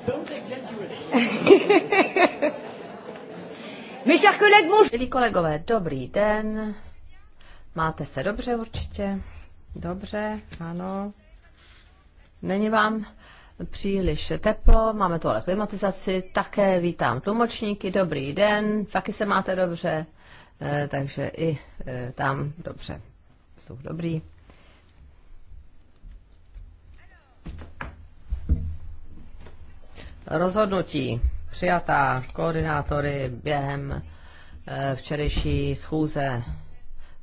Milí kolegové, dobrý den. Máte se dobře určitě? Dobře, ano. Není vám příliš teplo, máme tu ale klimatizaci, také vítám tlumočníky, dobrý den, taky se máte dobře, eh, takže i eh, tam dobře, jsou dobrý. Rozhodnutí přijatá koordinátory během eh, včerejší schůze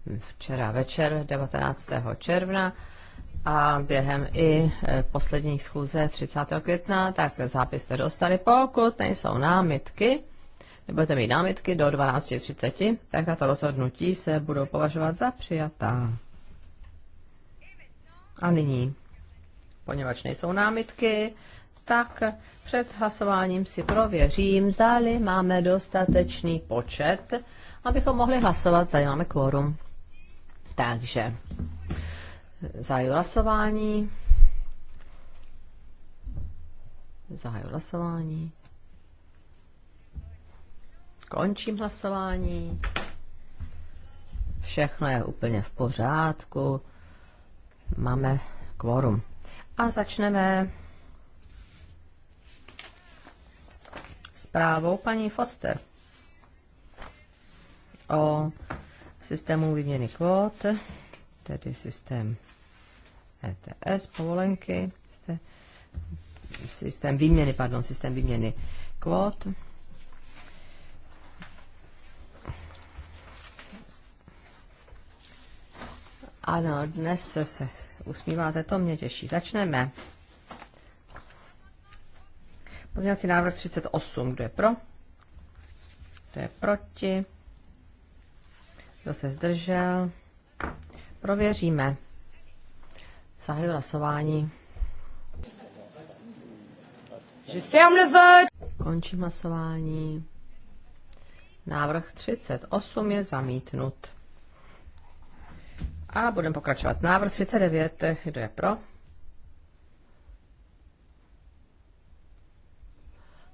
hm, včera večer 19. června a během i eh, poslední schůze 30. května, tak zápis jste dostali. Pokud nejsou námitky, nebudete mít námitky do 12.30, tak tato rozhodnutí se budou považovat za přijatá. A nyní, poněvadž nejsou námitky, tak před hlasováním si prověřím, zdali máme dostatečný počet, abychom mohli hlasovat, zda máme kvorum. Takže zahaju hlasování. Zahaju hlasování. Končím hlasování. Všechno je úplně v pořádku. Máme kvorum. A začneme zprávou paní Foster o systému výměny kvót, tedy systém ETS, povolenky, systém výměny, pardon, systém výměny kvót. Ano, dnes se usmíváte, to mě těší. Začneme. Pozměňovací návrh 38. Kdo je pro? Kdo je proti? Kdo se zdržel? Prověříme. Zahajuji hlasování. Končím hlasování. Návrh 38 je zamítnut. A budeme pokračovat. Návrh 39. Kdo je pro?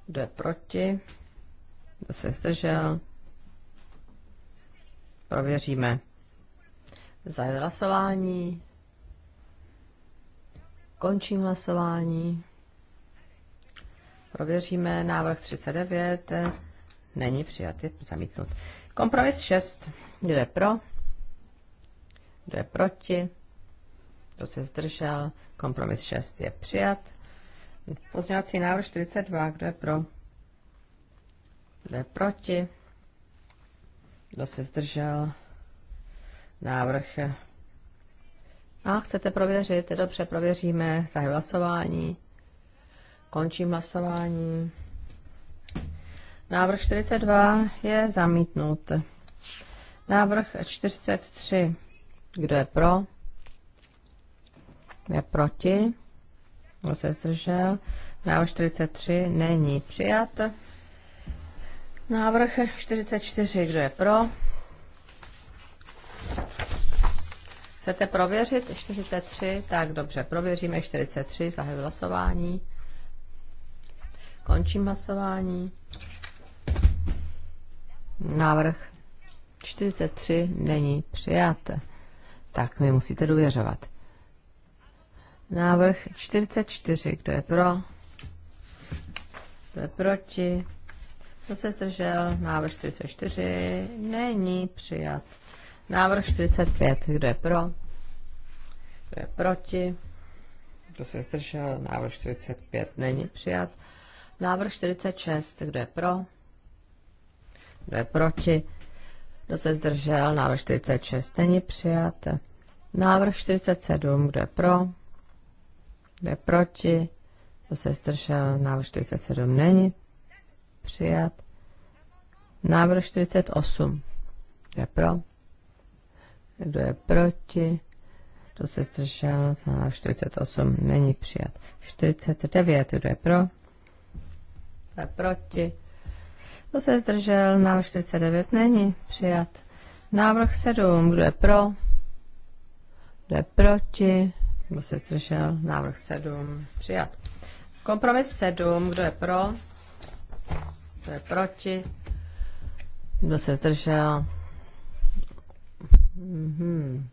Kdo je proti? Kdo se zdržel? Prověříme. Zahajuji hlasování. Končím hlasování. Prověříme návrh 39. Není přijat, je zamítnut. Kompromis 6. Kdo je pro? Kdo je proti? Kdo se zdržel? Kompromis 6 je přijat. Pozdělací návrh 42, kdo je pro? Kdo je proti? Kdo se zdržel? Návrh. A chcete prověřit? Dobře, prověříme. Zahajuji hlasování. Končím hlasování. Návrh 42 je zamítnut. Návrh 43. Kdo je pro? Kdo je proti? Kdo se zdržel? Návrh 43 není přijat. Návrh 44, kdo je pro? Chcete prověřit 43? Tak dobře, prověříme 43, zahajuji hlasování. Končím hlasování. Návrh 43 není přijat. Tak mi musíte důvěřovat. Návrh 44, kdo je pro? Kdo je proti? Kdo se zdržel? Návrh 44 není přijat. Návrh 45, kdo je pro? Kdo je proti? Kdo se zdržel? Návrh 45 není přijat. Návrh 46, kdo je pro? Kdo je proti? Kdo se zdržel? Návrh 46 není přijat. Návrh 47, kdo je pro? kde proti? to se stršel, Návrh 47 není přijat. Návrh 48. Kdo je pro? Kdo je proti? to se stršel, Návrh 48 není přijat. 49. Kdo je pro? Kdo je proti? to se zdržel? Návrh 49 není přijat. Návrh 7. Kdo je pro? Kdo je proti? Kdo se zdržel? Návrh 7 přijat. Kompromis 7. Kdo je pro? Kdo je proti? Kdo se zdržel? Mm-hmm.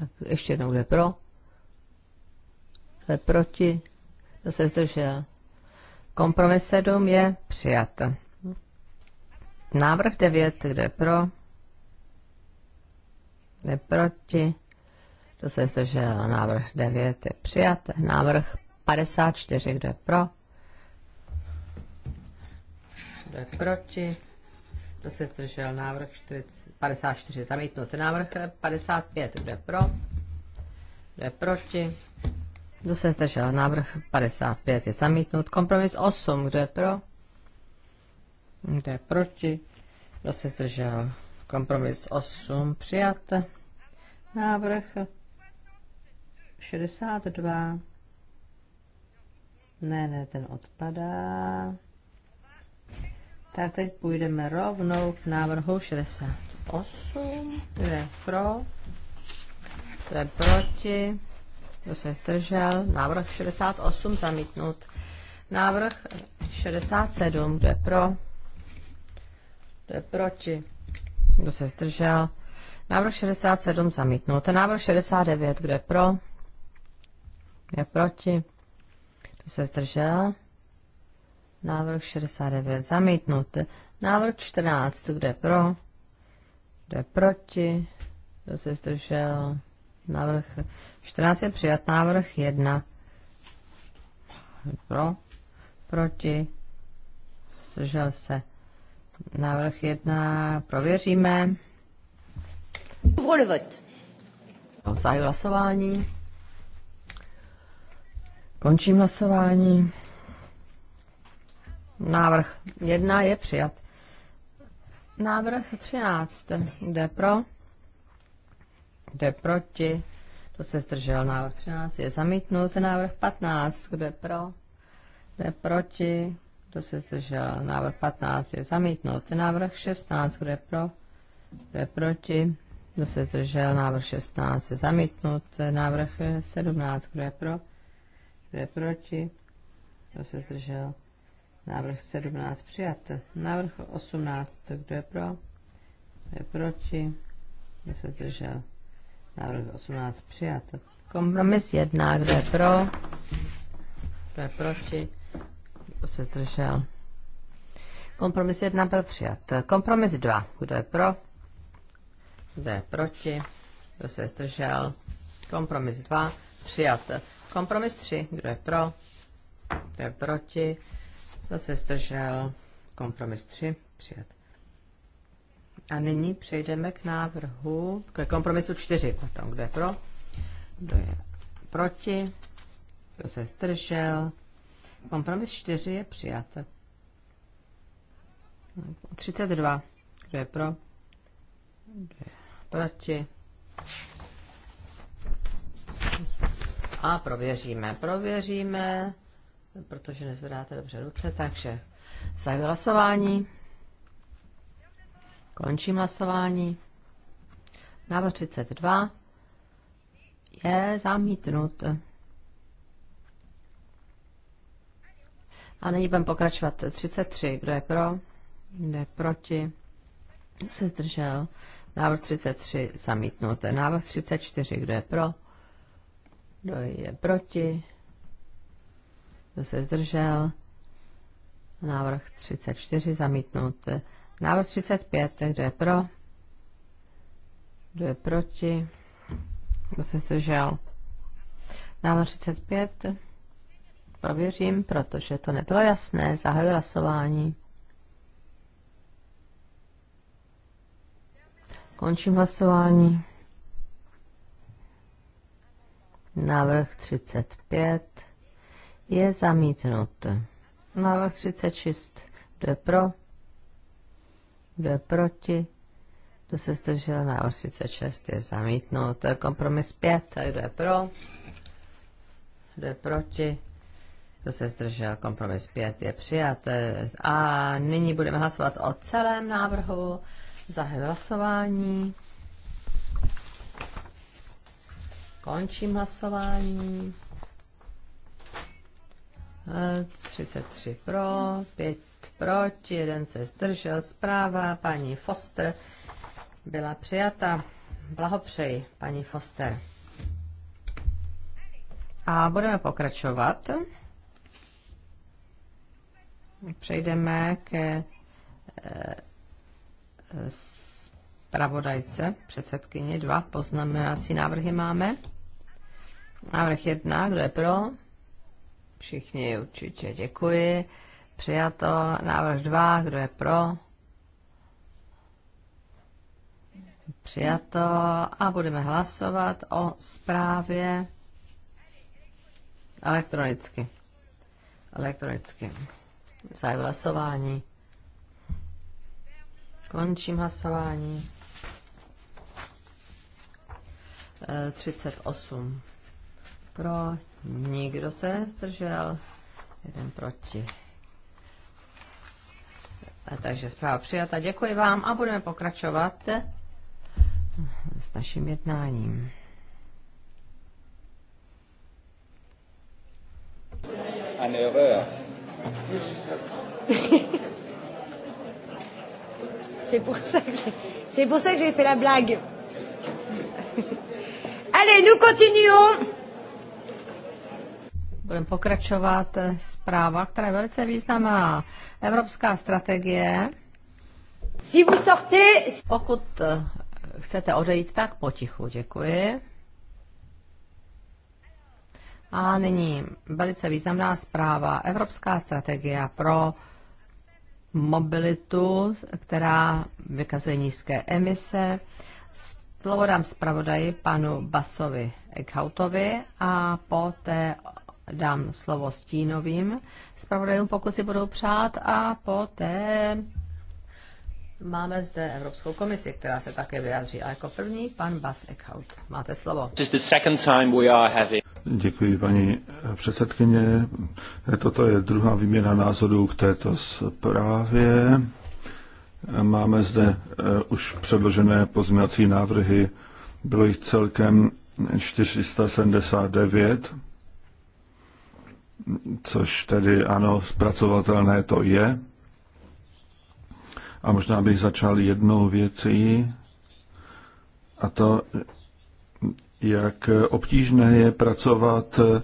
Tak ještě jednou, kdo je pro? Kdo je proti? Kdo se zdržel? Kompromis 7 je přijat. Návrh 9, kdo je pro? Kdo je proti? kdo se zdržel, návrh 9 je přijat, návrh 54, kdo je pro, kdo je proti, kdo se zdržel, návrh 40, 54 zamítnut, návrh 55, kdo je pro, kdo je proti, kdo se zdržel, návrh 55 je zamítnut, kompromis 8, kdo je pro, kdo je proti, kdo se zdržel, kompromis 8 přijat, návrh 62. Ne, ne, ten odpadá. Tak teď půjdeme rovnou k návrhu 68. Kdo je pro? Kdo je proti? Kdo se zdržel? Návrh 68 zamítnut. Návrh 67. Kdo je pro? Kdo je proti? Kdo se zdržel? Návrh 67 zamítnut. Návrh 69. Kdo je pro? je proti, kdo se zdržel, návrh 69 zamítnut, návrh 14, kdo je pro, kdo je proti, kdo se zdržel, návrh 14 je přijat, návrh 1, pro, proti, zdržel se. Návrh 1 prověříme. Zahajuji hlasování. Končím hlasování. Návrh 1 je přijat. Návrh 13 jde pro, jde proti, To se zdržel. Návrh 13 je zamítnut. Návrh 15, kdo je pro, kdo proti, To se zdržel. Návrh 15 je zamítnut. Návrh 16, kdo je pro, kdo proti, To se zdržel. Návrh 16 je zamítnut. Návrh 17, kdo je pro, kdo je proti? Kdo se zdržel? Návrh 17 přijat. Návrh 18. Kdo je pro? Kdo je proti? Kdo se zdržel? Návrh 18 přijat. Kompromis 1. Kdo je pro? Kdo je proti? Kdo se zdržel? Kompromis 1 byl přijat. Kompromis 2. Kdo je pro? Kdo je proti? Kdo se zdržel? Kompromis 2 přijat. Kompromis 3. Kdo je pro? Kdo je proti? Kdo se zdržel? Kompromis 3. Přijat. A nyní přejdeme k návrhu, k kompromisu 4. Potom, kdo je pro? Kdo je proti? Kdo se zdržel? Kompromis 4 je přijat. 32. Kdo je pro? Kdo je proti? A prověříme, prověříme, protože nezvedáte dobře ruce, takže zahajuji hlasování. Končím hlasování. Návrh 32 je zamítnut. A nyní budeme pokračovat. 33. Kdo je pro? Kdo je proti? Kdo se zdržel? Návrh 33 zamítnut. Návrh 34. Kdo je pro? Kdo je proti? Kdo se zdržel? Návrh 34 zamítnout. Návrh 35, kdo je pro? Kdo je proti? Kdo se zdržel? Návrh 35 prověřím, protože to nebylo jasné. Zahajuji hlasování. Končím hlasování. Návrh 35 je zamítnut. Návrh 36. Kdo je pro? Kdo je proti? Kdo se zdržel? Návrh 36 je zamítnut. Kompromis 5. kdo je pro? Kdo je proti? Kdo se zdržel? Kompromis 5 je přijat. A nyní budeme hlasovat o celém návrhu. Zahajuji hlasování. Končím hlasování. 33 e, pro, 5 proti, jeden se zdržel. Zpráva paní Foster byla přijata. Blahopřeji, paní Foster. A budeme pokračovat. Přejdeme ke e, e, zpravodajce, předsedkyně. Dva poznamenací návrhy máme. Návrh jedna, kdo je pro? Všichni určitě děkuji. Přijato. Návrh dva, kdo je pro? Přijato. A budeme hlasovat o zprávě elektronicky. Elektronicky. Zahajuji hlasování. Končím hlasování. 38 e, pro, nikdo se zdržel, jeden proti. A takže zpráva přijata. Děkuji vám a budeme pokračovat s naším jednáním. An C'est pour ça que c'est pour ça que j'ai fait la blague. Allez, nous continuons. Budeme pokračovat. Eh, zpráva, která je velice významná. Evropská strategie. Si vous sortez... Pokud eh, chcete odejít, tak potichu. Děkuji. A nyní velice významná zpráva. Evropská strategie pro mobilitu, která vykazuje nízké emise. Slovo dám zpravodaji panu Basovi Eckhoutovi a poté dám slovo stínovým zpravodajům, pokud si budou přát, a poté máme zde Evropskou komisi, která se také vyjádří. A jako první pan Bas Eckhout. Máte slovo. Děkuji, paní předsedkyně. Toto je druhá výměna názorů k této zprávě. Máme zde eh, už předložené pozměňovací návrhy. Bylo jich celkem 479 což tedy ano, zpracovatelné to je. A možná bych začal jednou věcí, a to, jak obtížné je pracovat eh,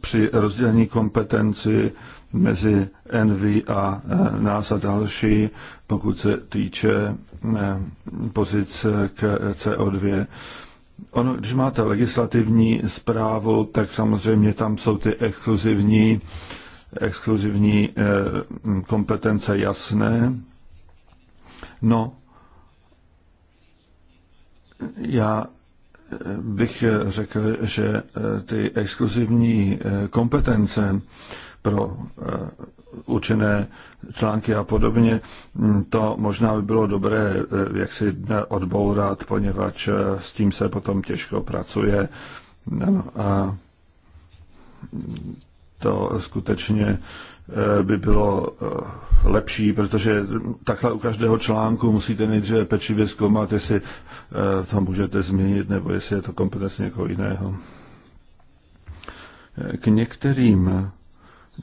při rozdělení kompetenci mezi NV a eh, nás a další, pokud se týče eh, pozic k CO2. Ono, když máte legislativní zprávu, tak samozřejmě tam jsou ty exkluzivní, exkluzivní eh, kompetence jasné. No, já bych řekl, že eh, ty exkluzivní eh, kompetence pro eh, učené články a podobně, hm, to možná by bylo dobré jak si odbourat, poněvadž s tím se potom těžko pracuje. Ano, a to skutečně eh, by bylo eh, lepší, protože takhle u každého článku musíte nejdříve pečlivě zkoumat, jestli eh, to můžete změnit nebo jestli je to kompetence někoho jiného. K některým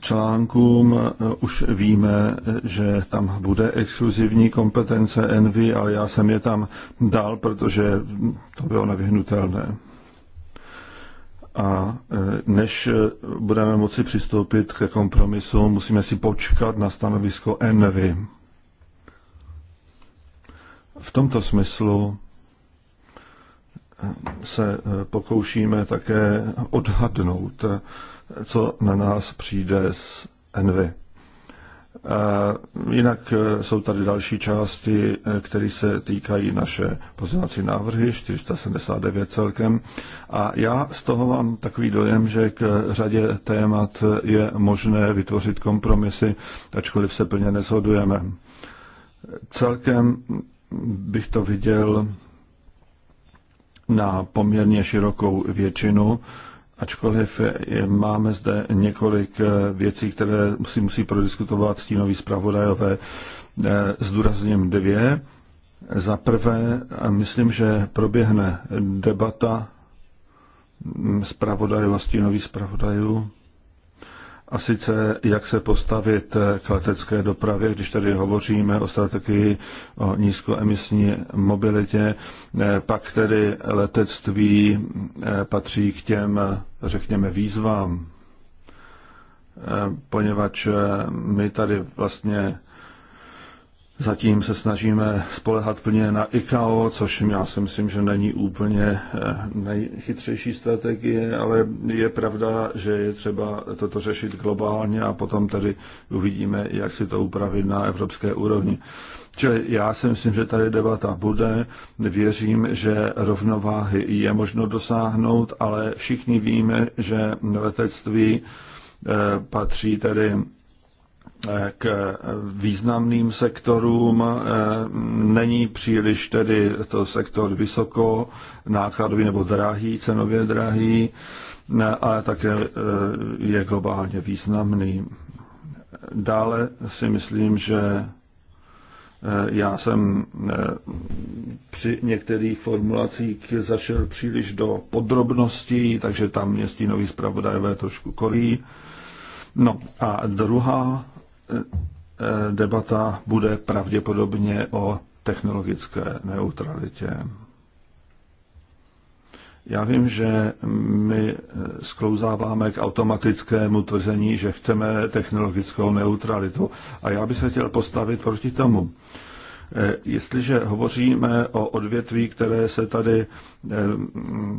článkům už víme, že tam bude exkluzivní kompetence Envy, ale já jsem je tam dal, protože to bylo nevyhnutelné. A e, než e, budeme moci přistoupit ke kompromisu, musíme si počkat na stanovisko Envy. V tomto smyslu e, se pokoušíme také odhadnout, co na nás přijde z Envy. Jinak e, jsou tady další části, e, které se týkají naše pozornací návrhy, 479 celkem. A já z toho mám takový dojem, že k řadě témat je možné vytvořit kompromisy, ačkoliv se plně neshodujeme. Celkem bych to viděl na poměrně širokou většinu ačkoliv máme zde několik eh, věcí, které si musí prodiskutovat stínoví zpravodajové. Eh, zdůrazním dvě. Za prvé, myslím, že proběhne debata mm, zpravodajů a stínových zpravodajů, a sice jak se postavit eh, k letecké dopravě, když tady hovoříme o strategii o nízkoemisní mobilitě, pak tedy letectví patří k těm řekněme, výzvám, eh, poněvadž eh, my tady vlastně zatím se snažíme spolehat plně na ICAO, což já si myslím, že není úplně eh, nejchytřejší strategie, ale je pravda, že je třeba toto řešit globálně a potom tedy uvidíme, jak si to upravit na evropské úrovni. Čili já si myslím, že tady debata bude. Věřím, že rovnováhy je možno dosáhnout, ale všichni víme, že letectví eh, patří tedy eh, k významným sektorům. Eh, není příliš tedy to sektor vysoko nákladový nebo drahý, cenově drahý, ale také je globálně významný. Dále si myslím, že Eh, já jsem eh, při některých formulacích zašel příliš do podrobností, takže tam mě stínový zpravodajové trošku korí. No a druhá eh, debata bude pravděpodobně o technologické neutralitě. Já vím, že my sklouzáváme k automatickému tvrzení, že chceme technologickou neutralitu. A já bych se chtěl postavit proti tomu. Eh, jestliže hovoříme o odvětví, které se tady eh,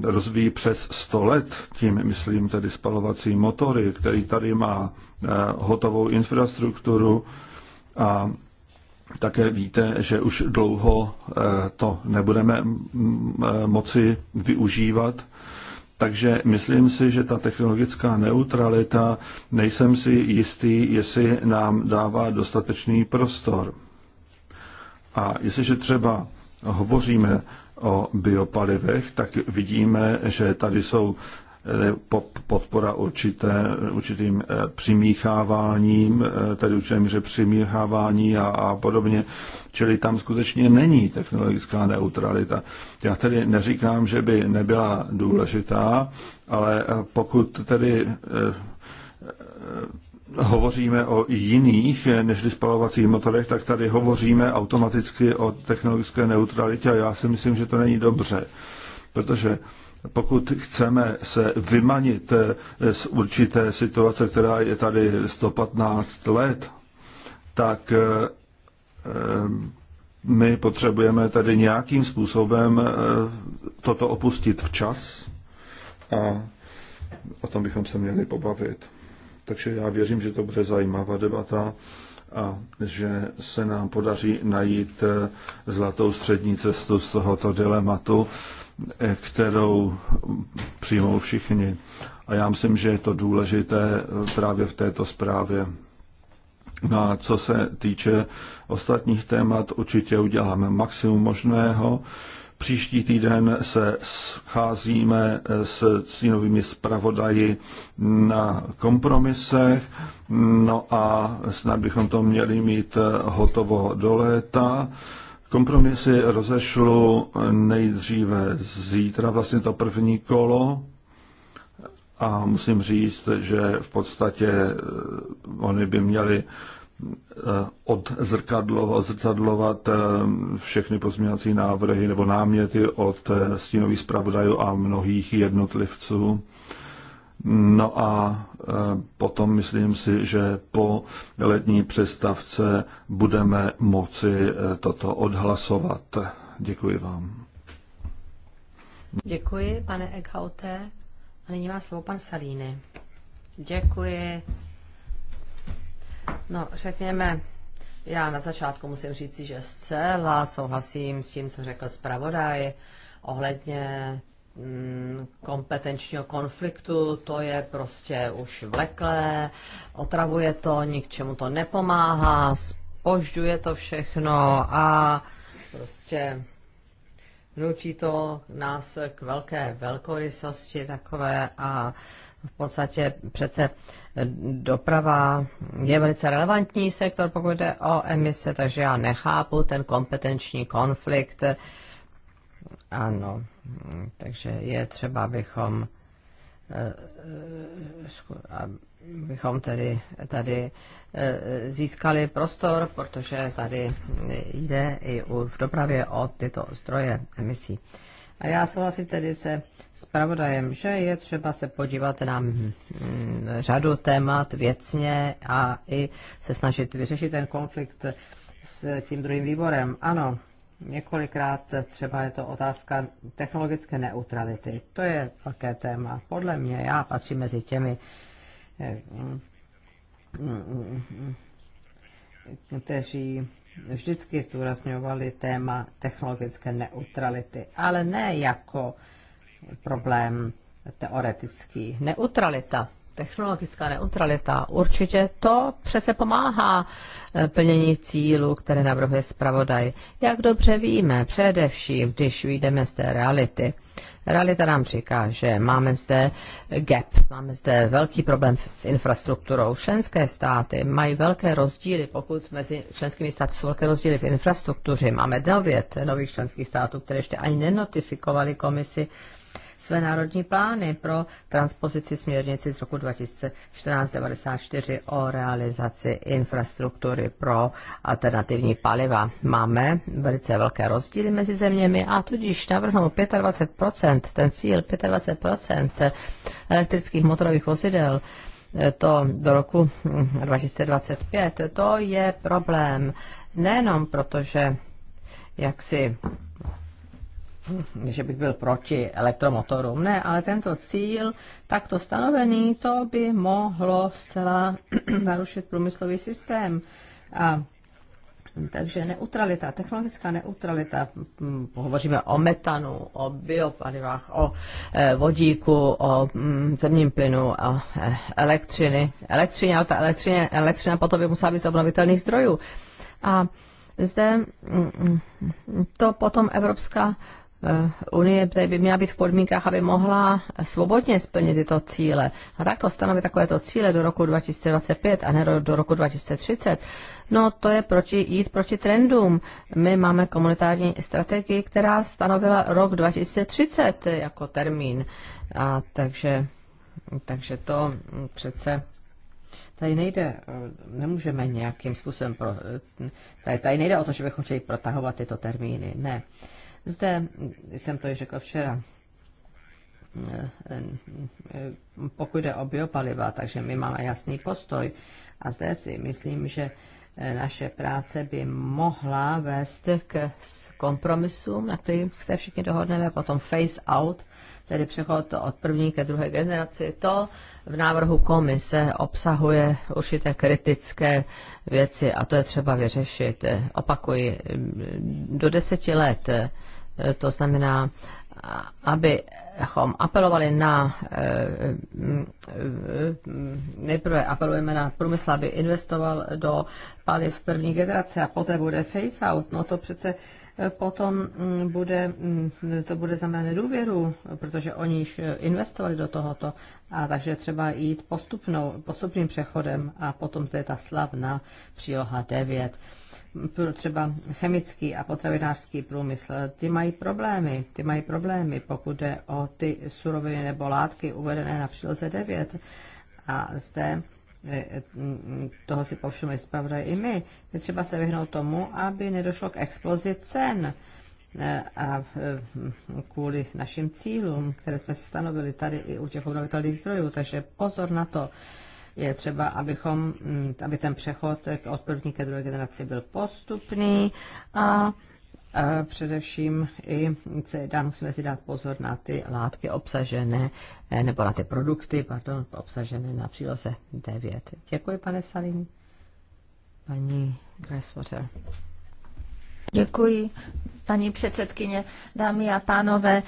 rozvíjí přes 100 let, tím myslím tedy spalovací motory, který tady má eh, hotovou infrastrukturu a také víte, že už dlouho eh, to nebudeme mm, mm, eh, moci využívat. Takže myslím si, že ta technologická neutralita, nejsem si jistý, jestli nám dává dostatečný prostor. A jestliže třeba hovoříme o biopalivech, tak vidíme, že tady jsou podpora určité, určitým eh, přimícháváním, eh, tedy určité míře přimíchávání a, a podobně. Čili tam skutečně není technologická neutralita. Já tedy neříkám, že by nebyla důležitá, ale eh, pokud tedy hovoříme o jiných než spalovacích motorech, tak tady hovoříme automaticky o technologické neutralitě a já si myslím, že to není dobře, protože pokud chceme se vymanit eh, z určité situace, která je tady 115 let, tak eh, eh, my potřebujeme tady nějakým způsobem toto opustit včas a o tom bychom se měli pobavit. Takže já věřím, že to bude zajímavá debata a že se nám podaří najít zlatou střední cestu z tohoto dilematu kterou přijmou všichni. A já myslím, že je to důležité právě v této zprávě. No a co se týče ostatních témat, určitě uděláme maximum možného. Příští týden se scházíme s cínovými zpravodaji na kompromisech, no a snad bychom to měli mít hotovo do léta. Kompromisy rozešlu nejdříve zítra, vlastně to první kolo. A musím říct, že v podstatě eh, oni by měli eh, odzrcadlovat eh, všechny pozměňovací návrhy nebo náměty od stínových zpravodajů a mnohých jednotlivců. No a e, potom myslím si, že po letní přestavce budeme moci e, toto odhlasovat. Děkuji vám. Děkuji, pane Eckhauté. A nyní má slovo pan Salíny. Děkuji. No, řekněme, já na začátku musím říct, že zcela souhlasím s tím, co řekl zpravodaj ohledně Mm, kompetenčního konfliktu, to je prostě už vleklé, otravuje to, ničemu to nepomáhá, spožďuje to všechno a prostě nutí to nás k velké velkorysosti takové a v podstatě přece doprava je velice relevantní sektor, pokud jde o emise, takže já nechápu ten kompetenční konflikt, ano, mm, takže je třeba, abychom eh, eh, abychom tedy tady eh, získali prostor, protože tady jde i v dopravě o tyto zdroje emisí. A já souhlasím tedy se zpravodajem, že je třeba se podívat na mm, mm, řadu témat věcně a i se snažit vyřešit ten konflikt s tím druhým výborem. Ano, Několikrát třeba je to otázka technologické neutrality. To je velké téma. Podle mě já patřím mezi těmi, eh, kteří vždycky zdůrazňovali téma technologické neutrality, ale ne jako problém teoretický. Neutralita technologická neutralita, určitě to přece pomáhá eh, plnění cílů, které navrhuje zpravodaj. Jak dobře víme, především, když vyjdeme z té reality, realita nám říká, že máme zde gap, máme zde velký problém s infrastrukturou. Členské státy mají velké rozdíly, pokud mezi členskými státy jsou velké rozdíly v infrastruktuře. Máme devět nových členských států, které ještě ani nenotifikovali komisi své národní plány pro transpozici směrnici z roku 2014-94 o realizaci infrastruktury pro alternativní paliva. Máme velice velké rozdíly mezi zeměmi a tudíž navrhnout 25%, ten cíl 25% eh, elektrických motorových vozidel, eh, to do roku 2025, hm, to je problém. Nejenom protože, jak si že bych byl proti elektromotorům. Ne, ale tento cíl takto stanovený, to by mohlo zcela narušit průmyslový systém. A takže neutralita, technologická neutralita, hovoříme o metanu, o biopalivách, o e, vodíku, o zemním plynu, o e, elektřiny. Elektřině, ale ta elektřině, elektřina potom by musela být z obnovitelných zdrojů. A zde to potom Evropská Eh, Unie by měla být v podmínkách, aby mohla svobodně splnit tyto cíle. A takto stanovit takovéto cíle do roku 2025 a ne do, roku 2030, no to je proti, jít proti trendům. My máme komunitární strategii, která stanovila rok 2030 jako termín. A takže, takže to přece tady nejde, nemůžeme nějakým způsobem, pro, tady, tady nejde o to, že bychom chtěli protahovat tyto termíny, ne. Zde jsem to již řekl včera. Pokud jde o biopaliva, takže my máme jasný postoj. A zde si myslím, že naše práce by mohla vést k kompromisům, na kterých se všichni dohodneme, potom face out, tedy přechod od první ke druhé generaci. To v návrhu komise obsahuje určité kritické věci a to je třeba vyřešit. Opakuji, do deseti let to znamená, abychom apelovali na, nejprve apelujeme na průmysl, aby investoval do paliv první generace a poté bude face out. No to přece potom bude, to bude znamenat nedůvěru, protože oni již investovali do tohoto, a takže třeba jít postupnou, postupným přechodem a potom zde je ta slavná příloha 9 třeba chemický a potravinářský průmysl, ty mají problémy, ty mají problémy, pokud jde o ty suroviny nebo látky uvedené na příloze 9. A zde e, e, toho si povšimli zpravodaj i my, je třeba se vyhnout tomu, aby nedošlo k explozi cen e, a kvůli našim cílům, které jsme si stanovili tady i u těch obnovitelných zdrojů. Takže pozor na to, je třeba, abychom, mm, aby ten přechod od první ke druhé generaci byl postupný a především i dá, musíme si dát pozor na ty látky obsažené, eh, nebo na ty produkty, pardon, obsažené na příloze 9. Děkuji, pane Salin. Paní Gresswater. Děkuji. Paní předsedkyně, dámy a pánové,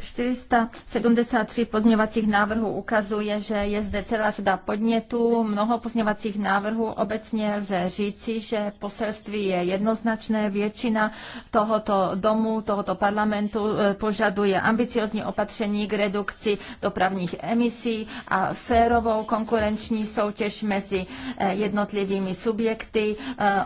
473 eh, pozměňovacích návrhů ukazuje, že je zde celá řada podnětů, mnoho pozměňovacích návrhů. Obecně lze říci, že poselství je jednoznačné. Většina tohoto domu, tohoto parlamentu eh, požaduje ambiciozní opatření k redukci dopravních emisí a férovou konkurenční soutěž mezi eh, jednotlivými subjekty,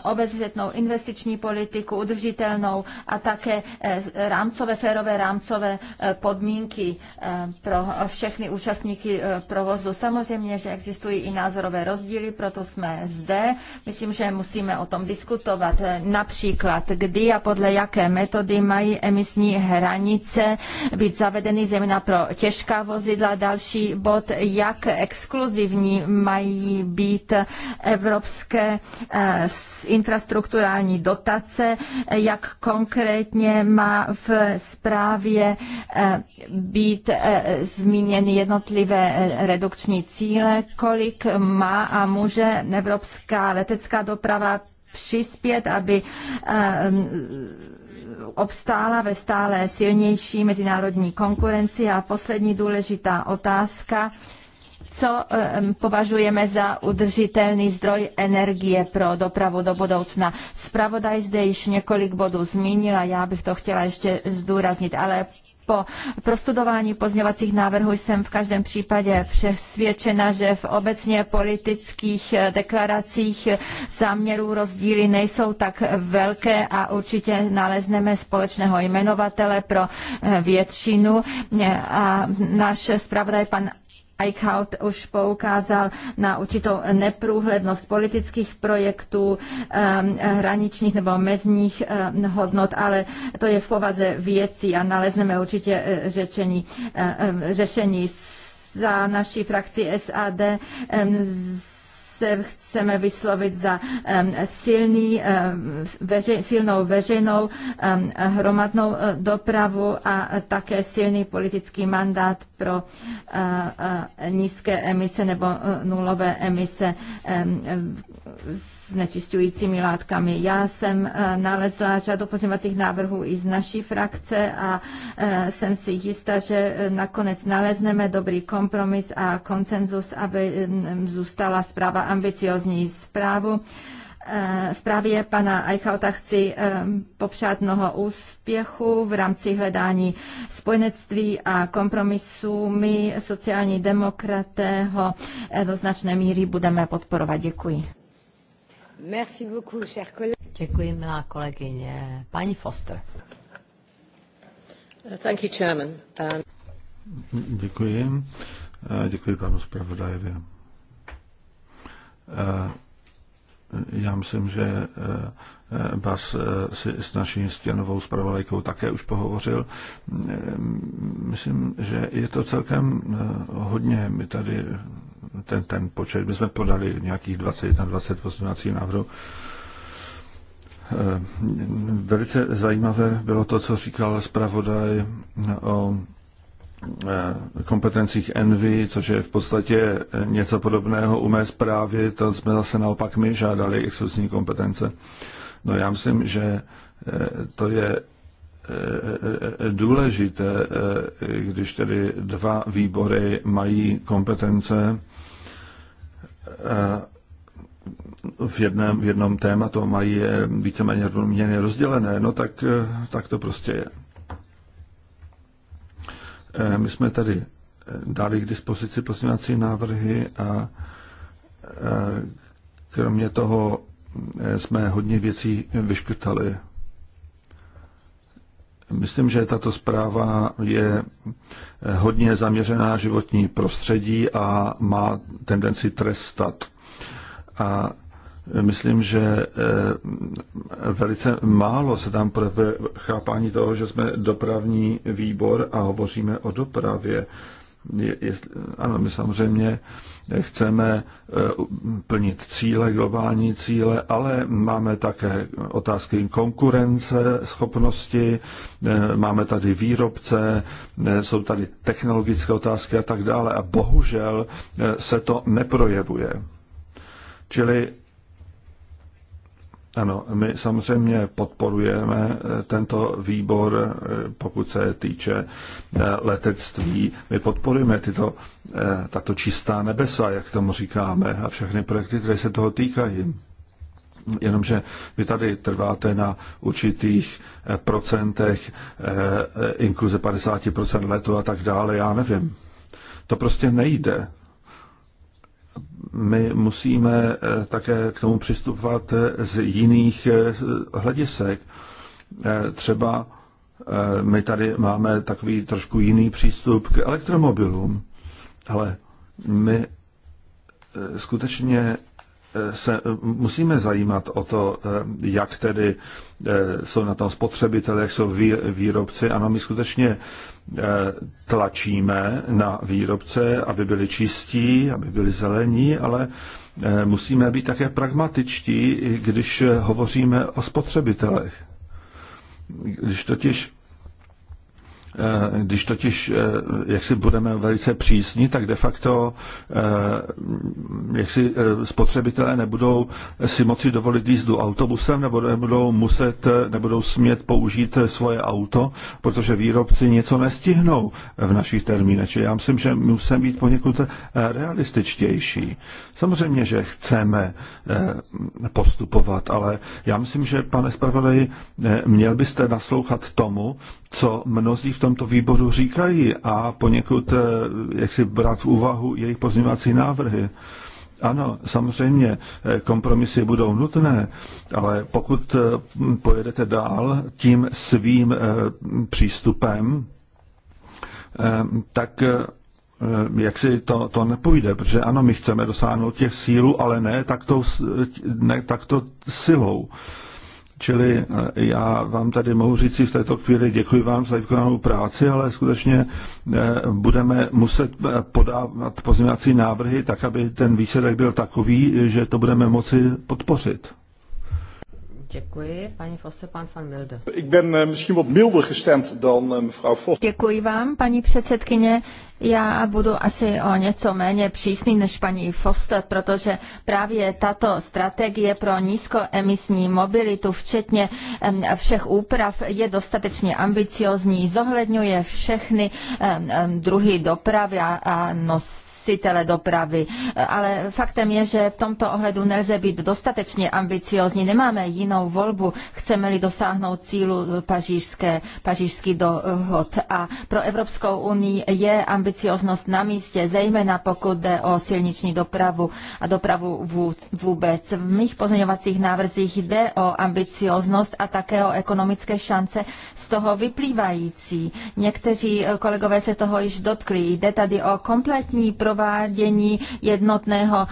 obezřetnou investiční politiku, udržitelnou a také eh, rámcové, férové rámcové eh, podmínky eh, pro všechny účastníky provozu. Samozřejmě, že existují i názorové rozdíly, proto jsme zde. Myslím, že musíme o tom diskutovat. Například, kdy a podle jaké metody mají emisní hranice být zavedeny zejména pro těžká vozidla. Další bod, jak exkluzivní mají být evropské infrastrukturální dotace, jak konkrétně konkrétně má v zprávě eh, být eh, zmíněny jednotlivé redukční cíle, kolik má a může evropská letecká doprava přispět, aby eh, obstála ve stále silnější mezinárodní konkurenci. A poslední důležitá otázka, co považujeme za udržitelný zdroj energie pro dopravu do budoucna. Spravodaj zde již několik bodů zmínila, já bych to chtěla ještě zdůraznit, ale po prostudování pozňovacích návrhů jsem v každém případě přesvědčena, že v obecně politických eh, deklaracích eh, záměrů rozdíly nejsou tak velké a určitě nalezneme společného jmenovatele pro eh, většinu. A náš zpravodaj pan Eichhout už poukázal na určitou neprůhlednost politických projektů, um, hraničních nebo mezních um, hodnot, ale to je v povaze věcí a nalezneme určitě uh, řečení, uh, um, řešení za naší frakci SAD se chceme vyslovit za silný, veře, silnou veřejnou hromadnou e, dopravu a také silný politický mandát pro e, e, nízké emise nebo nulové emise s nečistujícími látkami. Já jsem nalezla řadu pozměňovacích návrhů i z naší frakce a jsem si jistá, že nakonec nalezneme dobrý kompromis a konsenzus, aby zůstala zpráva ambiciozní zprávu. Eh, Zprávě pana Eichauta chci eh, popřát mnoho úspěchu v rámci hledání spojenectví a kompromisu My, sociální demokraté, ho do značné míry budeme podporovat. Děkuji. Merci beaucoup, cher Děkuji, milá kolegyně. Paní Foster. Uh, thank you, Chairman. Um... Děkuji. Eh, děkuji panu zpravodajovi. Eh, já myslím, že eh, Bas eh, si s naší stěnovou zpravodajkou také už pohovořil. Myslím, že je to celkem hodně. My tady ten, ten počet, my jsme podali nějakých 20 na 20 pozměňovacích návrhů. Velice zajímavé bylo to, co říkal zpravodaj o Eh, kompetencích Envy, což je v podstatě eh, něco podobného u mé zprávy, to jsme zase naopak my žádali exkluzivní kompetence. No já myslím, že eh, to je důležité, když tedy dva výbory mají kompetence v, jedném, v jednom tématu mají víceméně rozdělené, no tak, tak to prostě je. Eh, my jsme tady eh, dali k dispozici pozměňovací návrhy a eh, kromě toho jsme hodně věcí vyškrtali. Myslím, že tato zpráva je hodně zaměřená životní prostředí a má tendenci trestat. A Myslím, že eh, velice málo se tam projevuje chápání toho, že jsme dopravní výbor a hovoříme o dopravě. ano, my samozřejmě chceme eh, plnit cíle, globální cíle, ale máme také otázky konkurence, schopnosti, eh, máme tady výrobce, jsou tady technologické otázky a tak dále a bohužel se to neprojevuje. Čili ano, my samozřejmě podporujeme eh, tento výbor, eh, pokud se týče eh, letectví. My podporujeme tyto, tato čistá nebesa, jak tomu říkáme, a všechny projekty, které se toho týkají. Jenomže vy tady trváte na určitých procentech, inkluze 50% letu a tak dále, já nevím. To prostě nejde my musíme eh, také k tomu přistupovat eh, z jiných eh, hledisek. Třeba my tady máme takový trošku jiný přístup k elektromobilům, ale my skutečně se musíme zajímat o to, jak tedy jsou na tom spotřebitelé, jak jsou výrobci. Ano, my skutečně Eh, tlačíme na výrobce, aby byli čistí, aby byli zelení, ale eh, musíme být také pragmatičtí, když hovoříme o spotřebitelech. Když totiž Eh, když totiž, eh, jak si budeme velice přísní, tak de facto, eh, jak si spotřebitelé nebudou si moci dovolit jízdu autobusem, nebo nebudou muset, nebudou smět použít svoje auto, protože výrobci něco nestihnou v našich termínech. Čili já myslím, že musíme být poněkud realističtější. Samozřejmě, že chceme postupovat, ale já myslím, že, pane zpravodaji, měl byste naslouchat tomu, co mnozí v tomto výboru říkají a poněkud eh, jak si brát v úvahu jejich pozměňovací návrhy. Ano, samozřejmě eh, kompromisy budou nutné, ale pokud eh, pojedete dál tím svým přístupem, tak jak si to, to nepůjde, protože ano, my chceme dosáhnout těch sílů, ale ne takto, ne takto silou. Čili eh, já vám tady mohu říct v této chvíli děkuji vám za vykonanou práci, ale skutečně eh, budeme muset eh, podávat pozměňovací návrhy tak, aby ten výsledek byl takový, že to budeme moci podpořit. Děkuji, paní Foster, pan van Milde. Ik ben misschien wat milder gestemd dan mevrouw Foster. Děkuji vám, paní předsedkyně. Já budu asi o něco méně přísný než paní Foster, protože právě tato strategie pro nízkoemisní mobilitu, včetně všech úprav, je dostatečně ambiciozní, zohledňuje všechny druhy dopravy a nos nositele dopravy. Ale faktem je, že v tomto ohledu nelze být dostatečně ambiciozní. Nemáme jinou volbu, chceme-li dosáhnout cílu pařížské, pařížský dohod. A pro Evropskou unii je ambicioznost na místě, zejména pokud jde o silniční dopravu a dopravu vůbec. V mých pozměňovacích návrzích jde o ambicioznost a také o ekonomické šance z toho vyplývající. Někteří kolegové se toho již dotkli. Jde tady o kompletní pro provádění jednotného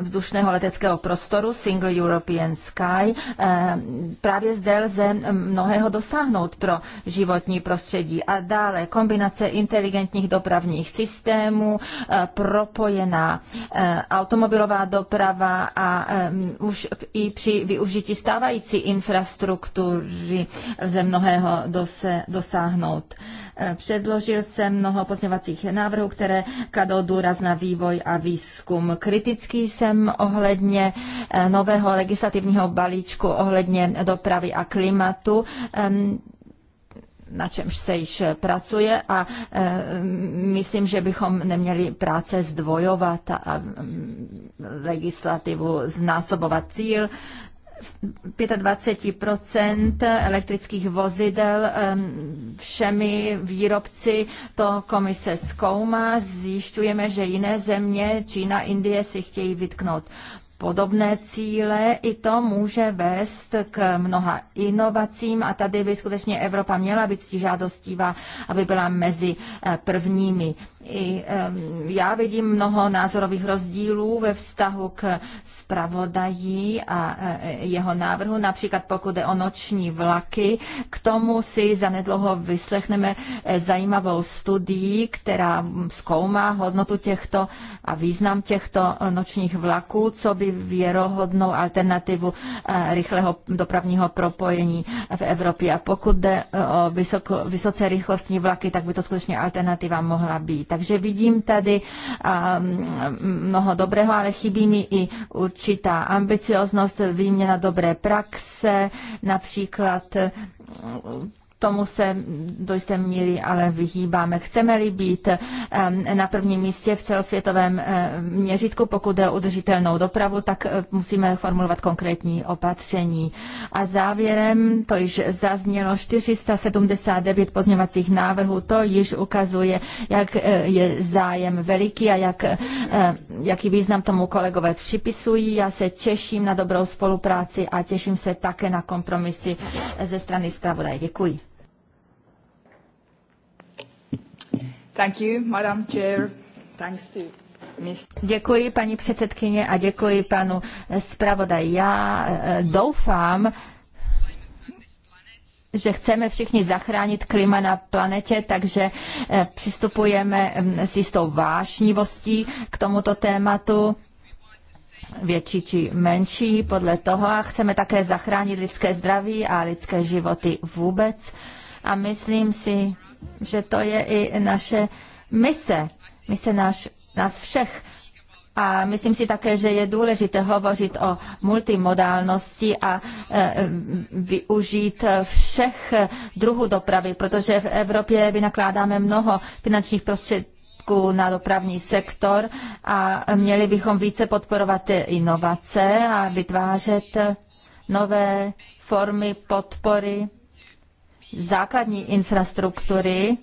vzdušného leteckého prostoru Single European Sky. Eh, právě zde lze mnohého dosáhnout pro životní prostředí. A dále kombinace inteligentních dopravních systémů, eh, propojená eh, automobilová doprava a už i při využití stávající infrastruktury lze mnohého dosáhnout. Předložil jsem mnoho pozměvacích návrhů, které kladou důraz na vývoj a výzkum. Kritický jsem ohledně eh, nového legislativního balíčku ohledně dopravy a klimatu na čemž se již pracuje a e, myslím, že bychom neměli práce zdvojovat a, a legislativu znásobovat cíl. 25 elektrických vozidel všemi výrobci. To komise zkoumá, zjišťujeme, že jiné země, Čína, Indie si chtějí vytknout podobné cíle, i to může vést k mnoha inovacím a tady by skutečně Evropa měla být žádostivá, aby byla mezi eh, prvními. I já vidím mnoho názorových rozdílů ve vztahu k zpravodají a e, e, jeho návrhu, například pokud je o noční vlaky. K tomu si zanedlouho vyslechneme e, zajímavou studii, která zkoumá hodnotu těchto a význam těchto nočních vlaků, co by věrohodnou alternativu rychlého dopravního propojení v Evropě. A pokud jde o vysoko, vysoce rychlostní vlaky, tak by to skutečně alternativa mohla být. Takže vidím tady ehm, mnoho dobrého, ale chybí mi i určitá ambicioznost, výměna dobré praxe, například tomu se do jisté míry ale vyhýbáme. Chceme-li být na prvním místě v celosvětovém měřítku, pokud je o udržitelnou dopravu, tak eh, musíme formulovat konkrétní opatření. A závěrem, to již zaznělo 479 pozměňovacích návrhů, to již ukazuje, jak eh, je zájem veliký a jak, eh, jaký význam tomu kolegové připisují. Já se těším na dobrou spolupráci a těším se také na kompromisy ze strany zpravodaje. Děkuji. Thank you, Madam Chair. Thanks to Děkuji paní předsedkyně a děkuji panu zpravodaji. Já eh, doufám, že chceme všichni zachránit klima na planetě, takže eh, přistupujeme hm, s jistou vášnivostí k tomuto tématu větší či menší podle toho a chceme také zachránit lidské zdraví a lidské životy vůbec. A myslím si, že to je i naše mise, mise náš, nás všech. A myslím si také, že je důležité hovořit o multimodálnosti a e, využít všech druhů dopravy, protože v Evropě vynakládáme mnoho finančních prostředků na dopravní sektor a měli bychom více podporovat inovace a vytvářet nové formy podpory základní infrastruktury,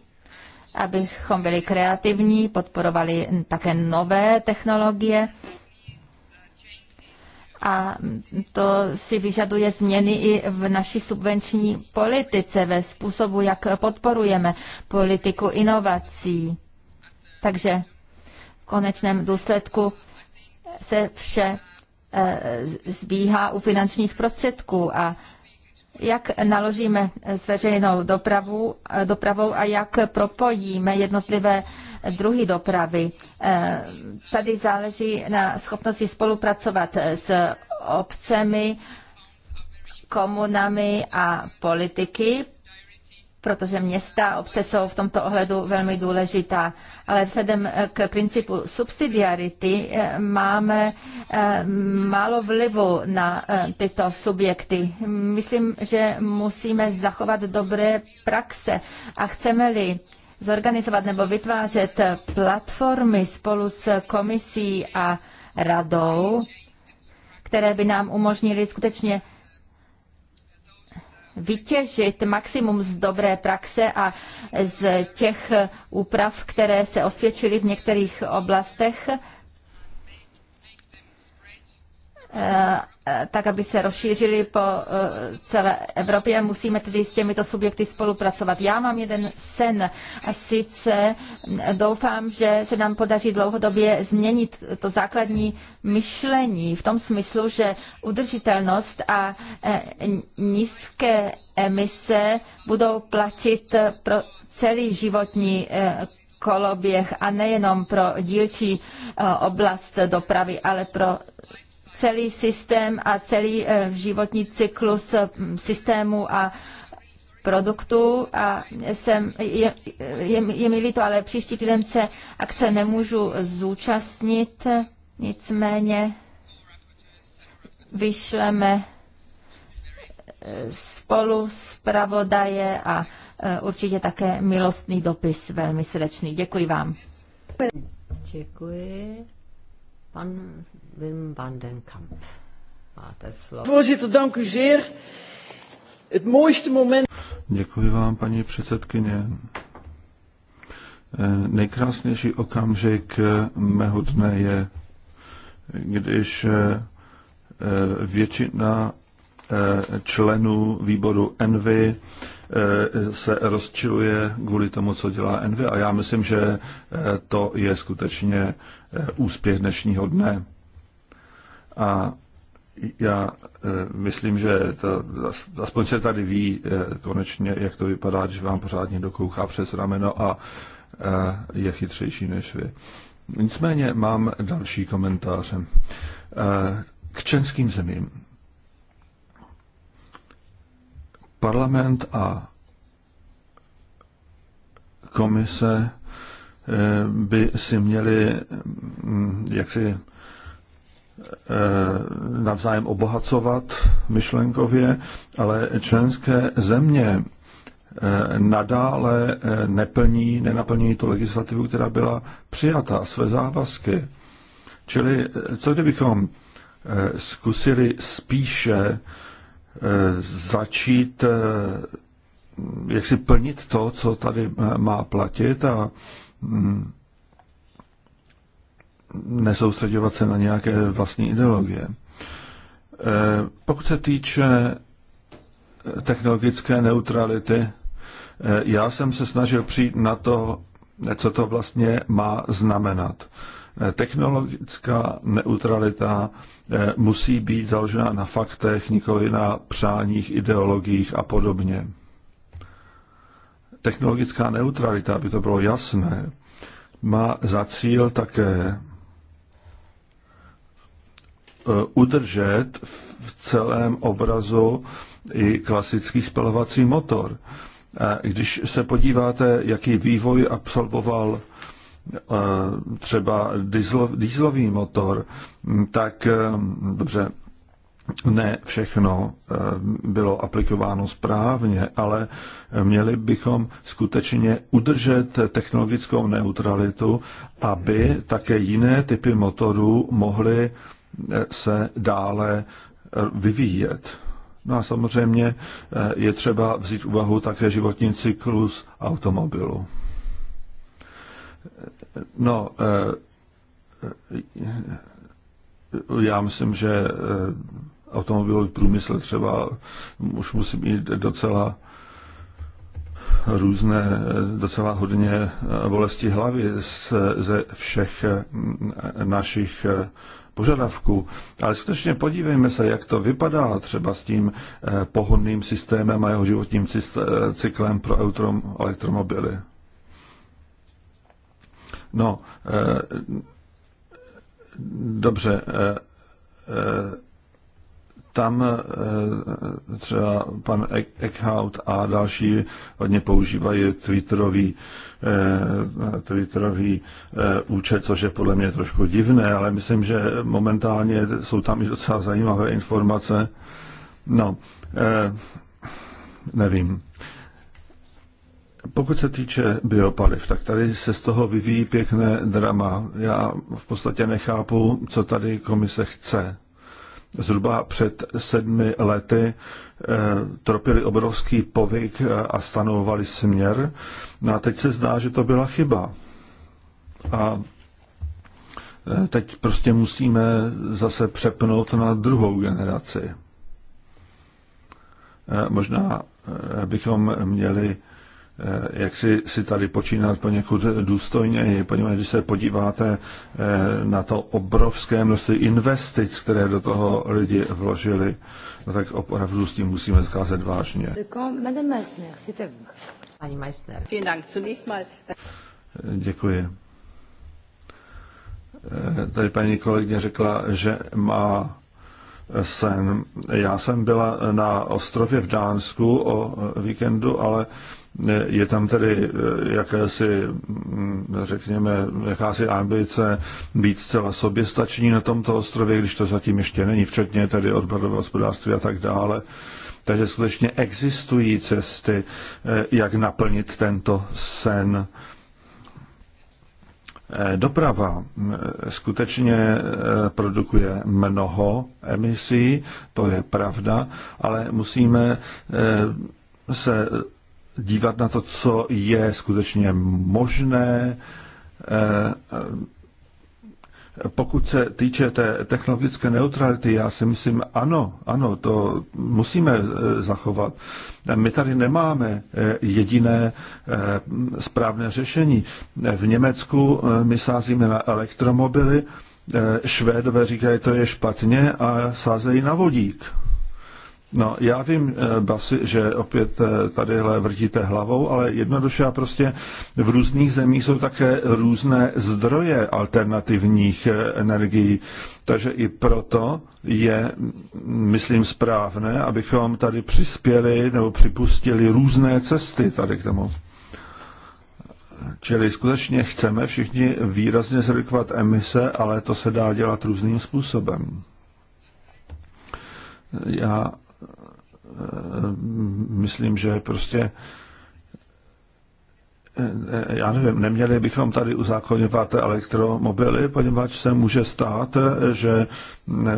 abychom byli kreativní, podporovali také nové technologie. A to si vyžaduje změny i v naší subvenční politice, ve způsobu, jak podporujeme politiku inovací. Takže v konečném důsledku se vše eh, zbíhá u finančních prostředků a jak naložíme s veřejnou dopravu, dopravou a jak propojíme jednotlivé druhy dopravy. Eh, tady záleží na schopnosti spolupracovat s obcemi, komunami a politiky, protože města a obce jsou v tomto ohledu velmi důležitá. Ale vzhledem eh, k principu subsidiarity eh, máme eh, málo vlivu na tyto subjekty. Myslím, že musíme zachovat dobré praxe a chceme-li zorganizovat nebo vytvářet platformy spolu s komisí a radou, které by nám umožnily skutečně vytěžit maximum z dobré praxe a z těch úprav, které se osvědčily v některých oblastech eh, Eh, tak, aby se rozšířili po eh, celé Evropě. Musíme tedy s těmito subjekty spolupracovat. Já mám jeden sen a sice doufám, že se nám podaří dlouhodobě změnit to základní myšlení v tom smyslu, že udržitelnost a eh, nízké emise budou platit pro celý životní koloběh a nejenom pro dílčí oblast dopravy, ale pro celý systém a celý eh, životní cyklus eh, systému a produktů a jsem, je, je, je mi líto, ale příští týden se akce nemůžu zúčastnit, nicméně vyšleme eh, spolu s a určitě také milostný dopis, velmi srdečný. Děkuji vám. Děkuji. Pan Wim van den Kamp. slovo. Voorzitter, dank u zeer. Het mooiste moment... Děkuji vám, paní předsedkyně. Eh, nejkrásnější okamžik eh, mého dne je, když eh, většina členů výboru Envy se rozčiluje kvůli tomu, co dělá Envy a já myslím, že to je skutečně úspěch dnešního dne. A já e, myslím, že to, aspoň se tady ví e, konečně, jak to vypadá, když vám pořád někdo kouká přes rameno a e, je chytřejší než vy. Nicméně mám další komentáře. K českým zemím. Parlament a komise by si měli jaksi Eh, navzájem obohacovat myšlenkově, ale členské země eh, nadále eh, neplní, nenaplní tu legislativu, která byla přijata, své závazky. Čili co kdybychom zkusili spíše začít jak si plnit to, co tady má platit a mm, nesoustředovat se na nějaké vlastní ideologie. Eh, pokud se týče eh, technologické neutrality, eh, já jsem se snažil přijít na to, co to vlastně má znamenat. Technologická neutralita musí být založena na faktech, nikoli na přáních, ideologiích a podobně. Technologická neutralita, aby to bylo jasné, má za cíl také Eh, udržet v celém obrazu i klasický spalovací motor. Když se podíváte, jaký vývoj absolvoval eh, třeba dýzlový motor, hm, tak eh, dobře, ne všechno bylo aplikováno správně, ale měli bychom skutečně udržet technologickou neutralitu, aby také jiné typy motorů mohly se dále eh, vyvíjet. No a samozřejmě eh, je třeba vzít úvahu také životní cyklus automobilu. No, eh, já myslím, že automobilový průmysl třeba už musí mít docela různé, docela hodně bolesti hlavy ze všech našich požadavků. Ale skutečně podívejme se, jak to vypadá třeba s tím eh, pohodným systémem a jeho životním eh, cyklem pro elektromobily. No, eh, dobře, tam eh, třeba pan e- Eckhout a další hodně používají Twitterový, eh, Twitterový eh, účet, což je podle mě trošku divné, ale myslím, že momentálně jsou tam i docela zajímavé informace. No, nevím. Pokud se týče biopaliv, tak tady se z toho vyvíjí pěkné drama. Já v podstatě nechápu, co tady komise chce zhruba před sedmi lety eh, tropili obrovský povyk eh, a stanovovali směr. No a teď se zdá, že to byla chyba. A eh, teď prostě musíme zase přepnout na druhou generaci. Možná bychom měli Eh, jak si, si tady počínat poněkud důstojně? poněvadž když se podíváte eh, na to obrovské množství investic, které do toho lidi vložili, no tak opravdu s tím musíme zkázet vážně. Äh, eh, děkuji. Tady paní kolegyně řekla, že má sen. Já jsem byla na ostrově v Dánsku o víkendu, ale je tam tedy eh, jakési, mm, řekněme, jakási ambice být zcela soběstační na tomto ostrově, když to zatím ještě není, včetně tedy odpadové hospodářství a tak dále. Takže skutečně existují cesty, eh, jak naplnit tento sen. Eh, doprava skutečně produkuje mnoho emisí, to je pravda, ale musíme se dívat na to, co je skutečně možné. Eh, eh, pokud se týče té technologické neutrality, já si myslím, ano, ano, to musíme eh, zachovat. My tady nemáme jediné správné řešení. V Německu my sázíme na elektromobily, Švédové říkají, to je špatně a sázejí na vodík. No, já vím, eh, Basi, že opět eh, tadyhle vrtíte hlavou, ale jednoduše a prostě v různých zemích jsou také různé zdroje alternativních eh, energií. Takže i proto je, myslím, správné, abychom tady přispěli nebo připustili různé cesty tady k tomu. Čili skutečně chceme všichni výrazně zredukovat emise, ale to se dá dělat různým způsobem. Já Eh, myslím, že prostě eh, já nevím, neměli bychom tady uzákonovat elektromobily, poněvadž se může stát, že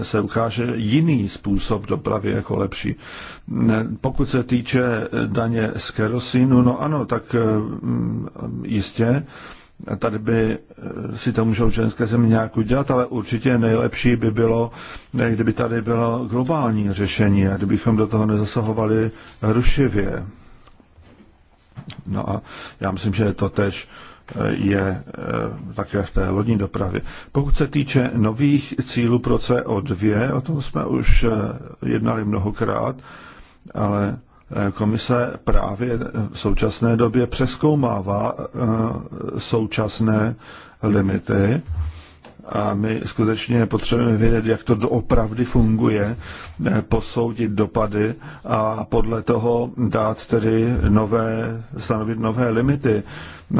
se ukáže jiný způsob dopravy jako lepší. Eh, pokud se týče daně z kerosínu, no ano, tak jistě, Tady by eh, si to můžou členské země nějak udělat, ale určitě nejlepší by bylo, eh, kdyby tady bylo globální řešení a kdybychom do toho nezasahovali rušivě. No a já myslím, že to tež eh, je také v té lodní dopravě. Pokud se týče nových cílů pro CO2, o tom jsme už jednali mnohokrát, ale Komise právě v současné době přeskoumává eh, současné limity a my skutečně potřebujeme vědět, jak to doopravdy funguje, eh, posoudit dopady a podle toho dát tedy nové, stanovit nové limity,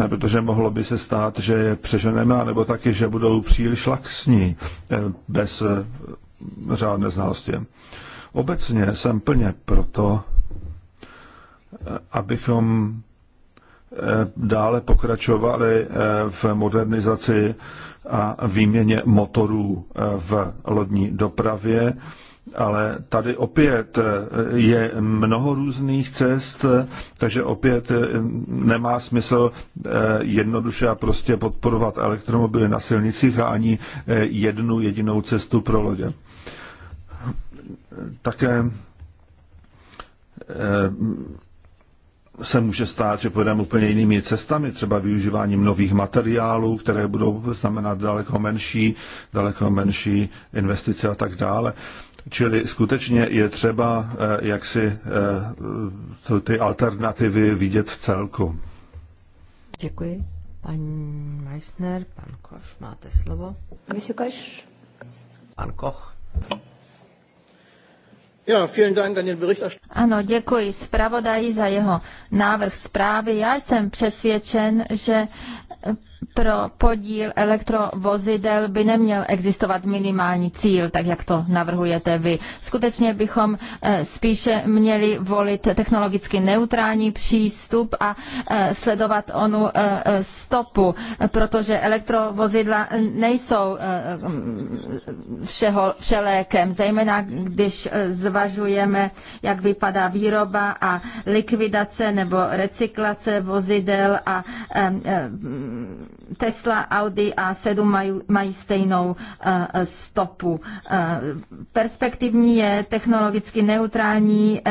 eh, protože mohlo by se stát, že je přeženeme, nebo taky, že budou příliš laxní bez řádné znalosti. Obecně jsem plně proto, abychom eh, dále pokračovali eh, v modernizaci a výměně motorů eh, v lodní dopravě. Ale tady opět je mnoho různých cest, takže opět nemá smysl jednoduše a prostě podporovat elektromobily na silnicích a ani jednu jedinou cestu pro lodě. Také se může stát, že půjdeme úplně jinými cestami, třeba využíváním nových materiálů, které budou znamenat daleko menší, daleko menší investice a tak dále. Čili skutečně je třeba eh, jak si eh, ty alternativy vidět v celku. Děkuji. Paní Meissner, pan Koš, máte slovo. pan Koš. Pan Koch. Ano, děkuji zpravodaji za jeho návrh zprávy. Já jsem přesvědčen, že pro podíl elektrovozidel by neměl existovat minimální cíl, tak jak to navrhujete vy. Skutečně bychom eh, spíše měli volit technologicky neutrální přístup a eh, sledovat onu eh, stopu, protože elektrovozidla nejsou mm, všeho, všelékem, zejména když zvažujeme, jak vypadá výroba a likvidace nebo recyklace vozidel a Tesla, Audi a 7 mají, mají stejnou eh, stopu. Eh, perspektivní je technologicky neutrální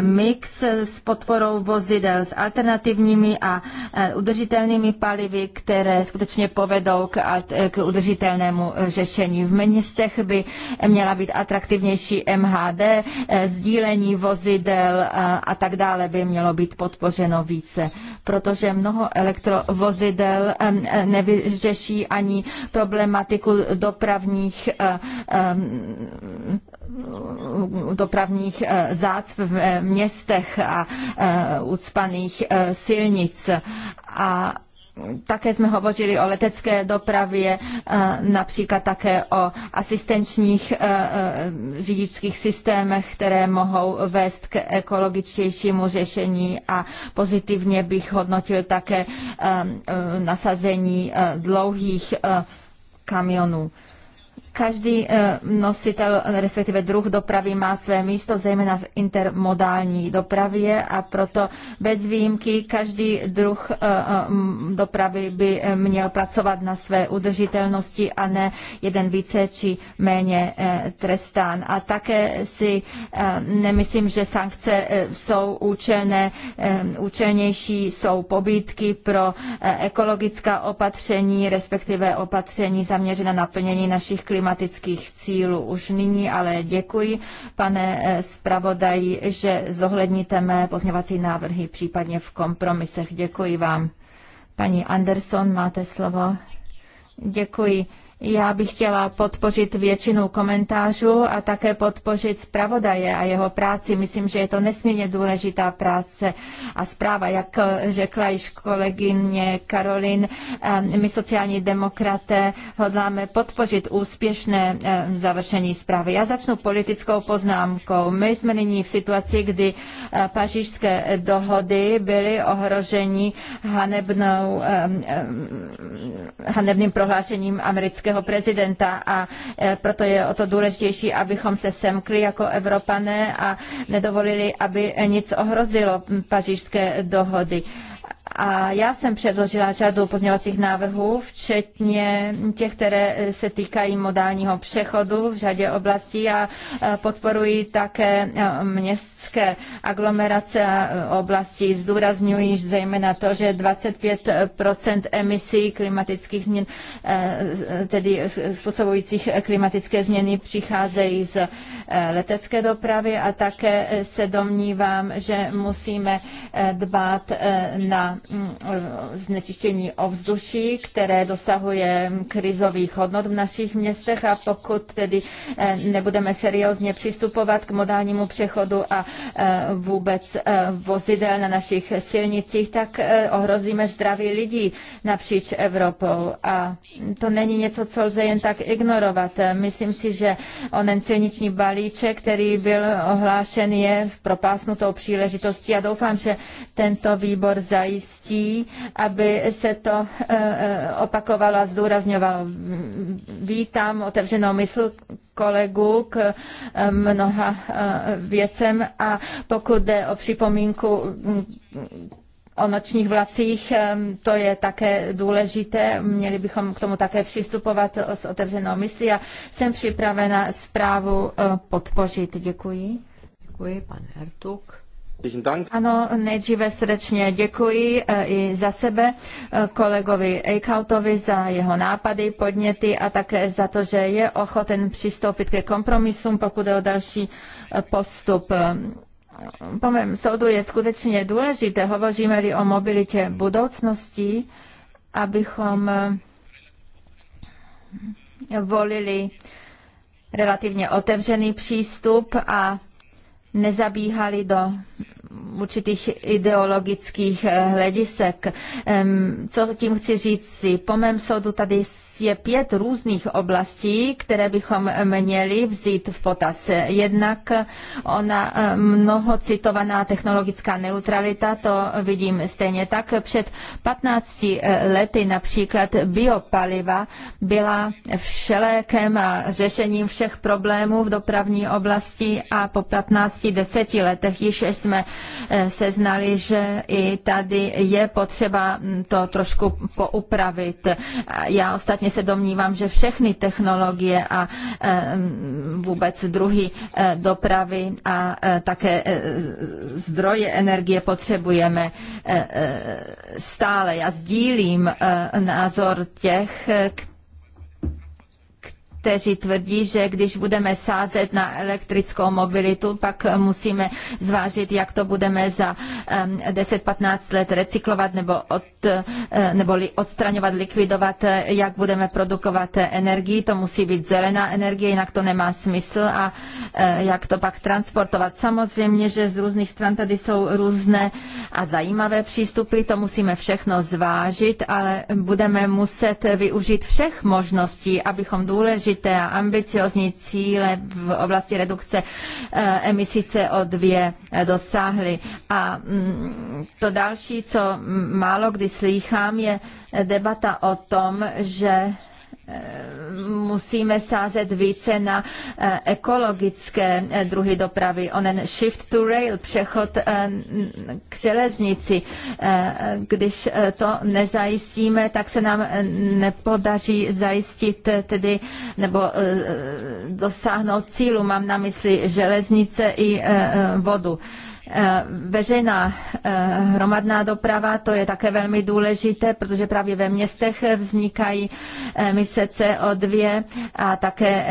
mix s podporou vozidel s alternativními a eh, udržitelnými palivy, které skutečně povedou k, k udržitelnému řešení. V městech by měla být atraktivnější MHD, sdílení vozidel a tak dále by mělo být podpořeno více, protože mnoho elektrovozidel Um, nevyřeší ani problematiku dopravních um, dopravních uh, zácp v eh, městech a uh, ucpaných uh, silnic. A také jsme hovořili o letecké dopravě, eh, například také o asistenčních eh, eh, řidičských systémech, které mohou vést k ekologičtějšímu řešení a pozitivně bych hodnotil také nasazení dlouhých kamionů. Každý eh, nositel, respektive druh dopravy má své místo, zejména v intermodální dopravě a proto bez výjimky každý druh eh, eh, dopravy by měl pracovat na své udržitelnosti a ne jeden více či méně trestán. A také si nemyslím, že sankce jsou účelné, účelnější jsou pobídky pro ekologická opatření, respektive opatření zaměřena na plnění našich klimatických klimatických cílů už nyní, ale děkuji, pane eh, zpravodaji, že zohledníte mé pozněvací návrhy, případně v kompromisech. Děkuji vám. Paní Anderson, máte slovo. Děkuji. Já bych chtěla podpořit většinu komentářů a také podpořit zpravodaje a jeho práci. Myslím, že je to nesmírně důležitá práce a zpráva, jak řekla již kolegyně Karolin. Eh, my sociální demokraté hodláme podpořit úspěšné eh, završení zprávy. Já začnu politickou poznámkou. My jsme nyní v situaci, kdy eh, pařížské dohody byly ohroženi hanebnou, hanebným prohlášením amerického amerického prezidenta a e, proto je o to důležitější, abychom se semkli jako Evropané a nedovolili, aby nic ohrozilo pařížské dohody. A já jsem předložila řadu pozměňovacích návrhů, včetně těch, které eh, se týkají modálního přechodu v řadě oblastí a eh, podporuji také eh, městské aglomerace a oblasti. Zdůrazňuji zejména to, že 25 emisí klimatických změn, tedy způsobujících klimatické změny, přicházejí z letecké dopravy a také se domnívám, že musíme dbát na na mm, e, znečištění ovzduší, které dosahuje krizových hodnot v našich městech a pokud tedy e, nebudeme seriózně přistupovat k modálnímu přechodu a e, vůbec vozidel na našich silnicích, tak ohrozíme zdraví lidí napříč Evropou. A to není něco, co lze jen tak ignorovat. Myslím si, že onen silniční balíček, který byl ohlášen, je v propásnutou příležitostí a doufám, že tento výbor za zajistí, aby se to eh, eh, opakovalo a zdůrazňovalo. Vítám otevřenou mysl kolegu k eh, mnoha věcem a pokud jde o připomínku mm, o nočních vlacích, to je také důležité, měli bychom k tomu také přistupovat s otevřenou myslí a jsem připravena zprávu podpořit. Děkuji. Děkuji, pan Hertuk. Ano, nejdříve srdečně děkuji e, i za sebe e, kolegovi Eichhautovi za jeho nápady, podněty a také za to, že je ochoten přistoupit ke kompromisům, pokud je o další e, postup. Po mém soudu je skutečně důležité, hovoříme-li o mobilitě budoucnosti, abychom volili relativně otevřený přístup a nezabíhali do určitých ideologických eh, hledisek. Co tím chci říct si? Po mém soudu tady je pět různých oblastí, které bychom eh, měli vzít v potaz. Jednak eh, ona mnoho citovaná technologická neutralita, to vidím stejně tak. Před 15 lety například biopaliva byla všelékem a řešením všech problémů v dopravní oblasti a po 15-10 letech již jsme Eh, seznali, že i tady je potřeba mm, to trošku poupravit. Já ostatně se domnívám, že všechny technologie a eh, mm, vůbec druhy eh, dopravy a také zdroje energie potřebujeme stále. Já sdílím názor těch, kteří kteří tvrdí, že když budeme sázet na elektrickou mobilitu, pak musíme zvážit, jak to budeme za 10-15 let recyklovat nebo od, eh, neboli odstraňovat, likvidovat, eh, jak budeme produkovat energii. To musí být zelená energie, jinak to nemá smysl a eh, jak to pak transportovat. Samozřejmě, že z různých stran tady jsou různé a zajímavé přístupy, to musíme všechno zvážit, ale budeme muset využít všech možností, abychom důležit složité a ambiciozní cíle v oblasti redukce eh, emisí CO2 eh, dosáhly. A mm, to další, co málo kdy slýchám, je debata o tom, že musíme sázet více na eh, ekologické eh, druhy dopravy, onen shift to rail, přechod eh, k železnici. Když to nezajistíme, tak se nám nepodaří zajistit tedy nebo dosáhnout cílu, mám na mysli železnice i vodu. Eh, veřejná eh, hromadná doprava, to je také velmi důležité, protože právě ve městech vznikají eh, mise co dvě a také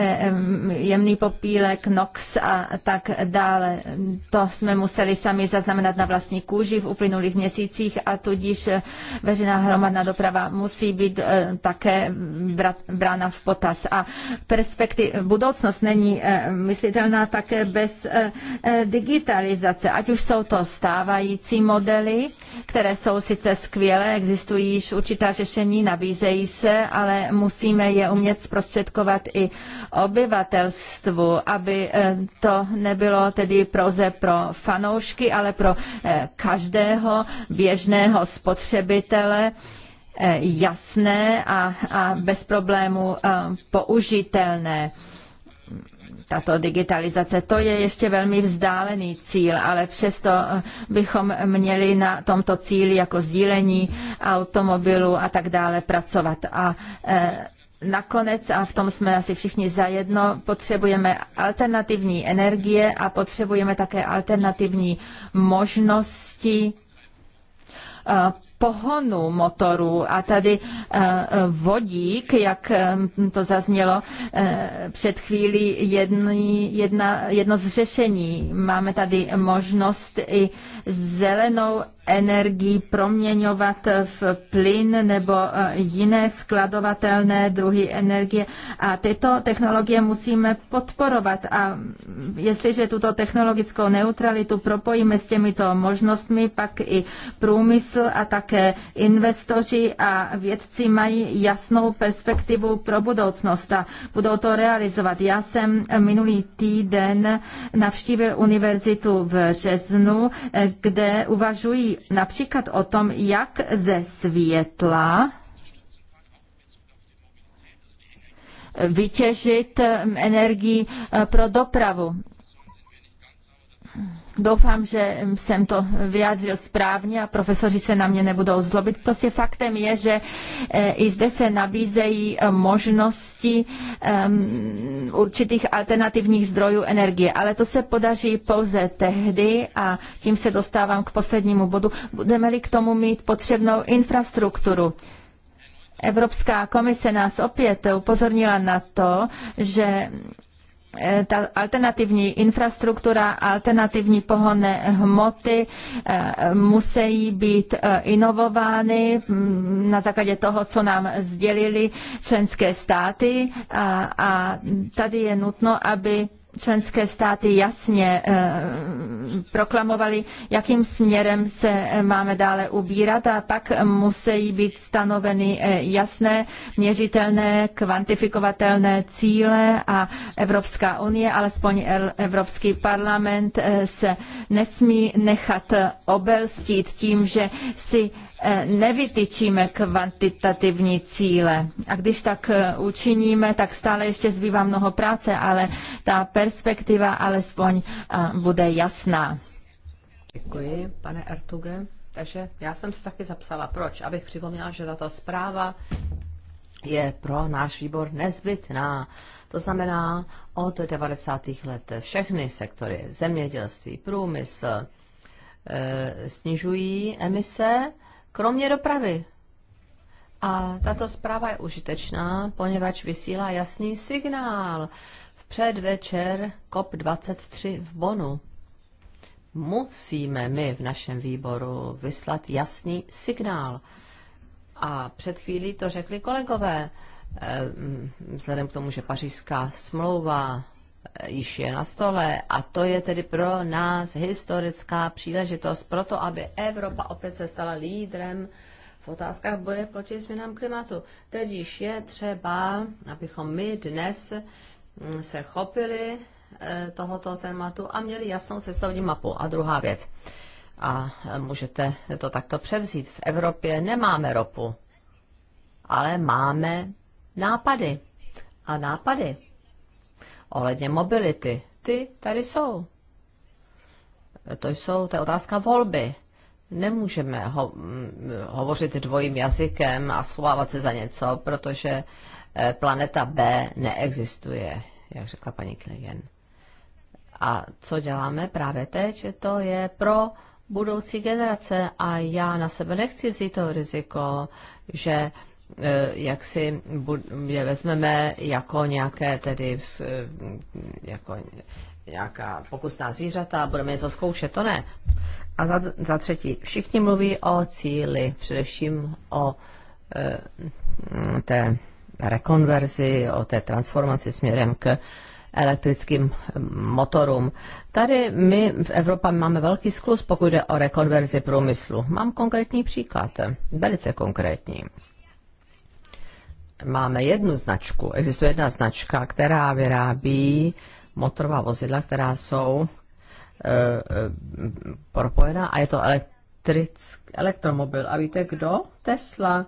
jemný popílek, NOx a tak dále. To jsme museli sami zaznamenat na vlastní kůži v uplynulých měsících a tudíž veřejná hromadná doprava musí být také brána v potaz. A perspektiv, budoucnost není myslitelná také bez digitalizace, ať Ať už jsou to stávající modely, které jsou sice skvělé, existují již určitá řešení, nabízejí se, ale musíme je umět zprostředkovat i obyvatelstvu, aby eh, to nebylo tedy proze pro fanoušky, ale pro eh, každého běžného spotřebitele eh, jasné a, a bez problému použitelné tato digitalizace. To je ještě velmi vzdálený cíl, ale přesto eh, bychom měli na tomto cíli jako sdílení automobilu a tak dále pracovat. A eh, nakonec, a v tom jsme asi všichni zajedno, potřebujeme alternativní energie a potřebujeme také alternativní možnosti eh, pohonu motoru a tady eh, vodík, jak eh, to zaznělo eh, před chvílí, jedný, jedna, jedno z řešení. Máme tady možnost i zelenou energii proměňovat v plyn nebo e, jiné skladovatelné druhy energie. A tyto technologie musíme podporovat. A jestliže tuto technologickou neutralitu propojíme s těmito možnostmi, pak i průmysl a také investoři a vědci mají jasnou perspektivu pro budoucnost a budou to realizovat. Já jsem minulý týden navštívil univerzitu v Řeznu, e, kde uvažují například o tom, jak ze světla vytěžit eh, energii eh, pro dopravu. Doufám, že jsem to vyjádřil správně a profesoři se na mě nebudou zlobit. Prostě faktem je, že e, i zde se nabízejí e, možnosti e, určitých alternativních zdrojů energie, ale to se podaří pouze tehdy a tím se dostávám k poslednímu bodu. Budeme-li k tomu mít potřebnou infrastrukturu. Evropská komise nás opět upozornila na to, že Eh, ta alternativní infrastruktura, alternativní pohonné hmoty eh, musí být eh, inovovány mm, na základě toho, co nám sdělili členské státy a, a tady je nutno, aby členské státy jasně eh, proklamovali, jakým směrem se eh, máme dále ubírat a pak musí být stanoveny eh, jasné, měřitelné, kvantifikovatelné cíle a Evropská unie, alespoň Evropský parlament se nesmí nechat obelstít tím, že si E, nevytyčíme kvantitativní cíle. A když tak e, učiníme, tak stále ještě zbývá mnoho práce, ale ta perspektiva alespoň e, bude jasná. Děkuji, pane Ertuge. Takže já jsem se taky zapsala, proč. Abych připomněla, že tato zpráva je pro náš výbor nezbytná. To znamená od 90. let všechny sektory, zemědělství, průmysl, snižují emise kromě dopravy. A tato zpráva je užitečná, poněvadž vysílá jasný signál. V předvečer COP23 v Bonu musíme my v našem výboru vyslat jasný signál. A před chvílí to řekli kolegové, eh, vzhledem k tomu, že pařížská smlouva již je na stole a to je tedy pro nás historická příležitost pro to, aby Evropa opět se stala lídrem v otázkách boje proti změnám klimatu. Teď již je třeba, abychom my dnes mm, se chopili e, tohoto tématu a měli jasnou cestovní mapu. A druhá věc, a e, můžete to takto převzít, v Evropě nemáme ropu, ale máme nápady. A nápady ohledně mobility. Ty tady jsou. To jsou, to je otázka volby. Nemůžeme ho, mm, hovořit dvojím jazykem a schovávat se za něco, protože eh, planeta B neexistuje, jak řekla paní Klingen. A co děláme právě teď, to je pro budoucí generace a já na sebe nechci vzít to riziko, že Eh, jak si je vezmeme jako nějaké tedy eh, jako nějaká pokusná zvířata a budeme něco zkoušet, to ne. A za, za třetí, všichni mluví o cíli, především o e, té rekonverzi, o té transformaci směrem k elektrickým motorům. Tady my v Evropě máme velký sklus, pokud jde o rekonverzi průmyslu. Mám konkrétní příklad, velice konkrétní máme jednu značku, existuje jedna značka, která vyrábí motorová vozidla, která jsou e, e, propojená a je to elektrický elektromobil. A víte kdo? Tesla.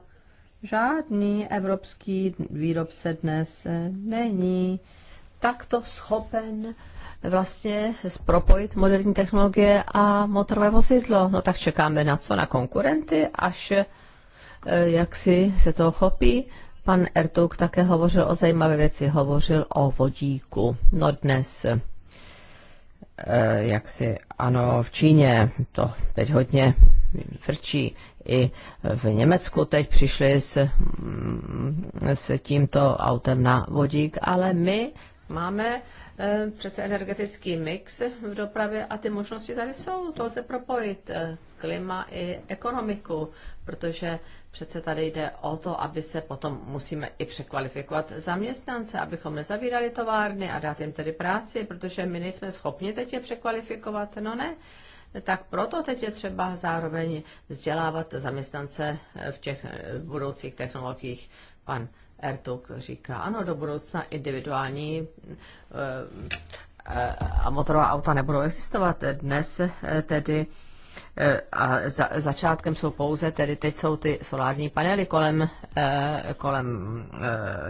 Žádný evropský výrobce dnes není takto schopen vlastně propojit moderní technologie a motorové vozidlo. No tak čekáme na co? Na konkurenty, až e, jak si se toho chopí. Pan Ertuk také hovořil o zajímavé věci, hovořil o vodíku. No dnes, eh, jak si ano, v Číně to teď hodně frčí, i v Německu teď přišli s, mm, s tímto autem na vodík, ale my máme Eh, přece energetický mix v dopravě a ty možnosti tady jsou. To lze propojit eh, klima i ekonomiku, protože přece tady jde o to, aby se potom musíme i překvalifikovat zaměstnance, abychom nezavírali továrny a dát jim tedy práci, protože my nejsme schopni teď je překvalifikovat, no ne. Tak proto teď je třeba zároveň vzdělávat zaměstnance eh, v těch budoucích technologiích. Pan Ertuk říká, ano, do budoucna individuální eh, eh, a motorová auta nebudou existovat. Dnes eh, tedy a za, začátkem jsou pouze, tedy teď jsou ty solární panely kolem, kolem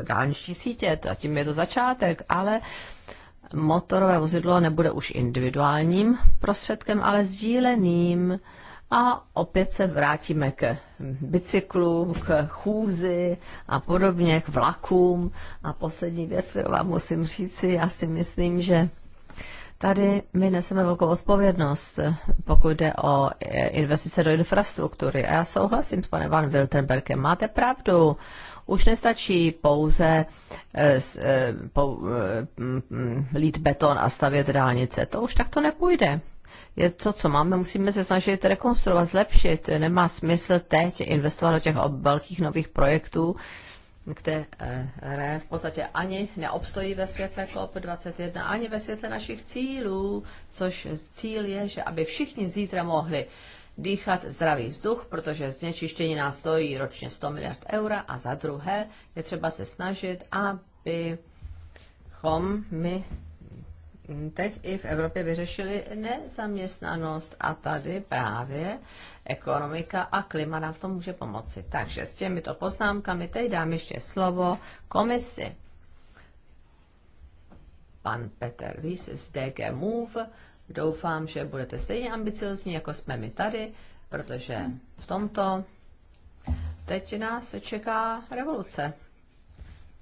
dálniční sítě, a tím je to začátek, ale motorové vozidlo nebude už individuálním prostředkem, ale sdíleným a opět se vrátíme k bicyklu, k chůzi a podobně, k vlakům. A poslední věc, kterou vám musím říci, já si myslím, že tady my neseme velkou odpovědnost, pokud jde o e, investice do infrastruktury. A já souhlasím s panem Van Wiltenbergem, máte pravdu. Už nestačí pouze e, e, lít beton a stavět dálnice. To už takto nepůjde je to, co máme, musíme se snažit rekonstruovat, zlepšit. Nemá smysl teď investovat do těch velkých nových projektů, které eh, e v podstatě ani neobstojí ve světle COP21, ani ve světle našich cílů, což cíl je, že aby všichni zítra mohli dýchat zdravý vzduch, protože znečištění nás stojí ročně 100 miliard eura a za druhé je třeba se snažit, aby my teď i v Evropě vyřešili nezaměstnanost a tady právě ekonomika a klima nám v tom může pomoci. Takže s těmito poznámkami teď dám ještě slovo komisi. Pan Peter Wies z DG Move. Doufám, že budete stejně ambiciozní, jako jsme my tady, protože v tomto teď nás čeká revoluce.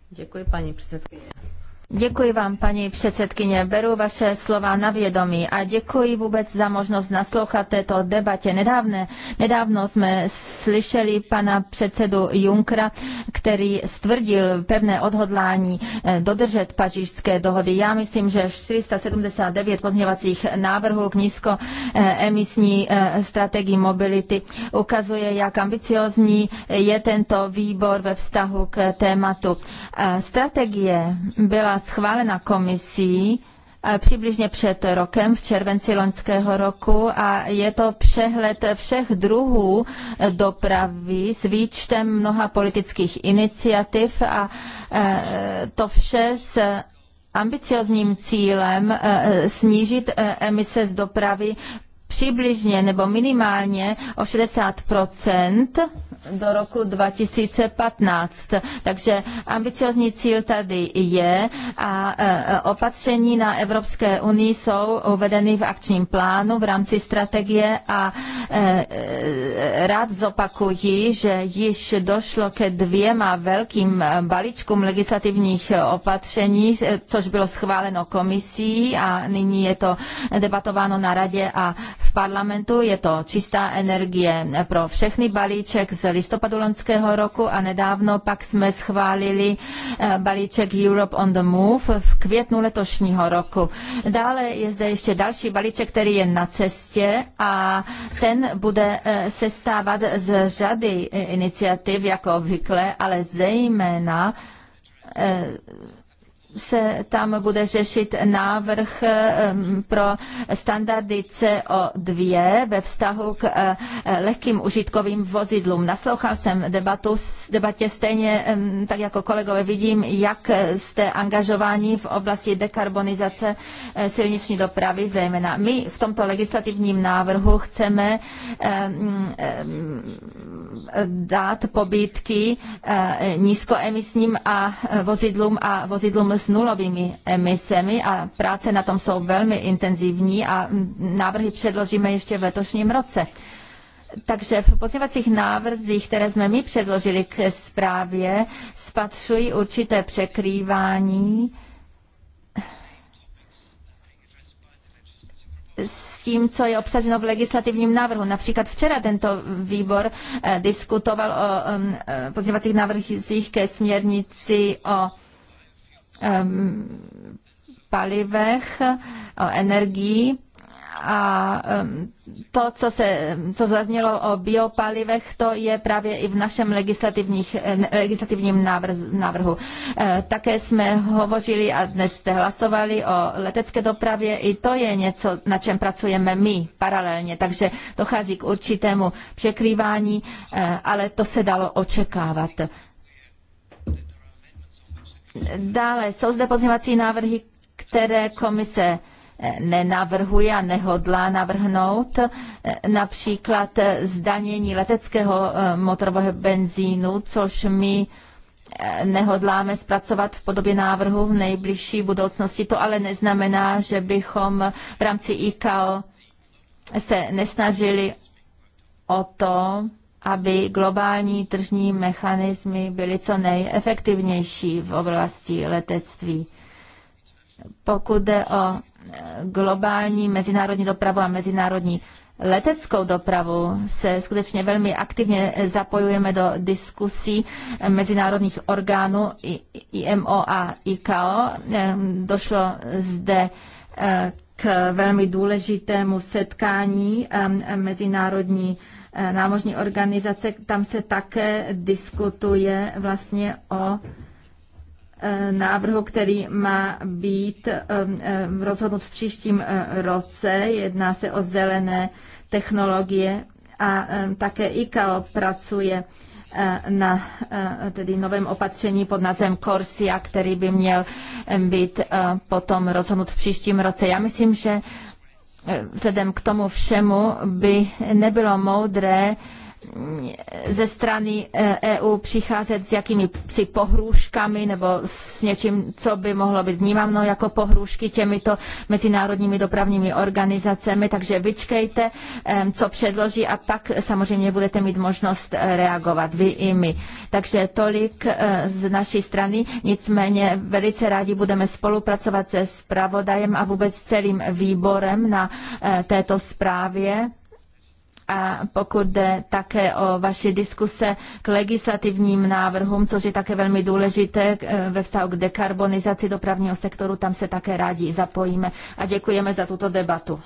Děkuji, paní předsedkyně. Děkuji vám, paní předsedkyně. Beru vaše slova na vědomí a děkuji vůbec za možnost naslouchat této debatě. Nedávne, nedávno jsme slyšeli pana předsedu Junkra, který stvrdil pevné odhodlání eh, dodržet pařížské dohody. Já myslím, že 479 pozměvacích návrhů k nízkoemisní eh, eh, strategii mobility ukazuje, jak ambiciozní je tento výbor ve vztahu k tématu. Strategie byla byla schválena komisí eh, přibližně před rokem, v červenci loňského roku a je to přehled všech druhů eh, dopravy s výčtem mnoha politických iniciativ a eh, to vše s ambiciozním cílem snížit emise z dopravy přibližně nebo minimálně o 60 do roku 2015. Takže ambiciozní cíl tady je a e, opatření na Evropské unii jsou uvedeny v akčním plánu v rámci strategie a e, e, rád zopakuji, že již došlo ke dvěma velkým balíčkům legislativních opatření, což bylo schváleno komisí a nyní je to debatováno na radě a v parlamentu. Je to čistá energie pro všechny balíček z listopadu loňského roku a nedávno pak jsme schválili eh, balíček Europe on the Move v květnu letošního roku. Dále je zde ještě další balíček, který je na cestě a ten bude eh, sestávat z řady eh, iniciativ jako obvykle, ale zejména se tam bude řešit návrh pro standardy CO2 ve vztahu k eh, lehkým užitkovým vozidlům. Naslouchal jsem debatu, debatě stejně tak jako kolegové vidím, jak jste angažováni v oblasti dekarbonizace eh, silniční dopravy zejména. My v tomto legislativním návrhu chceme dát pobídky eh, nízkoemisním a vozidlům a vozidlům s s nulovými emisemi a práce na tom jsou velmi intenzivní a návrhy předložíme ještě v letošním roce. Takže v pozměvacích návrzích, které jsme my předložili k zprávě, spatřují určité překrývání s tím, co je obsaženo v legislativním návrhu. Například včera tento výbor eh, diskutoval o eh, pozměňovacích návrzích ke směrnici o Um, palivech, o energii a um, to, co, se, co zaznělo o biopalivech, to je právě i v našem legislativních, legislativním návrhu. Eh, také jsme hovořili a dnes jste hlasovali o letecké dopravě. I to je něco, na čem pracujeme my paralelně, takže dochází k určitému překrývání, eh, ale to se dalo očekávat. Dále jsou zde pozměvací návrhy, které komise eh, nenavrhuje a nehodlá navrhnout, eh, například eh, zdanění leteckého motorového benzínu, což my nehodláme zpracovat v podobě návrhu v nejbližší budoucnosti. To ale neznamená, že bychom v rámci ICAO se nesnažili o to, aby globální tržní mechanismy byly co nejefektivnější v oblasti letectví. Pokud jde o eh, globální mezinárodní dopravu a mezinárodní leteckou dopravu se skutečně velmi aktivně zapojujeme do diskusí mezinárodních orgánů IMO a ICAO. Ehm, došlo zde eh, k velmi důležitému setkání ehm, mezinárodní Eh, námořní organizace, tam se také diskutuje vlastně o eh, návrhu, který má být eh, rozhodnut v příštím roce. Jedná se o zelené technologie a také ICAO pracuje na tedy novém opatření pod názvem Corsia, který by měl být potom rozhodnut v příštím roce. Já myslím, že Vzhledem k tomu všemu by nebylo moudré ze strany EU eh, e přicházet s jakými si pohrůžkami nebo s něčím, co by mohlo být vnímáno jako pohrůžky těmito mezinárodními dopravními organizacemi. Takže vyčkejte, co předloží a pak samozřejmě budete mít možnost eh, reagovat vy i my. Takže tolik eh, z naší strany. Nicméně velice rádi budeme spolupracovat se spravodajem a vůbec celým výborem na této zprávě. A pokud jde také o vaši diskuse k legislativním návrhům, což je také velmi důležité e, ve vztahu k dekarbonizaci dopravního sektoru, tam se také rádi zapojíme a děkujeme za tuto debatu.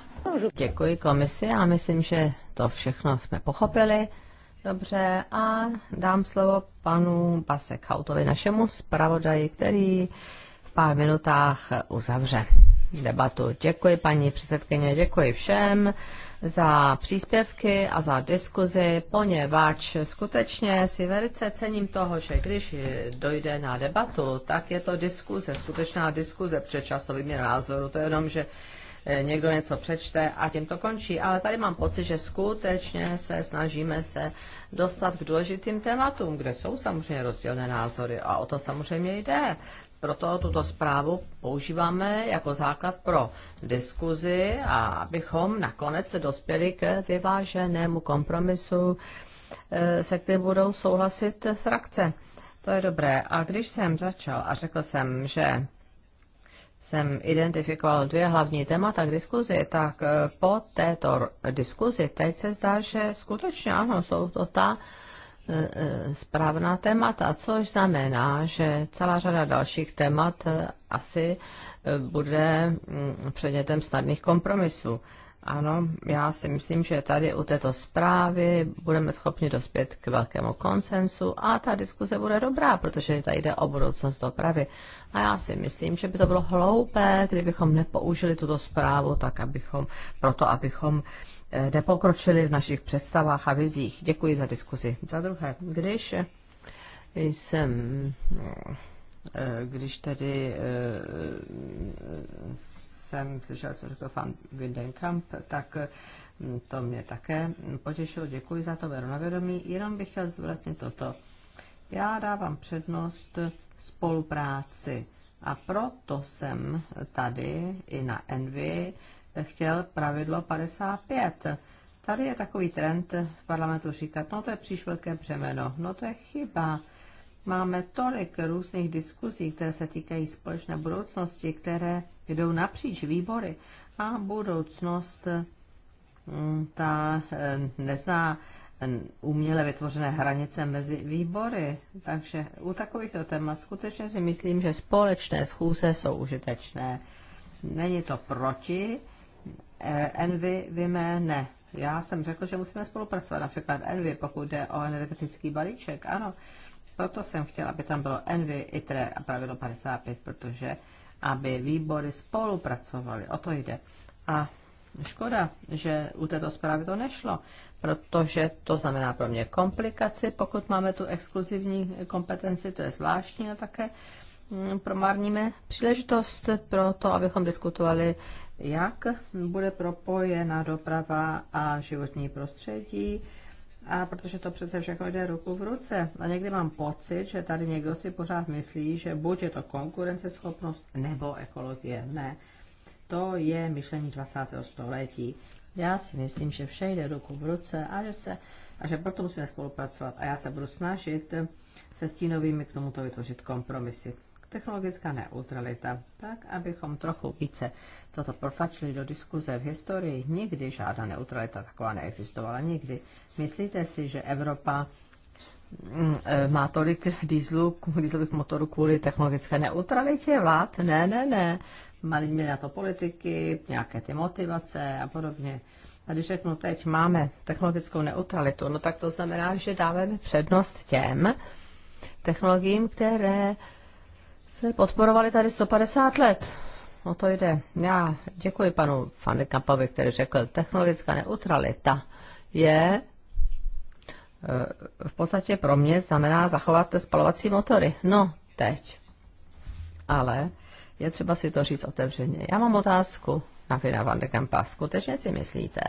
Děkuji komisi a myslím, že to všechno jsme pochopili. Dobře, a dám slovo panu Hautovi, našemu zpravodaji, který v pár minutách uzavře debatu. Děkuji paní předsedkyně, děkuji všem za příspěvky a za diskuzi, poněvadž skutečně si velice cením toho, že když dojde na debatu, tak je to diskuze, skutečná diskuze, protože často výměna názoru, to je jenom, že eh, někdo něco přečte a tím to končí. Ale tady mám pocit, že skutečně se snažíme se dostat k důležitým tématům, kde jsou samozřejmě rozdílné názory a o to samozřejmě jde proto tuto zprávu používáme jako základ pro diskuzi a abychom nakonec se dospěli k vyváženému kompromisu, eh, se kterým budou souhlasit frakce. To je dobré. A když jsem začal a řekl jsem, že jsem identifikoval dvě hlavní témata k diskuzi, tak eh, po této diskuzi teď se zdá, že skutečně ano, jsou to ta E, správná témata, což znamená, že celá řada dalších témat e, asi e, bude mm, předmětem snadných kompromisů ano, já si myslím, že tady u této zprávy budeme schopni dospět k velkému konsensu a ta diskuze bude dobrá, protože tady jde o budoucnost dopravy. A já si myslím, že by to bylo hloupé, kdybychom nepoužili tuto zprávu tak, abychom, proto abychom eh, nepokročili v našich představách a vizích. Děkuji za diskuzi. Za druhé, když jsem no, eh, když tady eh, jsem slyšel, co řekl fan Windenkamp, tak mm, to mě také potěšilo. Děkuji za to, Vero, na vědomí. Jenom bych chtěl zvracit toto. Já dávám přednost spolupráci a proto jsem tady i na Envy chtěl pravidlo 55. Tady je takový trend v parlamentu říkat, no to je příš velké břemeno, no to je chyba. Máme tolik různých diskuzí, které se týkají společné budoucnosti, které jdou napříč výbory a budoucnost mm, ta eh, nezná eh, uměle vytvořené hranice mezi výbory. Takže u takovýchto témat skutečně si myslím, že společné schůze jsou užitečné. Není to proti eh, Envy, víme ne. Já jsem řekl, že musíme spolupracovat, například Envy, pokud jde o energetický balíček, ano. Proto jsem chtěla, aby tam bylo Envy, ITRE a pravidlo 55, protože aby výbory spolupracovaly. O to jde. A škoda, že u této zprávy to nešlo, protože to znamená pro mě komplikaci, pokud máme tu exkluzivní kompetenci, to je zvláštní a také mm, promarníme příležitost pro to, abychom diskutovali, jak bude propojena doprava a životní prostředí a protože to přece všechno jde ruku v ruce. A někdy mám pocit, že tady někdo si pořád myslí, že buď je to konkurenceschopnost nebo ekologie. Ne, to je myšlení 20. století. Já si myslím, že vše jde ruku v ruce a že, se, a že proto musíme spolupracovat. A já se budu snažit se stínovými k tomuto vytvořit kompromisy technologická neutralita, tak abychom trochu více toto protačili do diskuze v historii. Nikdy žádná neutralita taková neexistovala, nikdy. Myslíte si, že Evropa mm, e, má tolik dieslů, dieslových motorů kvůli technologické neutralitě vlád? Ne, ne, ne. Mali mě na to politiky, nějaké ty motivace a podobně. A když řeknu teď, máme technologickou neutralitu, no tak to znamená, že dáváme přednost těm technologiím, které se podporovali tady 150 let. no to jde. Já děkuji panu Kampovi, který řekl, technologická neutralita je eh, v podstatě pro mě znamená zachovat spalovací motory. No, teď. Ale je třeba si to říct otevřeně. Já mám otázku na Vina van de Kampa. Skutečně si myslíte,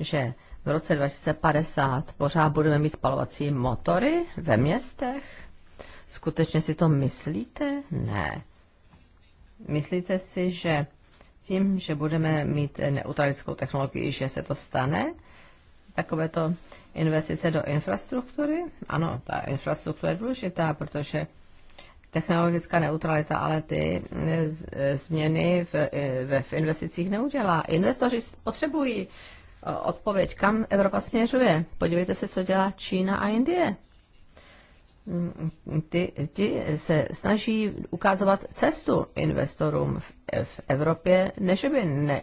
že v roce 2050 pořád budeme mít spalovací motory ve městech? Skutečně si to myslíte? Ne. Myslíte si, že tím, že budeme mít neutralickou technologii, že se to stane? Takovéto investice do infrastruktury? Ano, ta infrastruktura je důležitá, protože technologická neutralita, ale ty mm, změny v, v, v investicích neudělá. Investoři potřebují odpověď, kam Evropa směřuje. Podívejte se, co dělá Čína a Indie ty, ty se snaží ukázovat cestu investorům v, v Evropě. než že by ne,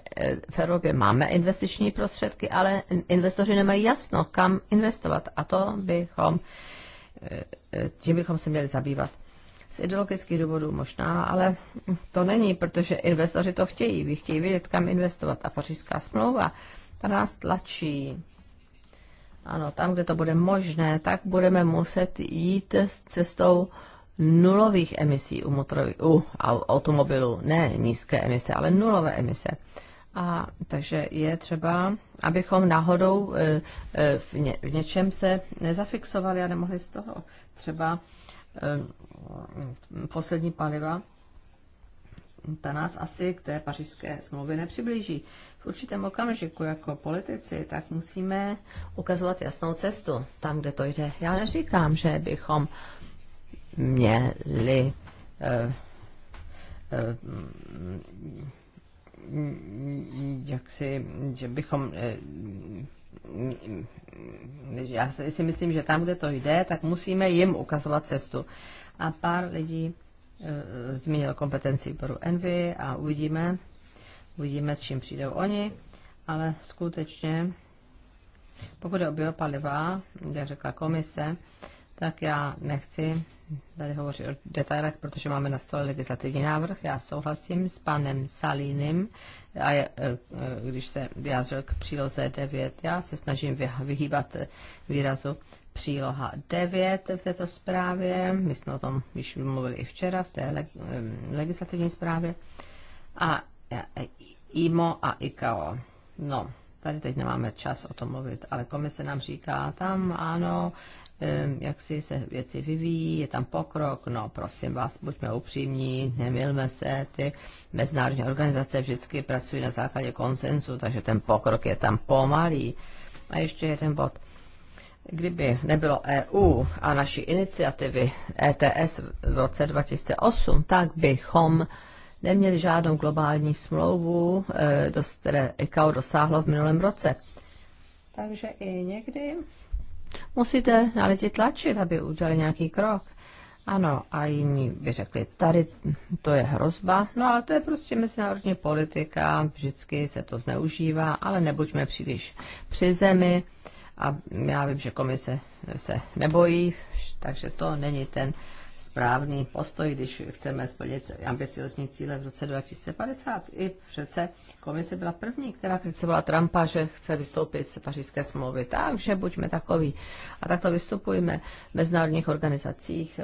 v Evropě máme investiční prostředky, ale investoři nemají jasno, kam investovat. A to bychom, eh, eh, tím bychom se měli zabývat. Z ideologických důvodů možná, ale to není, protože investoři to chtějí. Vy chtějí vědět, kam investovat. A pařížská smlouva ta nás tlačí ano, tam, kde to bude možné, tak budeme muset jít s cestou nulových emisí u, motorový, u automobilů. Ne nízké emise, ale nulové emise. A takže je třeba, abychom náhodou e, e, v, ně, v něčem se nezafixovali a nemohli z toho třeba e, poslední paliva ta nás asi k té pařížské smlouvě nepřiblíží. V určitém okamžiku jako politici tak musíme ukazovat jasnou cestu tam, kde to jde. Já neříkám, že bychom měli jaksi, eh, eh, jak si, že bychom eh, já si myslím, že tam, kde to jde, tak musíme jim ukazovat cestu. A pár lidí Eh, zmínil kompetenci výboru Envy a uvidíme, uvidíme, s čím přijdou oni, ale skutečně, pokud je o biopaliva, jak řekla komise, tak já nechci tady hovořit o detailech, protože máme na stole legislativní návrh. Já souhlasím s panem Salínem, a je, eh, eh, když se vyjádřil k příloze 9. Já se snažím vyhýbat výrazu příloha 9 v této zprávě. My jsme o tom již mluvili i včera v té legislativní zprávě. A e, e, IMO a ICAO. No, tady teď nemáme čas o tom mluvit, ale komise nám říká, tam ano, jak si se věci vyvíjí, je tam pokrok, no prosím vás, buďme upřímní, nemilme se, ty mezinárodní organizace vždycky pracují na základě konsenzu, takže ten pokrok je tam pomalý. A ještě jeden bod Kdyby nebylo EU a naší iniciativy ETS v roce 2008, tak bychom neměli žádnou globální smlouvu, eh, do které ICAO dosáhlo v minulém roce. Takže i někdy musíte na lidi tlačit, aby udělali nějaký krok. Ano, a jiní by řekli, tady to je hrozba, no ale to je prostě mezinárodní politika, vždycky se to zneužívá, ale nebuďme příliš při zemi. A já vím, že komise se nebojí, takže to není ten správný postoj, když chceme splnit ambiciozní cíle v roce 2050. I přece komise byla první, která kritizovala Trumpa, že chce vystoupit z pařížské smlouvy. Takže buďme takový. A takto vystupujeme v mezinárodních organizacích.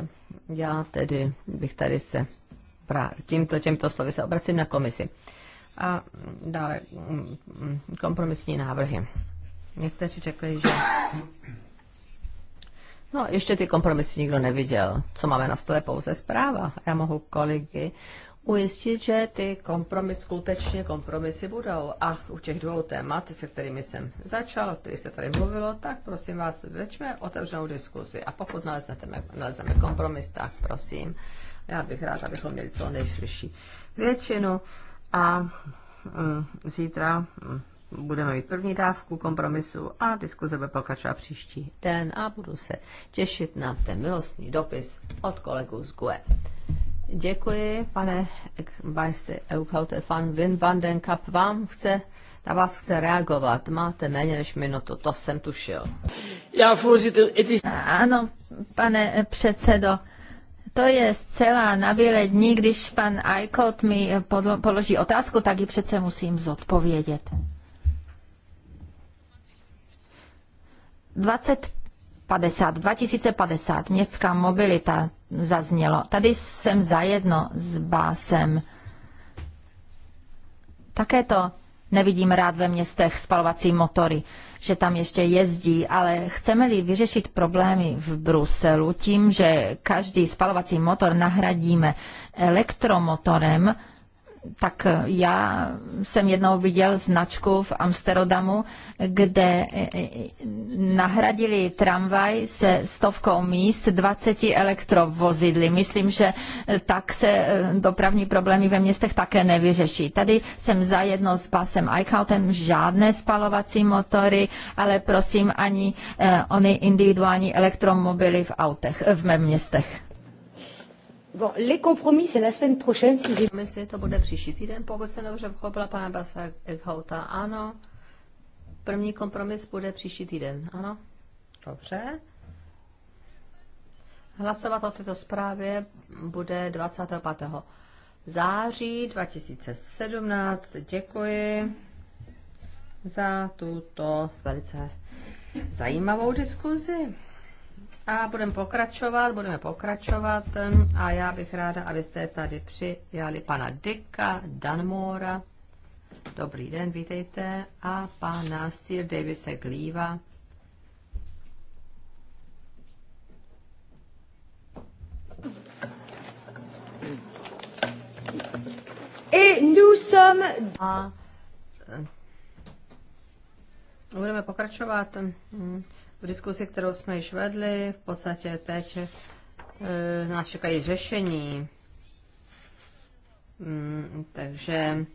Já tedy bych tady se tímto, těmto slovy se obracím na komisi. A dále mm, mm, kompromisní návrhy. Někteří řekli, že... No, ještě ty kompromisy nikdo neviděl. Co máme na stole, pouze zpráva. Já mohu kolegy ujistit, že ty kompromisy, skutečně kompromisy budou. A u těch dvou témat, se kterými jsem začal, o kterých se tady mluvilo, tak prosím vás, veďme otevřenou diskuzi. A pokud nalezneme, kompromis, tak prosím. Já bych rád, abychom měli co nejširší většinu. A mm, zítra mm, budeme mít první dávku kompromisu a diskuze bude pokračovat příští den a budu se těšit na ten milostný dopis od kolegů z GUE. Děkuji, pane Bajsi Eukaute, pan Wim van den Kap vám chce, na vás chce reagovat. Máte méně než minutu, to jsem tušil. Já, voorzitter, Ano, pane předsedo, to je zcela na dní, když pan Aikot mi položí otázku, tak ji přece musím zodpovědět. 2050, 2050, městská mobilita zaznělo. Tady jsem zajedno s básem. Také to nevidím rád ve městech spalovací motory, že tam ještě jezdí, ale chceme-li vyřešit problémy v Bruselu tím, že každý spalovací motor nahradíme elektromotorem, tak eh, já jsem jednou viděl značku v Amsterdamu, kde eh, eh, nahradili tramvaj se stovkou míst 20 elektrovozidly. Myslím, že tak se dopravní problémy ve městech také nevyřeší. Tady jsem zajedno s pasem Eichhoutem, žádné spalovací motory, ale prosím ani ony individuální elektromobily v autech, v mém městech. Bon, les compromis, c'est la semaine prochaine, si to bude příští týden, pokud se dobře pochopila pana Basa Eckhouta. Ano, první kompromis bude příští týden, ano. Dobře. Hlasovat o této zprávě bude 25. září 2017. Děkuji za tuto velice zajímavou diskuzi. A budeme pokračovat, budeme pokračovat a já bych ráda, abyste tady přijali pana Dicka Danmora. Dobrý den, vítejte. A pana Steve Davise Glíva. Et nous A eh, budeme pokračovat v diskusi, kterou jsme již vedli, v podstatě teď e, nás čekají řešení. Mm, takže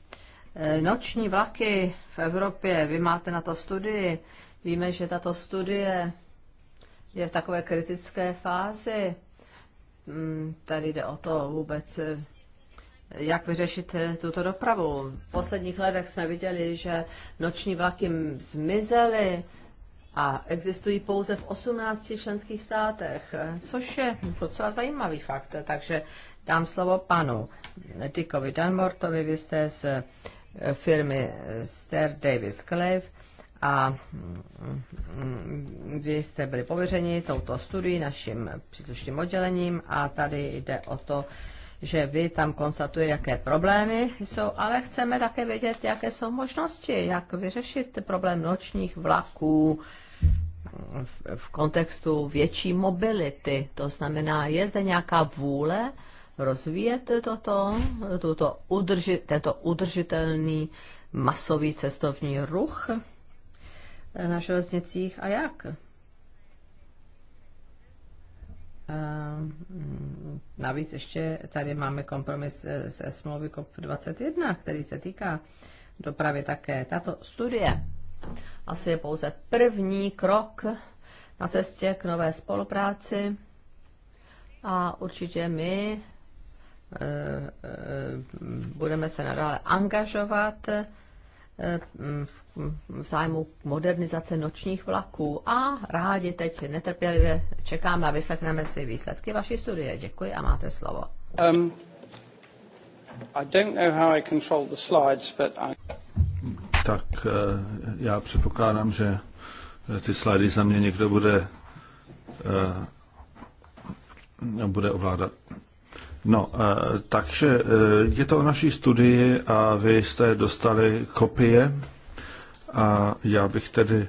e, noční vlaky v Evropě, vy máte na to studii, víme, že tato studie je v takové kritické fázi. Mm, tady jde o to vůbec, eh, jak vyřešit tuto dopravu. V posledních letech jsme viděli, že noční vlaky zmizely, a existují pouze v 18 členských státech, eh, což je docela zajímavý fakt. Takže dám slovo panu Dickovi Danmortovi, vy jste z eh, firmy Ster Davis Clive a mm, vy jste byli pověřeni touto studií naším příslušným oddělením a tady jde o to, že vy tam konstatuje, jaké problémy jsou, ale chceme také vědět, jaké jsou možnosti, jak vyřešit problém nočních vlaků, v kontextu větší mobility. To znamená, je zde nějaká vůle rozvíjet toto, tuto udrži, tento udržitelný masový cestovní ruch na železnicích a jak? Mm, navíc ještě tady máme kompromis eh, se smlouvy COP21, který se týká dopravy také. Tato studie asi je pouze první krok na cestě k nové spolupráci a určitě my eh, eh, budeme se nadále angažovat eh, v zájmu modernizace nočních vlaků a rádi teď netrpělivě čekáme a vyslechneme si výsledky vaší studie. Děkuji a máte slovo. Um, I don't know how I control the slides, but I... Tak eh, já předpokládám, že eh, ty slajdy za mě někdo bude, eh, bude ovládat. No, takže je to o naší studii a vy jste dostali kopie a já bych tedy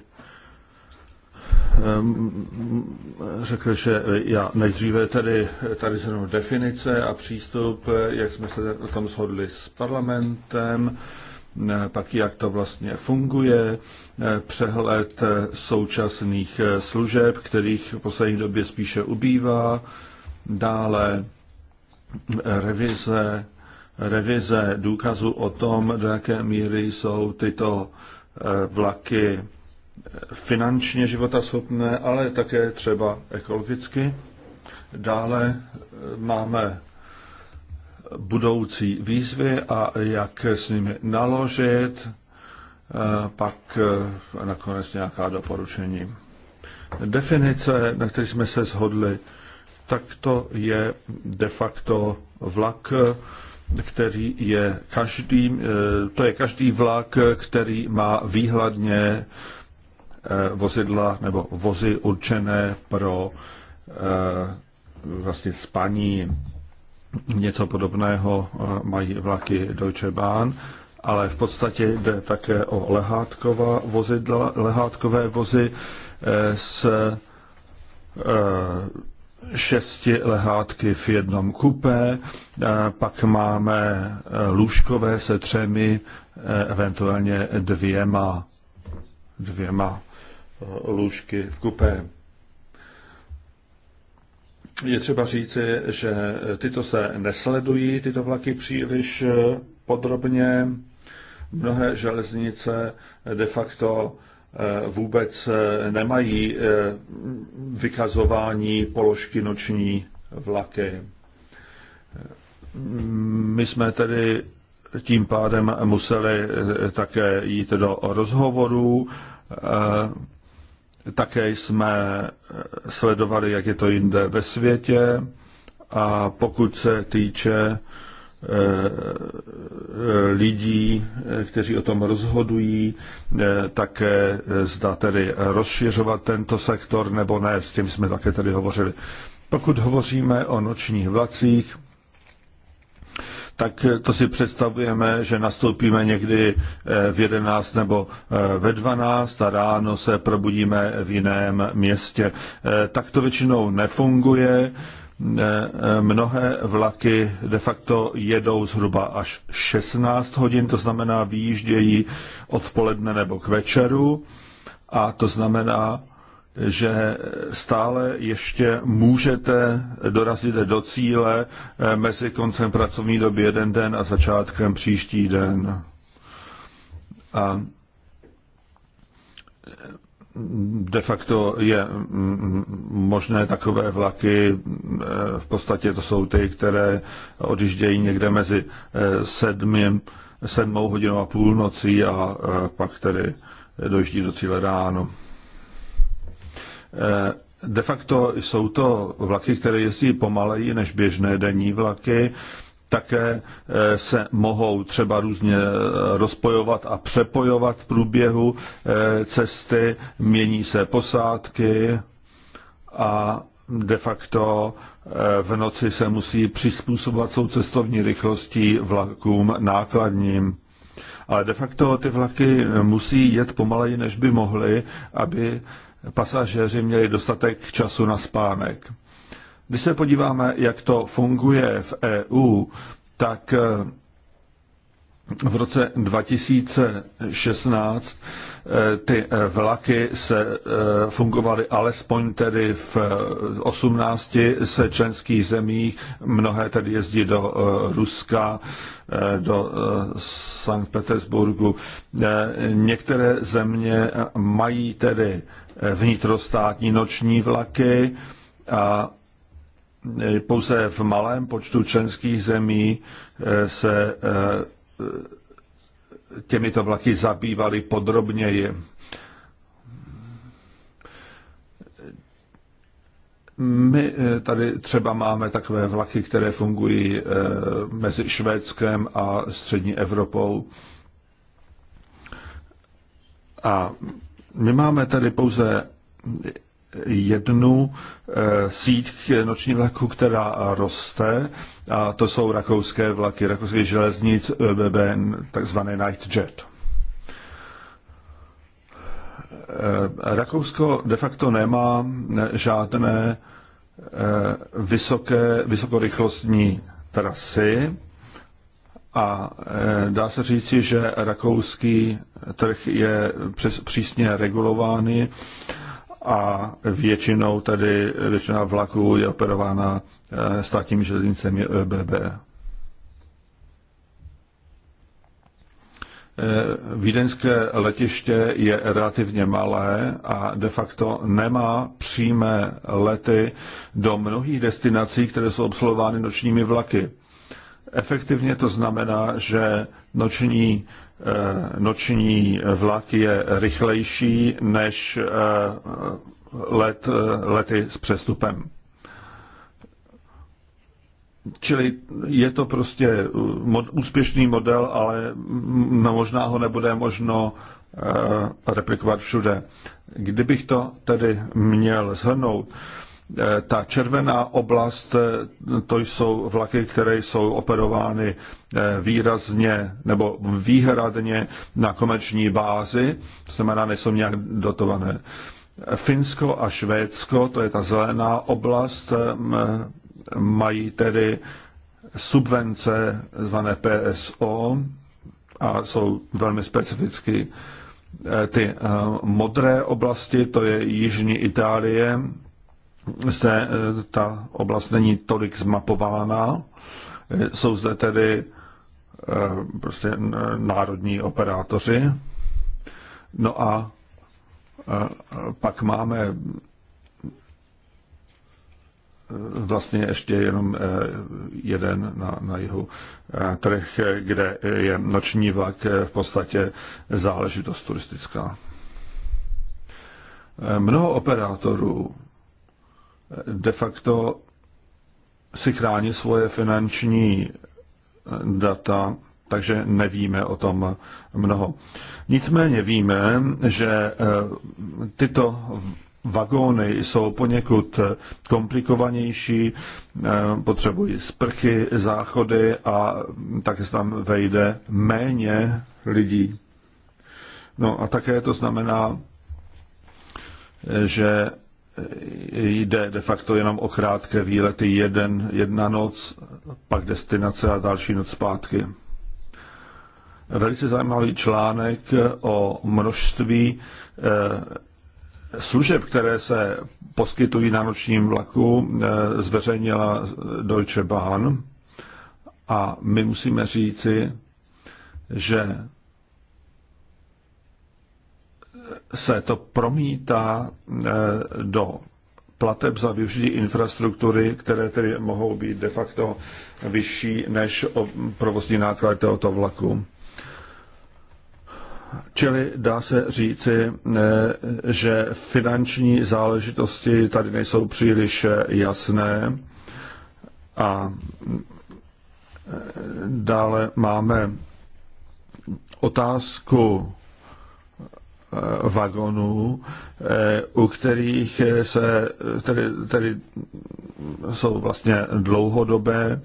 řekl, že já nejdříve tedy tady zhrnu definice a přístup, jak jsme se o tom shodli s parlamentem, Eh, pak jak to vlastně funguje, eh, přehled eh, současných služeb, kterých v poslední době spíše ubývá, dále revize, revize důkazu o tom, do jaké míry jsou tyto vlaky finančně životaschopné, ale také třeba ekologicky. Dále máme budoucí výzvy a jak s nimi naložit, pak e, nakonec nějaká doporučení. Definice, na které jsme se shodli, tak to je de facto vlak, který je každý, e, to je každý vlak, který má výhladně e, vozidla nebo vozy určené pro vlastně spaní Něco podobného eh, mají vlaky Deutsche Bahn, ale v podstatě jde také o lehátková vozidla, lehátkové vozy eh, s eh, šesti lehátky v jednom kupé, pak máme lůžkové se třemi, eventuálně dvěma, dvěma lůžky v kupé je třeba říci, že tyto se nesledují, tyto vlaky příliš eh, podrobně. Mnohé železnice de facto eh, vůbec eh, nemají vykazování položky noční vlaky. My jsme tedy tím pádem museli také jít do rozhovorů také jsme eh, sledovali, jak je to jinde ve světě a pokud se týče eh, eh, lidí, kteří o tom rozhodují, také zda tedy rozšiřovat tento sektor nebo ne, s tím jsme také tedy hovořili. Pokud hovoříme o nočních vlacích, tak eh, to si představujeme, že nastoupíme někdy eh, v 11 nebo eh, ve 12 a ráno se probudíme v jiném městě. Tak to většinou nefunguje. Mnohé vlaky de facto jedou zhruba až 16 hodin, to znamená výjíždějí odpoledne nebo k večeru a to znamená, že stále ještě můžete dorazit do cíle eh, mezi koncem pracovní doby jeden den a začátkem příští den. A eh, de facto je mm, mm, možné takové vlaky, eh, v podstatě to jsou ty, které odjíždějí někde mezi sedmi, sedmou hodinou a půlnocí a pak tedy dojíždí do cíle ráno. Eh, de facto jsou to vlaky, které jezdí pomaleji než běžné denní vlaky, také eh, se mohou třeba různě eh, rozpojovat a přepojovat v průběhu cesty, mění se posádky a de facto v noci se musí přizpůsobovat svou cestovní rychlostí vlakům nákladním. Ale de facto ty vlaky musí jet pomaleji, než by mohly, aby pasažéři měli dostatek času na spánek. Když se podíváme, jak to funguje v EU, tak eh, v roce 2016 eh, ty eh, vlaky se fungovaly alespoň tedy v 18 se členských zemích, mnohé tedy jezdí do Ruska, do Sankt Petersburgu. Některé země mají tedy vnitrostátní noční vlaky a pouze v malém počtu členských zemí eh, se eh, těmito vlaky zabývali podrobněji. My eh, tady třeba máme takové vlaky, které fungují mezi Švédskem a střední Evropou. A my máme tady pouze jednu eh, síť noční vlaku, která roste, a to jsou rakouské vlaky, rakouské železnic, ÖBB, takzvaný Nightjet. Eh, Rakousko de facto nemá eh, žádné vysoké, vysokorychlostní trasy, a eh, dá se říci, že rakouský trh je přes, přísně regulovány a většinou tedy většina vlaků je operována eh, státními železnicemi ÖBB. Eh, vídeňské letiště je relativně malé a de facto nemá přímé lety do mnohých destinací, které jsou obsluhovány nočními vlaky. Efektivně to znamená, že noční, eh, noční vlak je rychlejší než eh, let, eh, lety s přestupem. Čili je to prostě úspěšný model, ale možná ho nebude možno replikovat všude. Kdybych to tedy měl shrnout, Eh, ta červená oblast, eh, to jsou vlaky, které jsou operovány eh, výrazně nebo výhradně na komerční bázi, to znamená, nejsou nějak dotované. Finsko a Švédsko, to je ta zelená oblast, mají tedy subvence zvané PSO a jsou velmi specificky ty modré oblasti, to je jižní Itálie, zde eh, ta oblast není tolik zmapována. Eh, jsou zde tedy eh, prostě národní operátoři. No a pak máme vlastně ještě jenom jeden na, na jihu trh, kde je noční vlak v podstatě záležitost turistická. Mnoho operátorů de facto si chrání svoje finanční data, takže nevíme o tom mnoho. Nicméně víme, že eh, tyto vagóny jsou poněkud komplikovanější, eh, potřebují sprchy, záchody a také se tam vejde méně lidí. No a také to znamená, eh, že jde de facto jenom o krátké výlety, jeden, jedna noc, pak destinace a další noc zpátky. Velice zajímavý článek o množství eh, služeb, které se poskytují na nočním vlaku, eh, zveřejnila Deutsche Bahn. A my musíme říci, že se to promítá eh, do plateb za využití infrastruktury, které tedy mohou být de facto vyšší než provozní náklady tohoto vlaku. Čili dá se říci, eh, že finanční záležitosti tady nejsou příliš eh, jasné a dále máme otázku Eh, vagonů, eh, u kterých se, tedy, tedy jsou vlastně dlouhodobé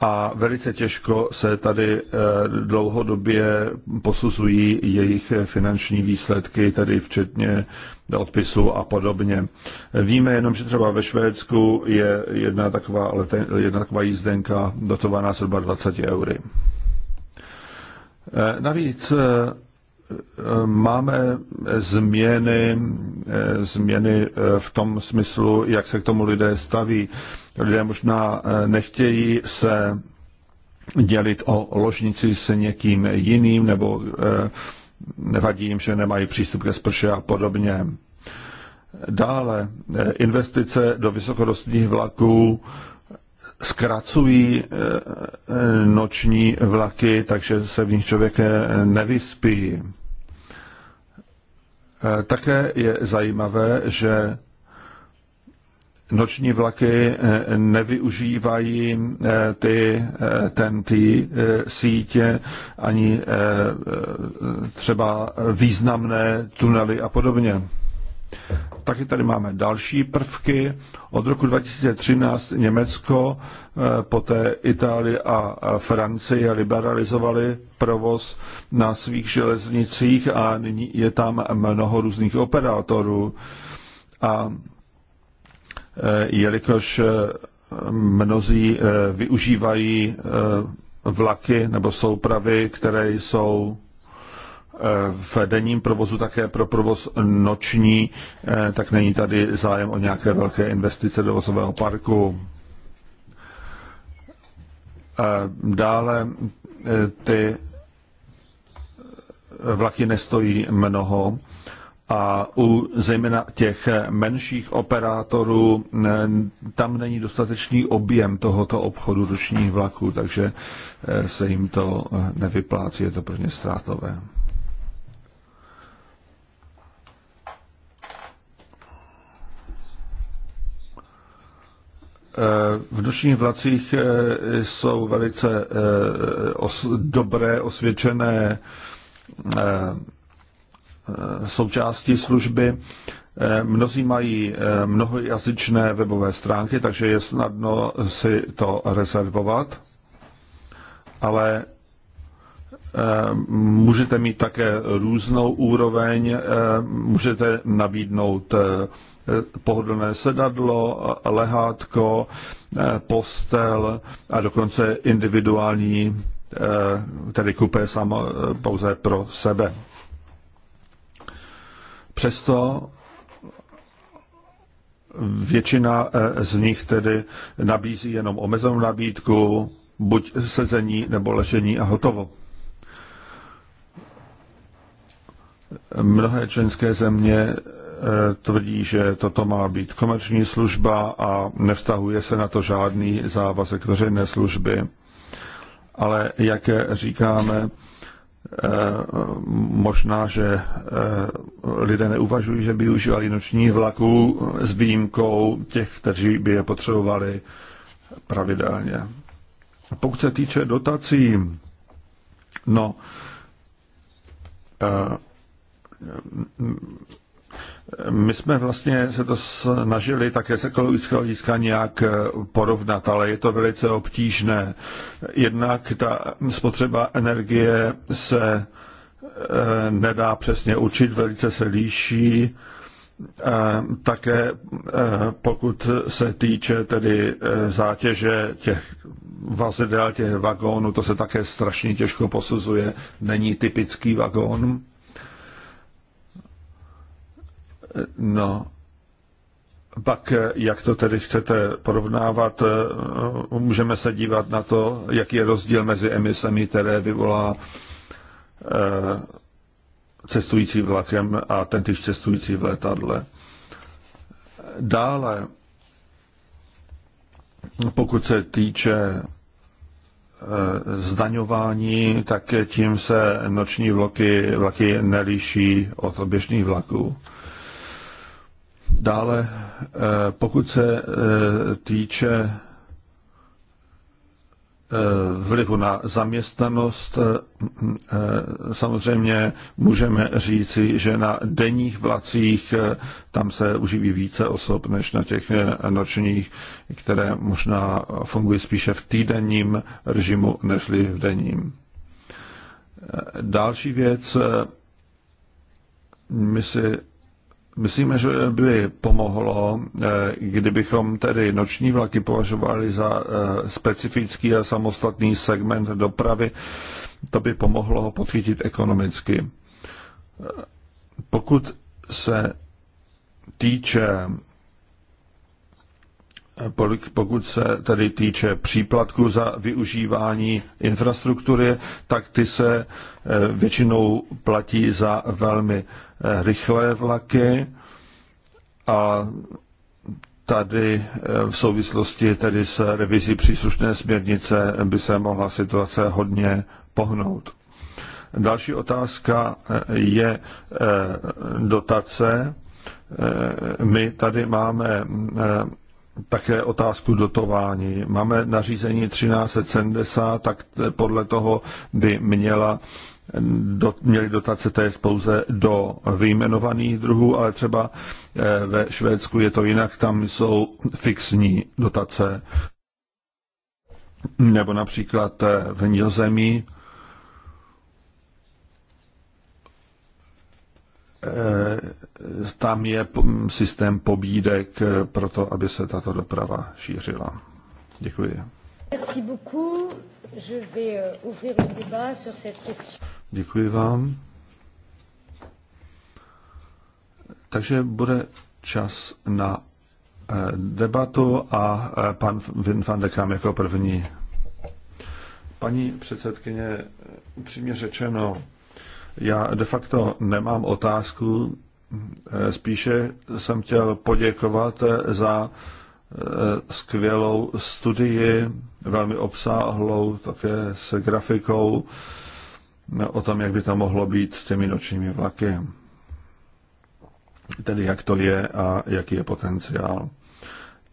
a velice těžko se tady eh, dlouhodobě posuzují jejich finanční výsledky, tedy včetně odpisů a podobně. Víme jenom, že třeba ve Švédsku je jedna taková, jedna taková jízdenka dotovaná zhruba 20 eury. Navíc máme změny, změny v tom smyslu, jak se k tomu lidé staví. Lidé možná eh, nechtějí se dělit o ložnici s někým jiným, nebo eh, nevadí jim, že nemají přístup ke sprše a podobně. Dále eh, investice do vysokorostních vlaků zkracují eh, eh, noční vlaky, takže se v nich člověk eh, nevyspí. Také je zajímavé, že noční vlaky nevyužívají ty TNT sítě ani třeba významné tunely a podobně. Taky tady máme další prvky. Od roku 2013 Německo, eh, poté Itálie a Francie liberalizovali provoz na svých železnicích a nyní je tam mnoho různých operátorů. A eh, jelikož eh, mnozí využívají vlaky nebo soupravy, které jsou v denním provozu také pro provoz noční, eh, tak není tady zájem o nějaké velké investice do vozového parku. Eh, dále eh, ty vlaky nestojí mnoho a u zejména těch menších operátorů tam není dostatečný objem tohoto obchodu ručních vlaků, takže se jim to nevyplácí, je to pro ně ztrátové. Eh, v nočních vlacích eh, jsou velice eh, os, dobré, osvědčené součástí služby. Mnozí mají mnohojazyčné webové stránky, takže je snadno si to rezervovat, ale můžete mít také různou úroveň, můžete nabídnout pohodlné sedadlo, lehátko, eh, postel a dokonce individuální, eh, tedy kupé samo, eh, pouze pro sebe. Přesto většina z nich tedy nabízí jenom omezenou nabídku, buď sezení nebo ležení a hotovo. Mnohé členské země Eh, tvrdí, že toto má být komerční služba a nevztahuje se na to žádný závazek veřejné služby. Ale jak říkáme, eh, možná, že eh, lidé neuvažují, že by užívali noční vlaků s výjimkou těch, kteří by je potřebovali pravidelně. Pokud se týče dotací, no, my jsme vlastně se to snažili také z ekologického hlediska nějak eh, porovnat, ale je to velice obtížné. Jednak ta spotřeba energie se eh, nedá přesně učit, velice se líší. Eh, také pokud se týče tedy zátěže těch vazidel, těch vagónů, to se také strašně těžko posuzuje. Není typický vagón. No, pak jak to tedy chcete porovnávat? Můžeme se dívat na to, jaký je rozdíl mezi emisemi, které vyvolá eh, cestující vlakem a tentýž cestující v letadle. Dále, pokud se týče eh, zdaňování, tak tím se noční vlaky, vlaky neliší od běžných vlaků. Dále, eh, pokud se eh, týče eh, vlivu na zaměstnanost. Samozřejmě můžeme říci, že na denních vlacích tam se uživí více osob než na těch nočních, které možná fungují spíše v týdenním režimu než v denním. Další věc, my si Myslíme, že by pomohlo, eh, kdybychom tedy noční vlaky považovali za eh, specifický a samostatný segment dopravy. To by pomohlo podchytit ekonomicky. Eh, pokud se týče pokud se tedy týče příplatku za využívání infrastruktury, tak ty se eh, většinou platí za velmi eh, rychlé vlaky a tady eh, v souvislosti tedy s revizí příslušné směrnice by se mohla situace hodně pohnout. Další otázka je dotace. My tady máme také otázku dotování. Máme nařízení 1370, tak podle toho by měla do, měly dotace té pouze do vyjmenovaných druhů, ale třeba eh, ve Švédsku je to jinak, tam jsou fixní dotace. Nebo například eh, v Nizozemí Eh, tam je systém pobídek eh, pro to, aby se tato doprava šířila. Děkuji. Eh, Děkuji vám. Takže bude čas na debatu a pan Vin van de Kram jako první. Paní předsedkyně, upřímně řečeno, já de facto nemám otázku, eh, spíše jsem chtěl poděkovat eh, za eh, skvělou studii, velmi obsáhlou, také s grafikou o tom, jak by to mohlo být s těmi nočními vlaky. Tedy jak to je a jaký je potenciál.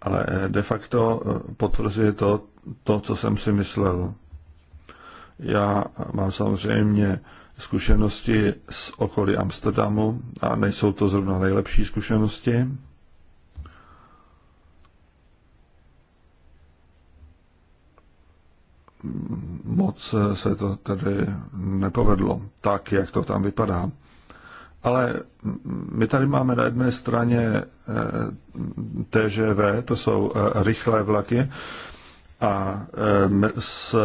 Ale de facto potvrzuje to, to co jsem si myslel. Já mám samozřejmě zkušenosti z okolí Amsterdamu a nejsou to zrovna nejlepší zkušenosti. Moc se to tedy nepovedlo, tak jak to tam vypadá. Ale my tady máme na jedné straně eh, TGV, to jsou eh, rychlé vlaky, a eh, s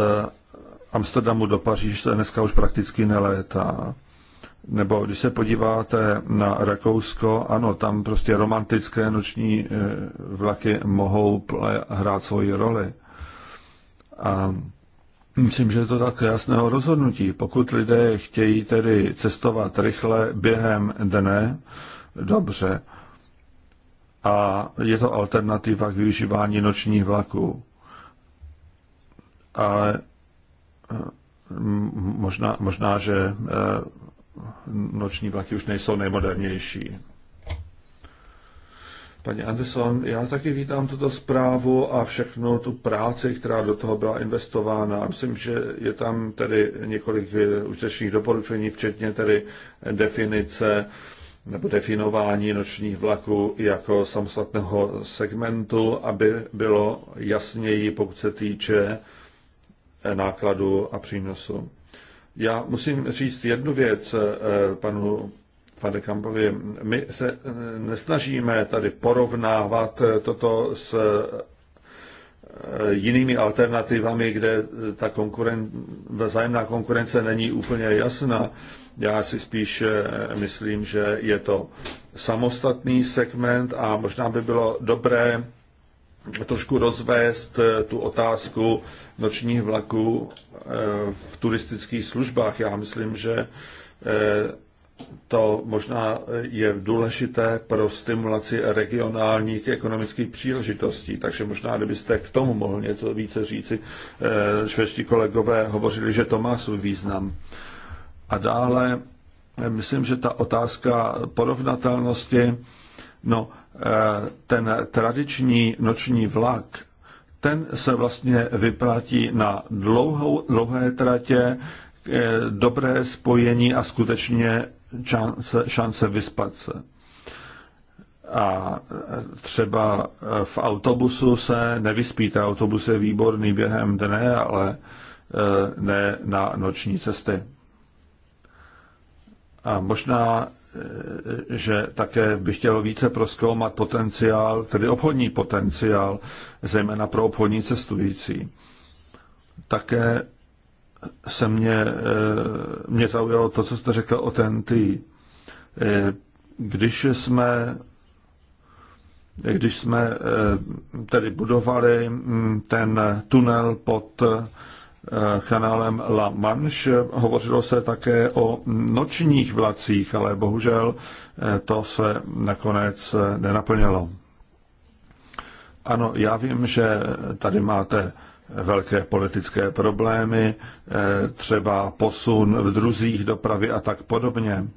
Amsterdamu do Paříže se dneska už prakticky nelétá. Nebo když se podíváte na Rakousko, ano, tam prostě romantické noční e, vlaky mohou hrát svoji roli. A myslím, že je to tak jasného rozhodnutí. Pokud lidé chtějí tedy cestovat rychle během dne, dobře. A je to alternativa k využívání nočních vlaků. Ale Eh, možná, možná, že eh, noční vlaky už nejsou nejmodernější. Paní Anderson, já taky vítám tuto zprávu a všechno tu práci, která do toho byla investována. Myslím, že je tam tedy několik eh, užitečných doporučení, včetně tedy definice nebo definování nočních vlaků jako samostatného segmentu, aby bylo jasněji, pokud se týče nákladu a přínosu. Já musím říct jednu věc eh, panu Fadekampovi. My se eh, nesnažíme tady porovnávat eh, toto s jinými alternativami, kde ta konkuren... vzájemná konkurence není úplně jasná. Já si spíš myslím, že je to samostatný segment a možná by bylo dobré trošku rozvést eh, tu otázku nočních vlaků eh, v turistických službách. Já myslím, že eh, to možná je důležité pro stimulaci regionálních ekonomických příležitostí, takže možná, kdybyste k tomu mohl něco více říci, švédští kolegové hovořili, že to má svůj význam. A dále, myslím, že ta otázka porovnatelnosti, no, ten tradiční noční vlak, ten se vlastně vyplatí na dlouhou, dlouhé tratě, eh, dobré spojení a skutečně šance, šance vyspat se. A eh, třeba eh, v autobusu se nevyspíte. Autobus je výborný během dne, ale ne na noční cesty. A možná že také by chtělo více proskoumat potenciál, tedy obchodní potenciál, zejména pro obchodní cestující. Také se mě, eh, mě zaujalo to, co jste řekl o TNT. Eh, když jsme když jsme eh, tedy budovali mm, ten tunel pod Eh, kanálem La Manche. Hovořilo se také o nočních vlacích, ale bohužel eh, to se nakonec eh, nenaplnilo. Ano, já vím, že tady máte velké politické problémy, třeba posun v druzích dopravy a tak podobně.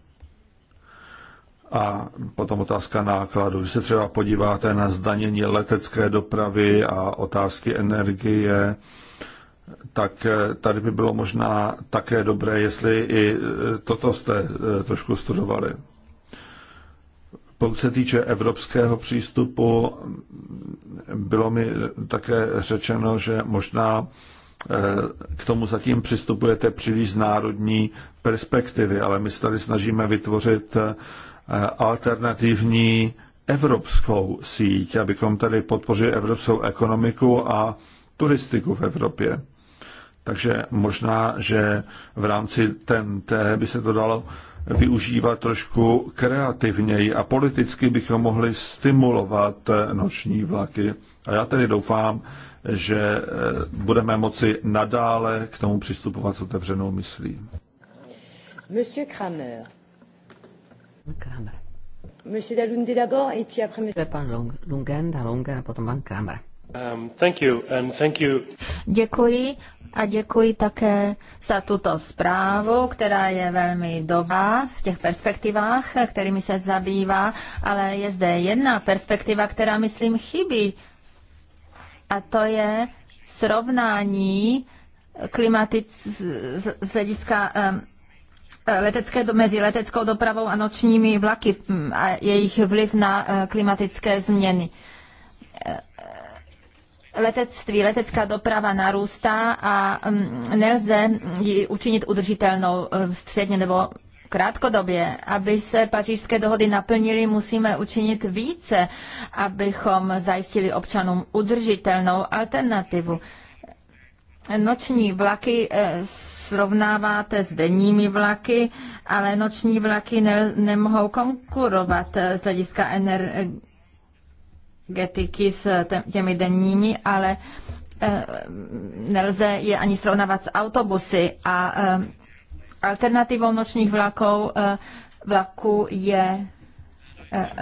A potom otázka nákladu. Když se třeba podíváte na zdanění letecké dopravy a otázky energie, tak eh, tady by bylo možná také dobré, jestli i eh, toto jste eh, trošku studovali. Pokud se týče evropského přístupu, bylo mi také řečeno, že možná k tomu zatím přistupujete příliš z národní perspektivy, ale my se tady snažíme vytvořit alternativní evropskou síť, abychom tady podpořili evropskou ekonomiku a turistiku v Evropě. Takže možná, že v rámci TNT by se to dalo využívat trošku kreativněji a politicky bychom mohli stimulovat noční vlaky. A já tedy doufám, že eh, budeme moci nadále k tomu přistupovat s otevřenou myslí. Monsieur Kramer. Kramer. Monsieur Dalunde d'abord et puis après Monsieur... Pan Lungen, Dalunde a potom pan Kramer. Um, děkuji a děkuji také za tuto zprávu, která je velmi dobrá v těch perspektivách, kterými se zabývá, ale je zde jedna perspektiva, která, myslím, chybí. A to je srovnání klimatic, z hlediska letecké mezi leteckou dopravou a nočními vlaky a jejich vliv na eh, klimatické změny letectví, letecká doprava narůstá a mm, nelze ji učinit udržitelnou mm, středně nebo krátkodobě. Aby se pařížské dohody naplnily, musíme učinit více, abychom zajistili občanům udržitelnou alternativu. Noční vlaky eh, srovnáváte s denními vlaky, ale noční vlaky ne, nemohou konkurovat eh, z hlediska energie getiky s těmi denními, ale eh, nelze je ani srovnávat s autobusy a eh, alternativou nočních vlaků eh, vlaku je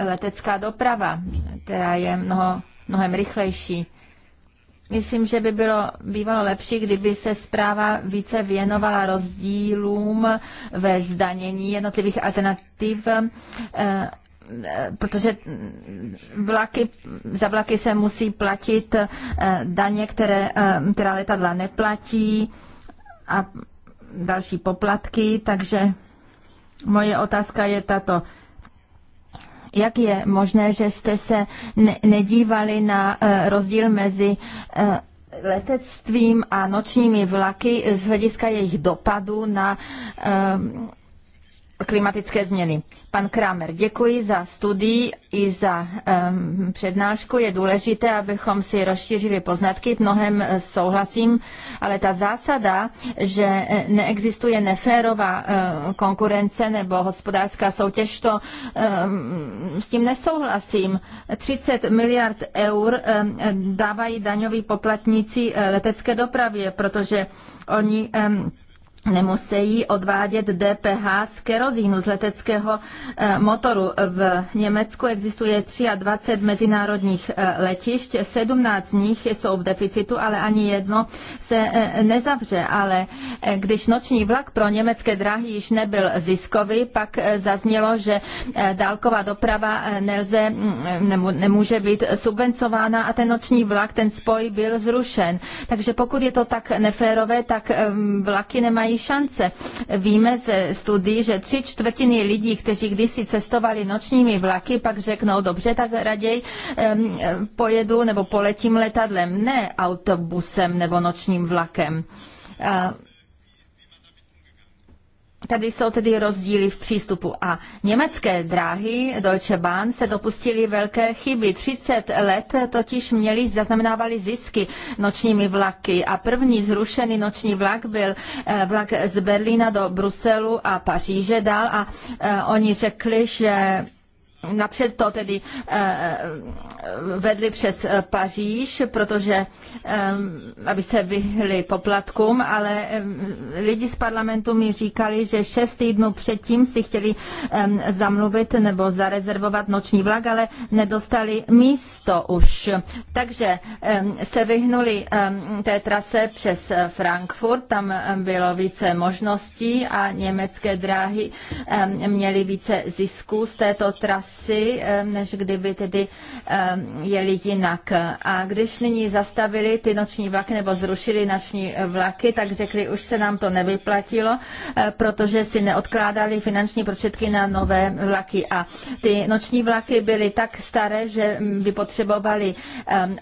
letecká doprava, která je mnoho, mnohem rychlejší. Myslím, že by bylo bývalo lepší, kdyby se zpráva více věnovala rozdílům ve zdanění jednotlivých alternativ protože vlaky, za vlaky se musí platit eh, daně, které, eh, která letadla neplatí a další poplatky, takže moje otázka je tato. Jak je možné, že jste se ne- nedívali na eh, rozdíl mezi letectvím a nočními vlaky z hlediska jejich dopadu na klimatické změny. Pan Kramer, děkuji za studii i za um, přednášku. Je důležité, abychom si rozšířili poznatky. V mnohem eh, souhlasím, ale ta zásada, že eh, neexistuje neférová uh, konkurence nebo hospodářská soutěž, to um, s tím nesouhlasím. 30 miliard eur um, dávají daňoví poplatníci letecké dopravě, protože oni um, nemusí odvádět DPH z kerozínu z leteckého eh, motoru. V Německu existuje 23 mezinárodních eh, letišť, 17 z nich jsou v deficitu, ale ani jedno se eh, nezavře. Ale když noční vlak pro německé dráhy již nebyl ziskový, pak zaznělo, že dálková doprava nelze, mm, nemůže být subvencována a ten noční vlak, ten spoj byl zrušen. Takže pokud je to tak neférové, tak vlaky nemají mají šance. Víme ze studií, že tři čtvrtiny lidí, kteří kdysi cestovali nočními vlaky, pak řeknou, dobře, tak raději um, pojedu nebo poletím letadlem, ne autobusem nebo nočním vlakem. Uh, Tady jsou tedy rozdíly v přístupu a německé dráhy Deutsche Bahn se dopustily velké chyby. 30 let totiž měli, zaznamenávali zisky nočními vlaky a první zrušený noční vlak byl eh, vlak z Berlína do Bruselu a Paříže dál a eh, oni řekli, že Napřed to tedy eh, eh, vedli přes eh, Paříž, protože aby se vyhli poplatkům, ale lidi z parlamentu mi říkali, že šest týdnů předtím si chtěli zamluvit nebo zarezervovat noční vlak, ale nedostali místo už. Takže se vyhnuli té trase přes Frankfurt, tam bylo více možností a německé dráhy měly více zisků z této trasy asi, než kdyby tedy jeli jinak. A když nyní zastavili ty noční vlaky nebo zrušili noční vlaky, tak řekli, už se nám to nevyplatilo, e, protože si neodkládali finanční prostředky na nové vlaky. A ty noční vlaky byly tak staré, že by mm, potřebovali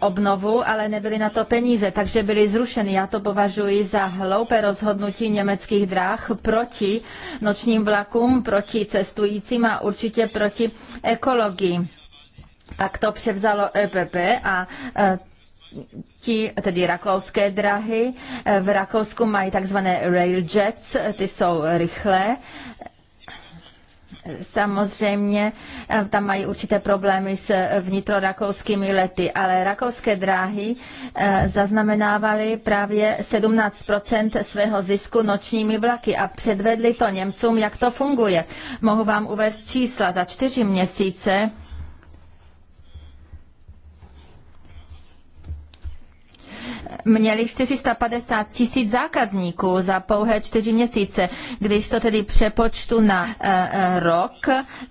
obnovu, ale nebyly na to peníze, takže byly zrušeny. Já to považuji za hloupé rozhodnutí německých dráh proti nočním vlakům, proti cestujícím a určitě proti ekologii. Pak to převzalo EPP a e, ti, tedy rakouské drahy, e, v Rakousku mají takzvané railjets, ty jsou rychlé, samozřejmě eh, tam mají určité problémy s vnitrorakouskými lety, ale rakouské dráhy eh, zaznamenávaly právě 17 svého zisku nočními vlaky a předvedli to Němcům, jak to funguje. Mohu vám uvést čísla za čtyři měsíce měli 450 tisíc zákazníků za pouhé čtyři měsíce. Když to tedy přepočtu na eh, eh, rok,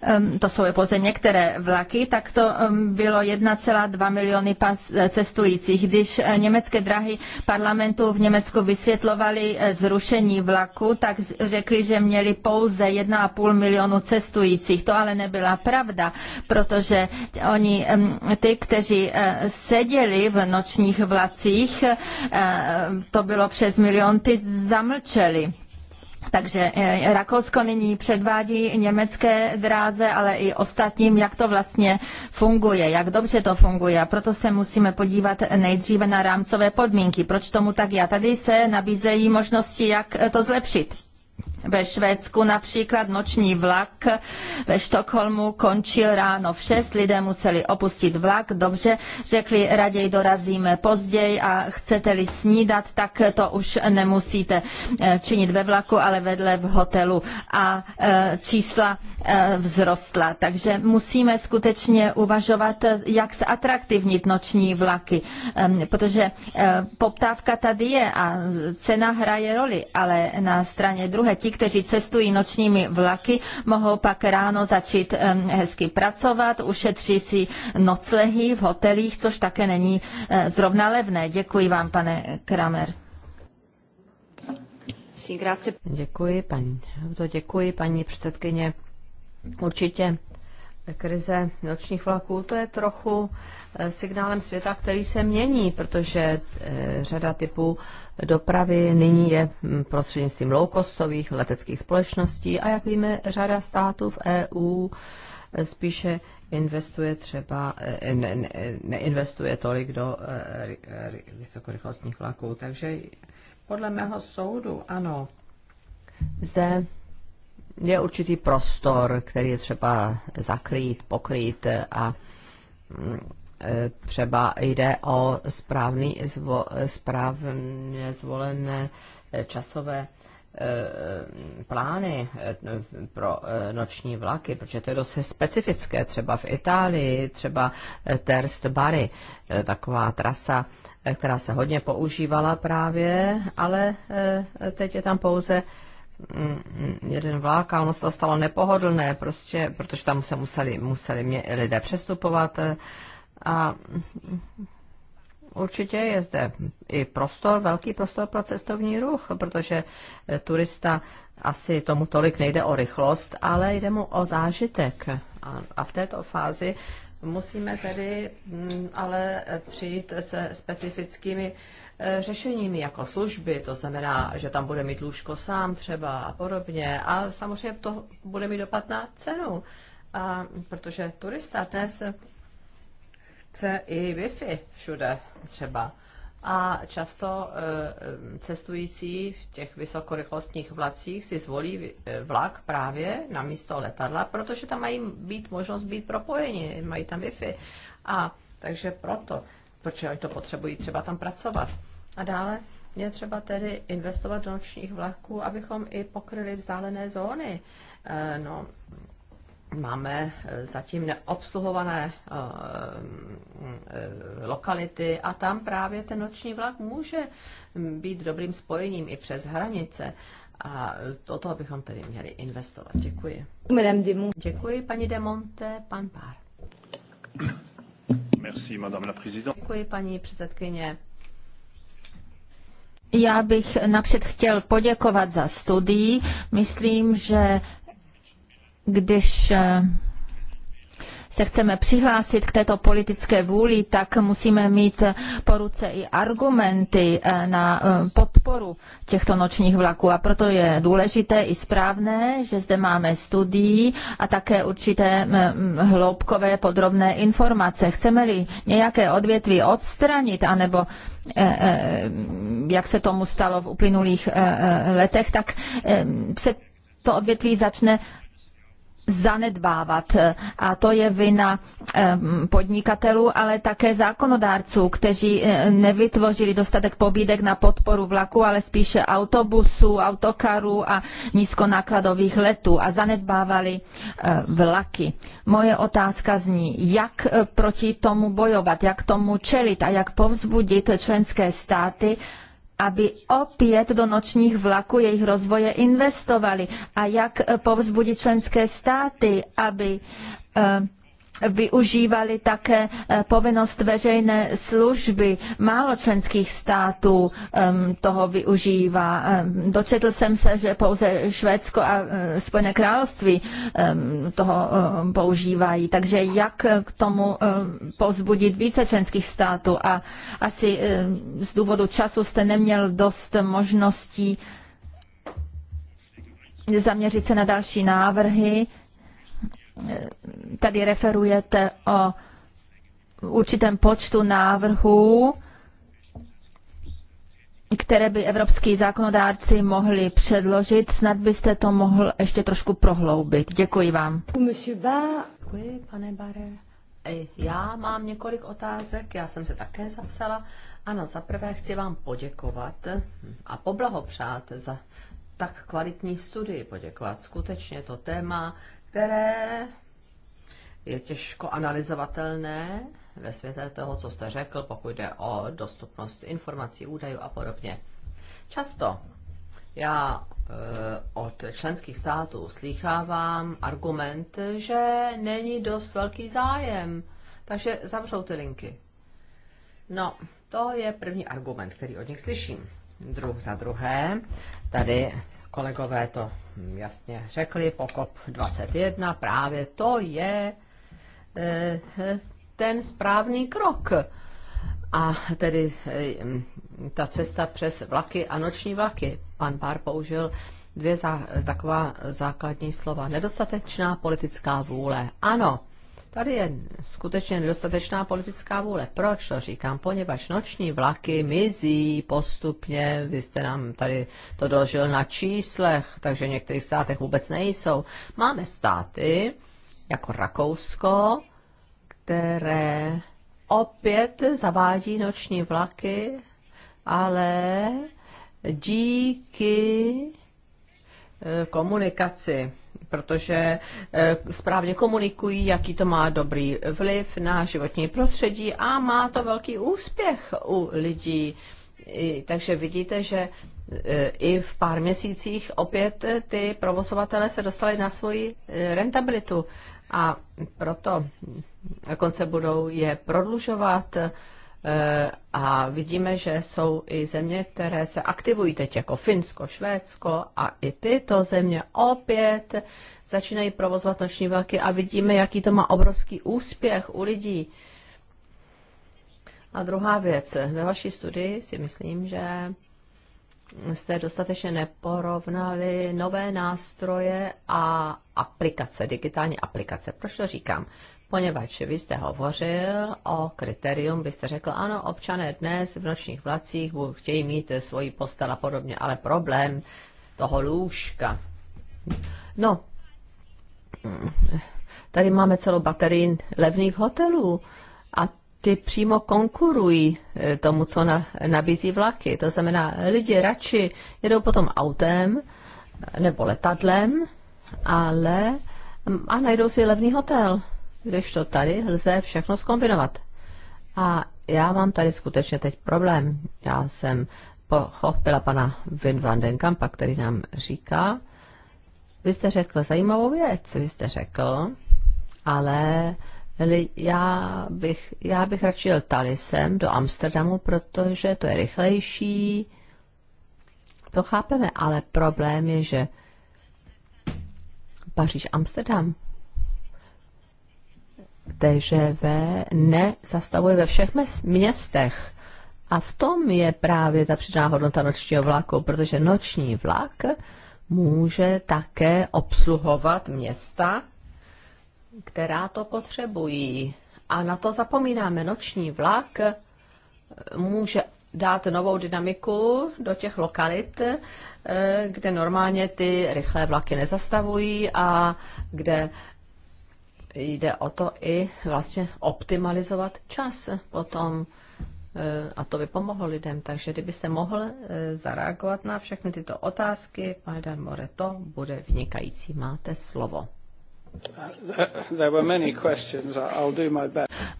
ehm, to jsou pouze některé vlaky, tak to ehm, bylo 1,2 miliony eh, cestujících. Když německé drahy parlamentu v Německu vysvětlovali zrušení vlaku, tak řekli, že měli pouze 1,5 milionu cestujících. To ale nebyla pravda, protože oni, ehm, ty, kteří seděli v nočních vlacích, Eh, to bylo přes milion, ty zamlčeli. Takže eh, Rakousko nyní předvádí německé dráze, ale i ostatním, jak to vlastně funguje, jak dobře to funguje. A proto se musíme podívat nejdříve na rámcové podmínky. Proč tomu tak já? Tady se nabízejí možnosti, jak to zlepšit. Ve Švédsku například noční vlak ve Štokholmu končil ráno v 6, lidé museli opustit vlak, dobře, řekli raději dorazíme později a chcete-li snídat, tak to už nemusíte eh, činit ve vlaku, ale vedle v hotelu a eh, čísla eh, vzrostla. Takže musíme skutečně uvažovat, jak se atraktivnit noční vlaky, ehm, protože poptávka tady je a cena hraje roli, ale na straně druhé ti, kteří cestují nočními vlaky, mohou pak ráno začít hezky pracovat, ušetří si noclehy v hotelích, což také není eh, zrovna levné. Děkuji vám, pane Kramer. Děkuji, paní. To děkuji, paní předsedkyně. Určitě krize nočních vlaků, to je trochu eh, signálem světa, který se mění, protože eh, řada typů dopravy nyní je mm, prostřednictvím loukostových leteckých společností a jak víme, řada států v EU eh, spíše investuje třeba, eh, eh, ne, ne, neinvestuje tolik do vysokorychlostních vlaků. Takže podle mého soudu, ano, zde je určitý prostor, který je třeba zakrýt, pokrýt a mm, E, třeba jde o správný, zvo, správně zvolené e, časové e, plány pro noční vlaky, protože to je dost specifické, třeba v Itálii, třeba Terst Bari, taková trasa, která se hodně používala právě, ale teď je tam pouze mm, mm, jeden vlák a ono se to stalo nepohodlné, prostě, protože tam se museli, museli mě lidé přestupovat a určitě je zde i prostor, velký prostor pro cestovní ruch, protože eh, turista asi tomu tolik nejde o rychlost, ale jde mu o zážitek. A, a v této fázi musíme tedy mm, ale přijít se specifickými eh, řešeními jako služby, to znamená, že tam bude mít lůžko sám třeba a podobně. A samozřejmě to bude mít dopad na cenu, a, protože turista dnes chce i Wi-Fi všude třeba. A často eh, cestující v těch vysokorychlostních vlacích si zvolí eh, vlak právě na místo letadla, protože tam mají být možnost být propojeni, mají tam Wi-Fi. A takže proto, protože oni to potřebují třeba tam pracovat. A dále je třeba tedy investovat do nočních vlaků, abychom i pokryli vzdálené zóny. Eh, no, máme eh, zatím neobsluhované eh, eh, lokality a tam právě ten noční vlak může být dobrým spojením i přes hranice. A do toho bychom tedy měli investovat. Děkuji. Madame Demont. Děkuji, paní Demonte, pan Pár. Merci, madame la présidente. Děkuji, paní předsedkyně. Já bych napřed chtěl poděkovat za studii. Myslím, že když eh, se chceme přihlásit k této politické vůli, tak musíme mít po ruce i argumenty eh, na eh, podporu těchto nočních vlaků. A proto je důležité i správné, že zde máme studii a také určité mm, hloubkové podrobné informace. Chceme-li nějaké odvětví odstranit, anebo jak se tomu stalo v uplynulých letech, tak se to odvětví začne zanedbávat. A to je vina podnikatelů, ale také zákonodárců, kteří eh, nevytvořili dostatek pobídek na podporu vlaku, ale spíše autobusů, autokarů a nízkonákladových letů a zanedbávali eh, vlaky. Moje otázka zní, jak eh, proti tomu bojovat, jak tomu čelit a jak povzbudit členské státy, aby opět do nočních vlaků jejich rozvoje investovali a jak povzbudit členské státy, aby eh, využívali také eh, povinnost veřejné služby. Málo členských států toho využívá. Dočetl jsem se, že pouze Švédsko a eh, Spojené království toho eh, používají. Takže jak k tomu pozbudit více členských států? A asi z důvodu času jste neměl dost možností zaměřit se na další návrhy tady referujete o určitém počtu návrhů, které by evropský zákonodárci mohli předložit. Snad byste to mohl ještě trošku prohloubit. Děkuji vám. Děkuji, pane Bare. Já mám několik otázek, já jsem se také zapsala. Ano, za prvé chci vám poděkovat a poblahopřát za tak kvalitní studii poděkovat. Skutečně to téma které je těžko analyzovatelné ve světě toho, co jste řekl, pokud jde o dostupnost informací, údajů a podobně. Často já eh, od členských států slýchávám argument, že není dost velký zájem, takže zavřou ty linky. No, to je první argument, který od nich slyším. Druh za druhé, tady kolegové to jasně řekli, pokop 21 právě to je eh, ten správný krok. A tedy eh, ta cesta přes vlaky a noční vlaky. Pan Pár použil dvě zá, taková základní slova. Nedostatečná politická vůle. Ano, Tady je skutečně nedostatečná politická vůle. Proč to říkám? Poněvadž noční vlaky mizí postupně, vy jste nám tady to dožil na číslech, takže v některých státech vůbec nejsou. Máme státy, jako Rakousko, které opět zavádí noční vlaky, ale díky eh, komunikaci protože eh, správně komunikují, jaký to má dobrý vliv na životní prostředí a má to velký úspěch u lidí. Takže vidíte, že eh, i v pár měsících opět eh, ty provozovatele se dostali na svoji rentabilitu a proto dokonce budou je prodlužovat Eh, a vidíme, že jsou i země, které se aktivují teď, jako Finsko, Švédsko a i tyto země opět začínají provozovat noční vlaky a vidíme, jaký to má obrovský úspěch u lidí. A druhá věc, ve vaší studii si myslím, že jste dostatečně neporovnali nové nástroje a aplikace, digitální aplikace. Proč to říkám? poněvadž vy jste hovořil o kritérium, byste řekl, ano, občané dnes v nočních vlacích chtějí mít svoji postel a podobně, ale problém toho lůžka. No, tady máme celou baterii levných hotelů a ty přímo konkurují eh, tomu, co na, nabízí vlaky. To znamená, lidi radši jedou potom autem nebo letadlem, ale a najdou si levný hotel když to tady lze všechno skombinovat. A já mám tady skutečně teď problém. Já jsem pochopila pana Vin van den Kampa, který nám říká, vy jste řekl zajímavou věc, vy jste řekl, ale já bych, já bych radši jel Talisem do Amsterdamu, protože to je rychlejší. To chápeme, ale problém je, že Paříž, Amsterdam, TŽV nezastavuje ve všech městech. A v tom je právě ta přidaná hodnota nočního vlaku, protože noční vlak může také obsluhovat města, která to potřebují. A na to zapomínáme. Noční vlak eh, může dát novou dynamiku do těch lokalit, eh, kde normálně ty rychlé vlaky nezastavují a kde jde o to i vlastně optimalizovat čas potom e, a to by pomohlo lidem. Takže kdybyste mohl e, zareagovat na všechny tyto otázky, pane Dan More, to bude vynikající. Máte slovo.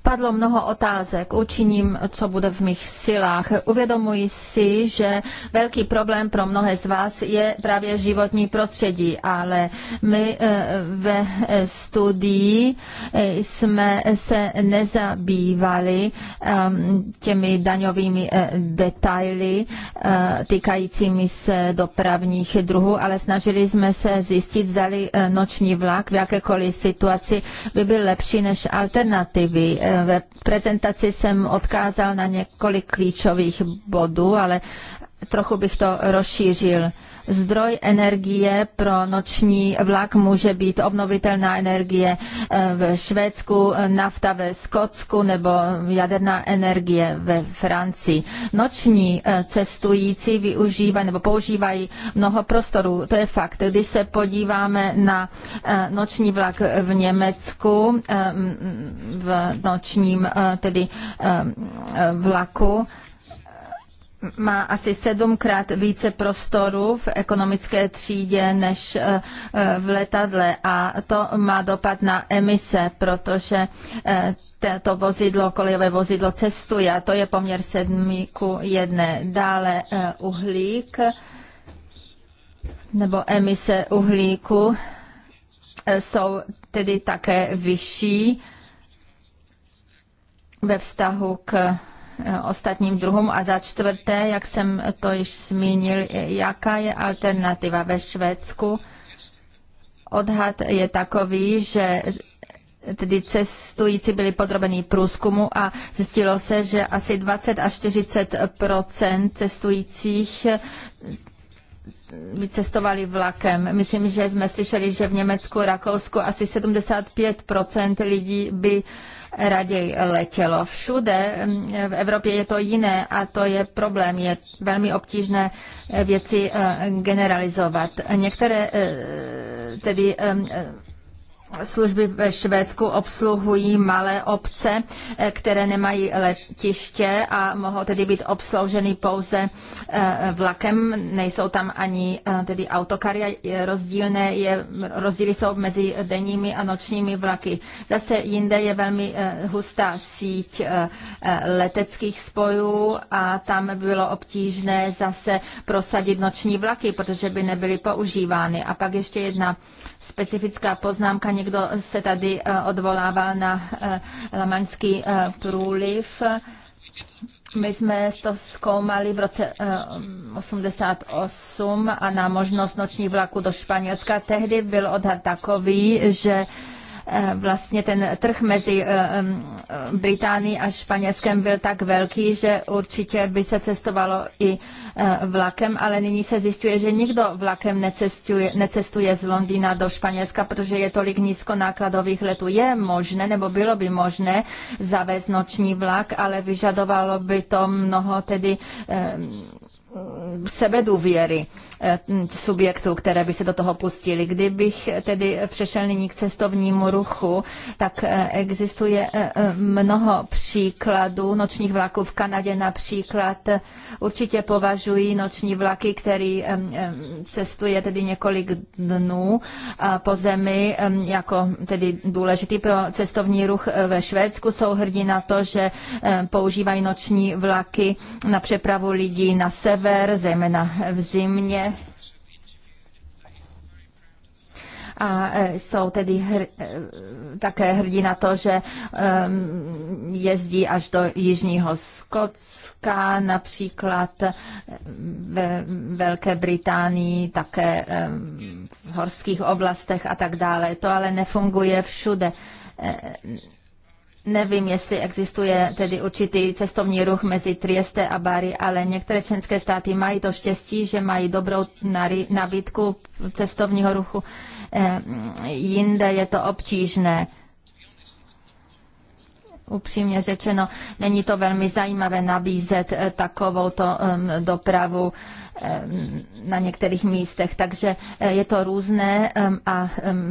Padlo mnoho otázek, učiním, co bude v mých silách. Uvědomuji si, že velký problém pro mnohé z vás je právě životní prostředí, ale my eh, ve studii eh, jsme se nezabývali ehm, těmi daňovými eh, detaily týkajícími se dopravních druhů, ale snažili jsme se zjistit, zdali noční vlak v jaké jakékoliv situaci, by byl lepší než alternativy. Eh, ve prezentaci jsem odkázal na několik klíčových bodů, ale trochu bych to rozšířil. Zdroj energie pro noční vlak může být obnovitelná energie eh, v Švédsku, eh, nafta ve Skotsku nebo jaderná energie ve Francii. Noční eh, cestující využívají nebo používají mnoho prostoru, to je fakt. Když se podíváme na noční vlak v Německu, v nočním tedy vlaku, má asi sedmkrát více prostoru v ekonomické třídě než eh, eh, v letadle a to má dopad na emise, protože eh, to vozidlo, kolejové vozidlo cestuje a to je poměr sedmi ku jedné. Dále uhlík nebo emise uhlíku jsou tedy také vyšší ve vztahu k ostatním druhům a za čtvrté, jak jsem to již zmínil, jaká je alternativa ve Švédsku. Odhad je takový, že tedy cestující byli podrobeni průzkumu a zjistilo se, že asi 20 až 40 cestujících cestovali vlakem. Myslím, že jsme slyšeli, že v Německu, Rakousku asi 75 lidí by raději letělo. Všude mm, v Evropě je to jiné a to je problém. Je velmi obtížné eh, věci eh, generalizovat. Některé eh, tedy služby ve Švédsku obsluhují malé obce, eh, které nemají letiště a mohou tedy být obslouženy pouze eh, vlakem, nejsou tam ani eh, tedy autokary, rozdílné je, rozdíly jsou mezi denními a nočními vlaky. Zase jinde je velmi hustá síť leteckých spojů a tam bylo obtížné zase prosadit noční vlaky, protože by nebyly používány. A pak ještě jedna specifická poznámka. Někdo se tady eh, odvolával na eh, Lamaňský eh, průliv. My jsme to zkoumali v roce 88 a na možnost nočních vlaků do Španělska. Tehdy byl odhad takový, že Eh, vlastně ten trh mezi eh, Británií a Španělskem byl tak velký, že určitě by se cestovalo i eh, vlakem, ale nyní se zjišťuje, že nikdo vlakem necestuje, necestuje z Londýna do Španělska, protože je tolik nízkonákladových letů. Je možné, nebo bylo by možné zavést noční vlak, ale vyžadovalo by to mnoho tedy sebedůvěry eh, subjektů, které by se do toho pustili. Kdybych tedy přešel nyní k cestovnímu ruchu, tak eh, existuje eh, mnoho příkladů nočních vlaků v Kanadě například. Určitě považují noční vlaky, který cestuje tedy několik dnů po zemi jako tedy důležitý pro cestovní ruch ve Švédsku. Jsou hrdí na to, že používají noční vlaky na přepravu lidí na sever sever, zejména v zimě. A e, jsou tedy hr, e, také hrdí na to, že um, jezdí až do Jižního Skotska, například e, ve Velké Británii, také um, v horských oblastech a tak dále. To ale nefunguje všude Nevím, jestli existuje tedy určitý cestovní ruch mezi Trieste a Bari, ale některé členské státy mají to štěstí, že mají dobrou nabídku cestovního ruchu. Eh, jinde je to obtížné upřímně řečeno, není to velmi zajímavé nabízet eh, to dopravu na některých místech. Takže eh, je to různé a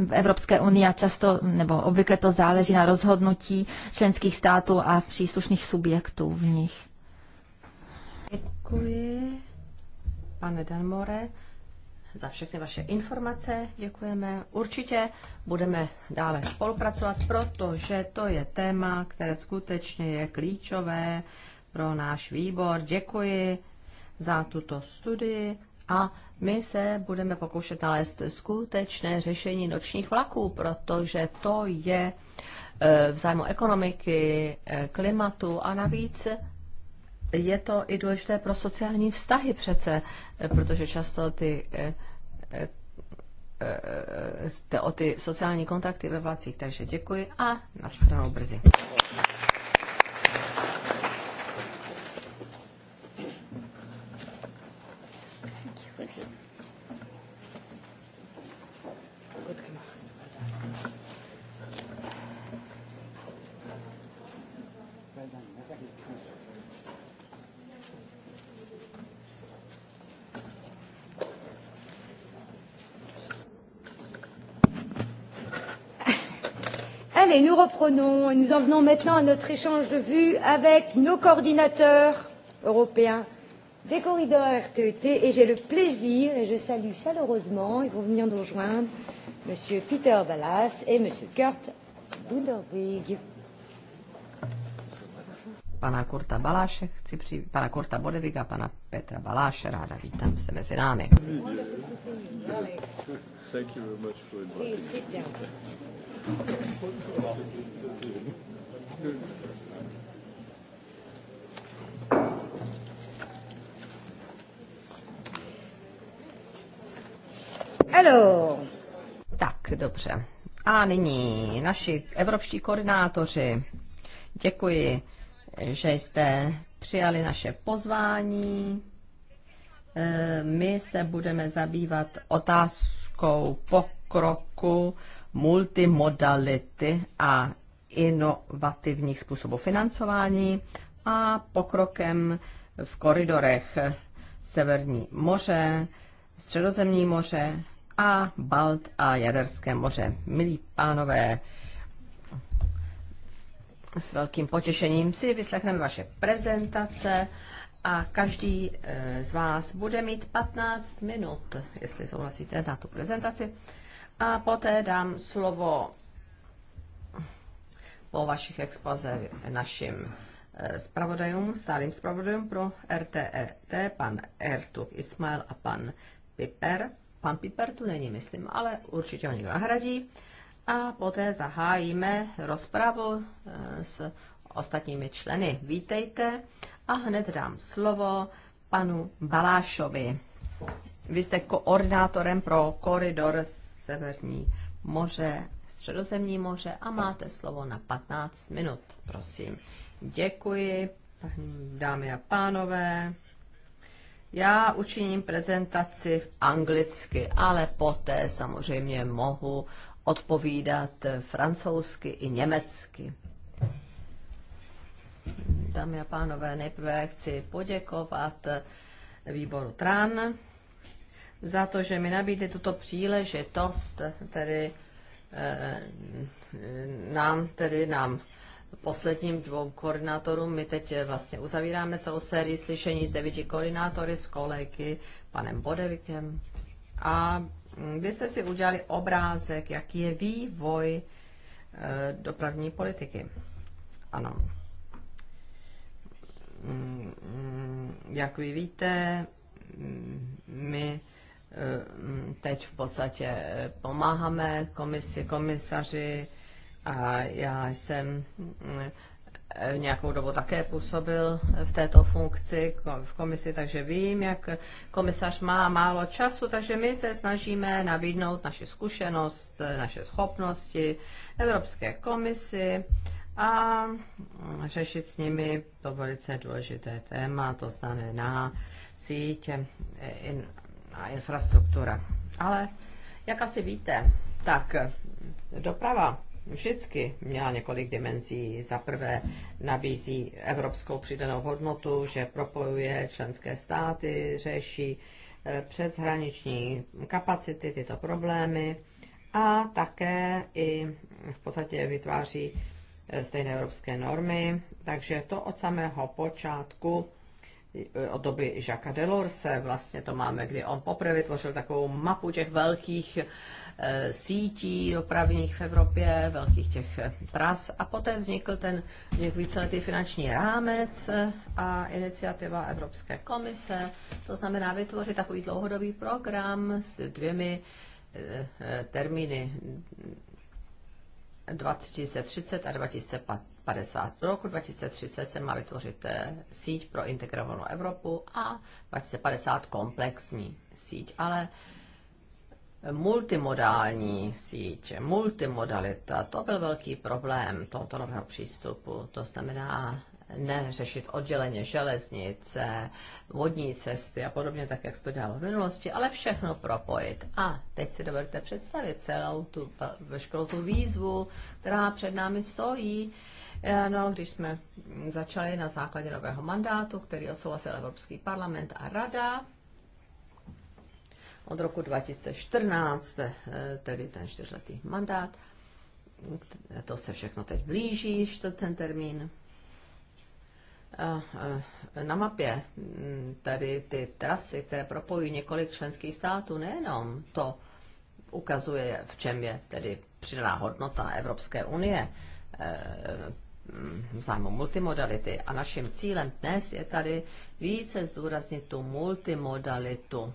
v Evropské unii často nebo obvykle to záleží na rozhodnutí členských států a příslušných subjektů v nich. Děkuji, pane Danmore za všechny vaše informace. Děkujeme. Určitě budeme dále spolupracovat, protože to je téma, které skutečně je klíčové pro náš výbor. Děkuji za tuto studii a my se budeme pokoušet nalézt skutečné řešení nočních vlaků, protože to je e, v zájmu ekonomiky, e, klimatu a navíc je to i důležité pro sociální vztahy přece, e, protože často ty o ty sociální kontakty ve vlacích. Takže děkuji a na brzy. Allez, nous reprenons et nous en venons maintenant à notre échange de vues avec nos coordinateurs européens des corridors RTET e et j'ai le plaisir et je salue chaleureusement, ils vont venir nous rejoindre, M. Peter Ballas et M. Kurt Bunderwig. Pana Kurta Baláše, chci při... pana Kurta Bodeviga, pana Petra Baláše, ráda vítám se mezi námi. Thank you very much for inviting me. Hello. Tak, dobře. A nyní naši evropští koordinátoři. Děkuji, že jste přijali naše pozvání. Eh, my se budeme zabývat otázkou pokroku multimodality a inovativních způsobů financování a pokrokem v koridorech Severní moře, Středozemní moře a Balt a Jaderské moře. Milí pánové, s velkým potěšením si vyslechneme vaše prezentace a každý eh, z vás bude mít 15 minut, jestli souhlasíte na tu prezentaci. A poté dám slovo po vašich expoze našim eh, zpravodajům, stálým zpravodajům pro RTET, e pan Ertuk Ismail a pan Piper. Pan Piper tu není, myslím, ale určitě ho někdo nahradí. A poté zahájíme rozpravu eh, s ostatními členy. Vítejte a hned dám slovo panu Balášovi. Vy jste koordinátorem pro koridor Severní moře, Středozemní moře a máte slovo na 15 minut, prosím. Děkuji, dámy a pánové. Já učiním prezentaci anglicky, ale poté samozřejmě mohu odpovídat francouzsky i německy. Dámy a pánové, nejprve chci poděkovat výboru TRAN za to, že mi nabídli tuto příležitost, tedy e, nám, tedy nám posledním dvou koordinátorům. My teď eh, vlastně uzavíráme celou sérii slyšení s devíti koordinátory, s kolegy, panem Bodevikem. A mm, vy jste si udělali obrázek, jaký je vývoj eh, dopravní politiky. Ano. Mm, mm, jak vy víte, my Eh, teď v podstatě eh, pomáháme komisi, komisaři a já jsem eh, nějakou dobu také působil v této funkci v komisi, takže vím, jak komisař má málo času, takže my se snažíme nabídnout naši zkušenost, naše schopnosti Evropské komisi a mm, řešit s nimi to velice důležité téma, to znamená síť a infrastruktura. Ale jak asi víte, tak doprava vždycky měla několik dimenzí. Za prvé nabízí evropskou přidanou hodnotu, že propojuje členské státy, řeší eh, přeshraniční kapacity, tyto problémy a také i v podstatě vytváří eh, stejné evropské normy. Takže to od samého počátku od doby Jacques Delorse, vlastně to máme, kdy on poprvé vytvořil takovou mapu těch velkých eh, sítí dopravních v Evropě, velkých těch eh, tras a poté vznikl ten víceletý finanční rámec a iniciativa Evropské komise, to znamená vytvořit takový dlouhodobý program s dvěmi eh, termíny 2030 a 2050 50. Do roku 2030 se má vytvořit eh, síť pro integrovanou Evropu a 2050 komplexní síť, ale multimodální síť, multimodalita, to byl velký problém tohoto nového přístupu. To znamená neřešit odděleně železnice, vodní cesty a podobně, tak jak se to dělalo v minulosti, ale všechno propojit. A teď si dovedete představit celou tu eh, veškerou tu výzvu, která před námi stojí. Eh, no, když jsme začali na základě nového mandátu, který odsouhlasil Evropský parlament a Rada, od roku 2014, eh, tedy ten čtyřletý mandát, eh, to se všechno teď blíží, ten termín. Na mapě hm, tady ty trasy, které propojují několik členských států, nejenom to ukazuje, v čem je tedy přidaná hodnota Evropské unie, Mm, zájmu multimodality. A naším cílem dnes je tady více zdůraznit tu multimodalitu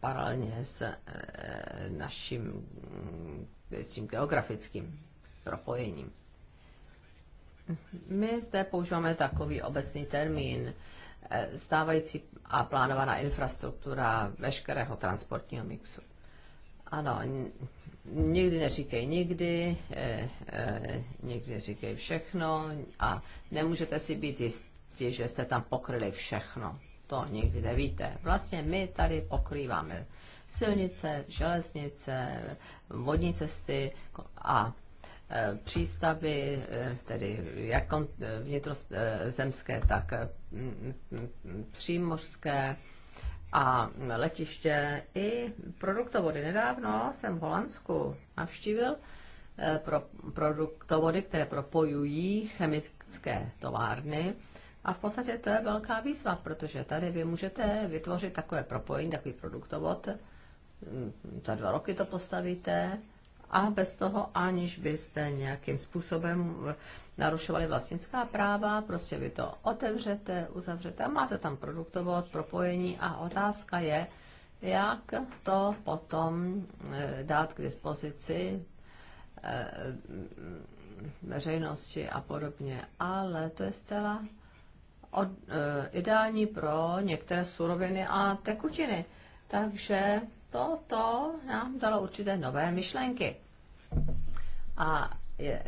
paralelně s e, naším eh, s tím geografickým propojením. My zde používáme takový obecný termín eh, stávající a plánovaná infrastruktura veškerého transportního mixu. Ano, nikdy neříkej nikdy, e, e, nikdy říkej všechno a nemůžete si být jistí, že jste tam pokryli všechno. To nikdy nevíte. Vlastně my tady pokrýváme silnice, železnice, vodní cesty a eh, přístavy, tedy jak vnitrozemské, tak přímořské, a letiště i produktovody. Nedávno jsem v Holandsku navštívil eh, pro produktovody, které propojují chemické továrny. A v podstatě to je velká výzva, protože tady vy můžete vytvořit takové propojení, takový produktovod, mm, za dva roky to postavíte a bez toho, aniž byste nějakým způsobem eh, narušovali vlastnická práva, prostě vy to otevřete, uzavřete a máte tam produktovod, propojení a otázka je, jak to potom eh, dát k dispozici eh, veřejnosti a podobně. Ale to je zcela ideální pro některé suroviny a tekutiny. Takže to to nám dalo určité nové myšlenky. A je,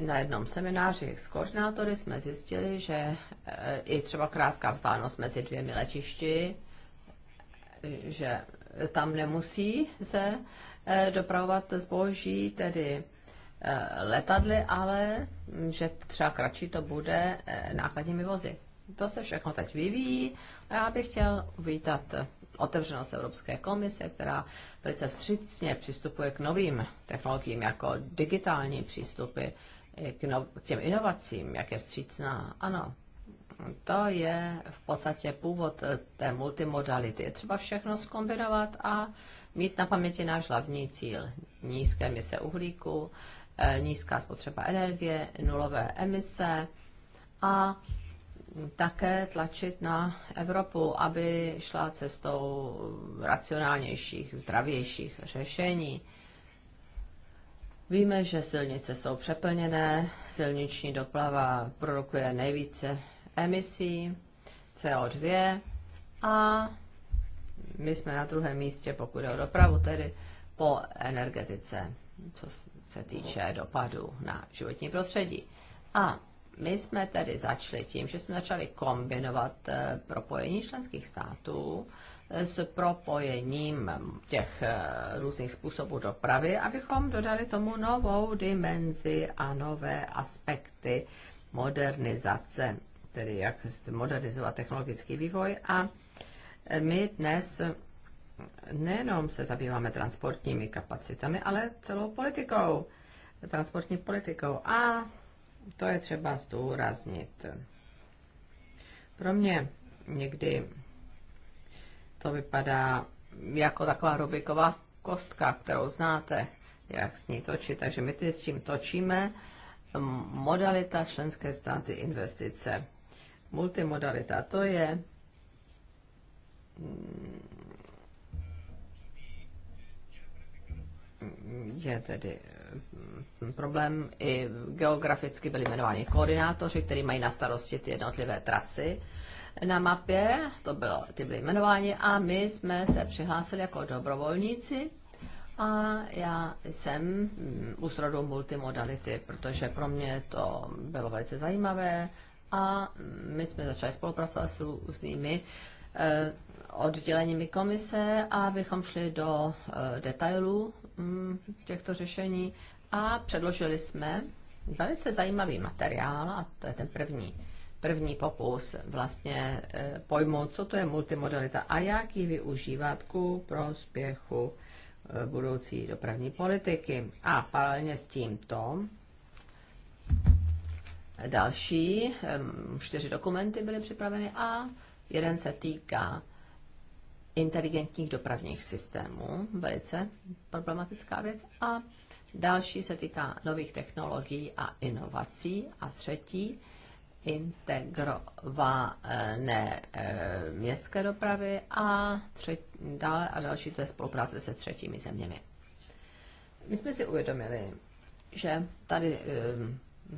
na jednom semináři s koordinátory jsme zjistili, že eh, i třeba krátká vzdálenost mezi dvěmi letišti, eh, že tam nemusí se eh, dopravovat zboží, tedy letadly, ale hm, že třeba kratší to bude nákladními vozy. To se všechno teď vyvíjí a já bych chtěl uvítat otevřenost Evropské komise, která velice vstřícně přistupuje k novým technologiím, jako digitální přístupy k, no, k těm inovacím, jak je vstřícná. Ano, to je v podstatě původ eh, té multimodality. Je třeba všechno skombinovat a mít na paměti náš hlavní cíl. Nízké emise uhlíku, eh, nízká spotřeba energie, nulové emise a také tlačit na Evropu, aby šla cestou racionálnějších, zdravějších řešení. Víme, že silnice jsou přeplněné, silniční doplava produkuje nejvíce emisí CO2 a my jsme na druhém místě, pokud jde o dopravu, tedy po energetice, co se týče dopadu na životní prostředí. A my jsme tedy začali tím, že jsme začali kombinovat eh, propojení členských států eh, s propojením těch eh, různých způsobů dopravy, abychom dodali tomu novou dimenzi a nové aspekty modernizace, tedy jak modernizovat technologický vývoj. A my dnes nejenom se zabýváme transportními kapacitami, ale celou politikou, transportní politikou. A to je třeba zdůraznit. Pro mě někdy to vypadá jako taková rubiková kostka, kterou znáte, jak s ní točit. Takže my ty s tím točíme. Modalita členské státy investice. Multimodalita to je je tedy problém. I geograficky byli jmenováni koordinátoři, kteří mají na starosti ty jednotlivé trasy na mapě, to bylo, ty byly jmenováni, a my jsme se přihlásili jako dobrovolníci. A já jsem mm, u zrodu multimodality, protože pro mě to bylo velice zajímavé a mm, my jsme začali spolupracovat s různými eh, odděleními komise, abychom šli do eh, detailů Mm, těchto řešení a předložili jsme velice zajímavý materiál, a to je ten první, první pokus vlastně e, pojmout, co to je multimodalita a jak ji využívat ku prospěchu e, budoucí dopravní politiky. A paralelně s tímto další e, čtyři dokumenty byly připraveny a jeden se týká inteligentních dopravních systémů, velice problematická věc. A další se týká nových technologií a inovací. A třetí, integrované eh, městské dopravy a třetí, dále a další to je spolupráce se třetími zeměmi. My jsme si uvědomili, že tady eh,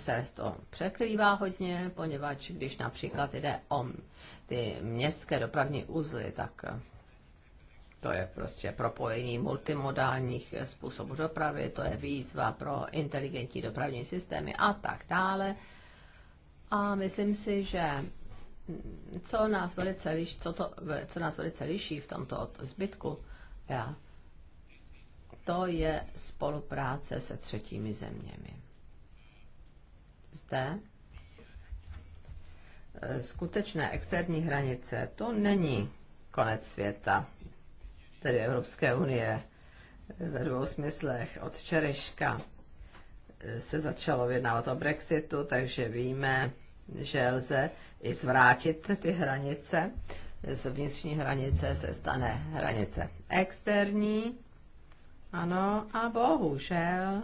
se to překrývá hodně, poněvadž když například jde o ty městské dopravní uzly, tak eh, to je prostě propojení multimodálních způsobů dopravy, to je výzva pro inteligentní dopravní systémy a tak dále. A myslím si, že co nás velice liší, co to, co nás velice liší v tomto zbytku, já, to je spolupráce se třetími zeměmi. Zde eh, skutečné externí hranice, to není konec světa tedy Evropské unie, ve dvou smyslech. Od včerejška eh, se začalo vyjednávat o Brexitu, takže víme, že lze i zvrátit ty hranice. Z vnitřní hranice se stane hranice externí. Ano, a bohužel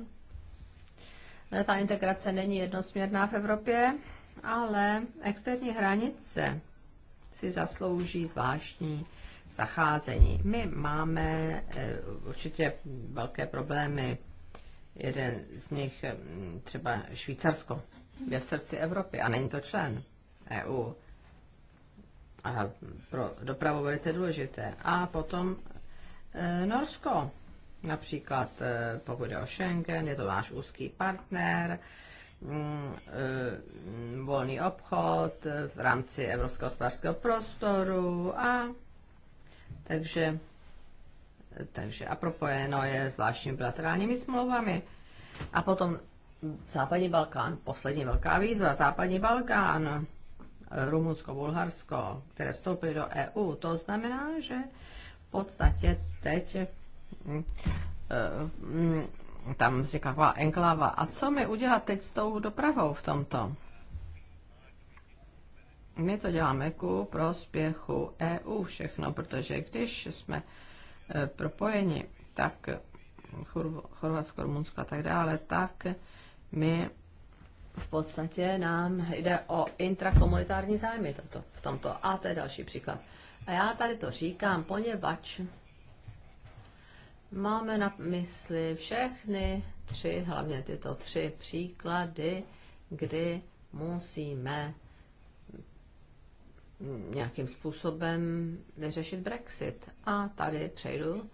eh, ta integrace není jednosměrná v Evropě, ale externí hranice si zaslouží zvláštní zacházení. My máme eh, určitě velké problémy. Jeden z nich eh, třeba Švýcarsko je v srdci Evropy a není to člen EU. A pro dopravu velice důležité. A potom eh, Norsko, například pokud je o Schengen, je to náš úzký partner, mm, volný obchod v rámci Evropského hospodářského prostoru a takže, takže a propojeno je zvláštními bilaterálními smlouvami. A potom Západní Balkán, poslední velká výzva, Západní Balkán, Rumunsko, Bulharsko, které vstoupily do EU, to znamená, že v podstatě teď mm, eh, mm, tam vznikla taková enkláva. A co mi udělat teď s tou dopravou v tomto? my to děláme ku prospěchu EU všechno, protože když jsme e, propojeni, tak Chorvatsko, Rumunsko a tak dále, tak my v podstatě nám jde o intrakomunitární zájmy toto, v tomto. A to je další příklad. A já tady to říkám, poněvadž máme na mysli všechny tři, hlavně tyto tři příklady, kdy musíme nějakým způsobem vyřešit Brexit. A tady přejdu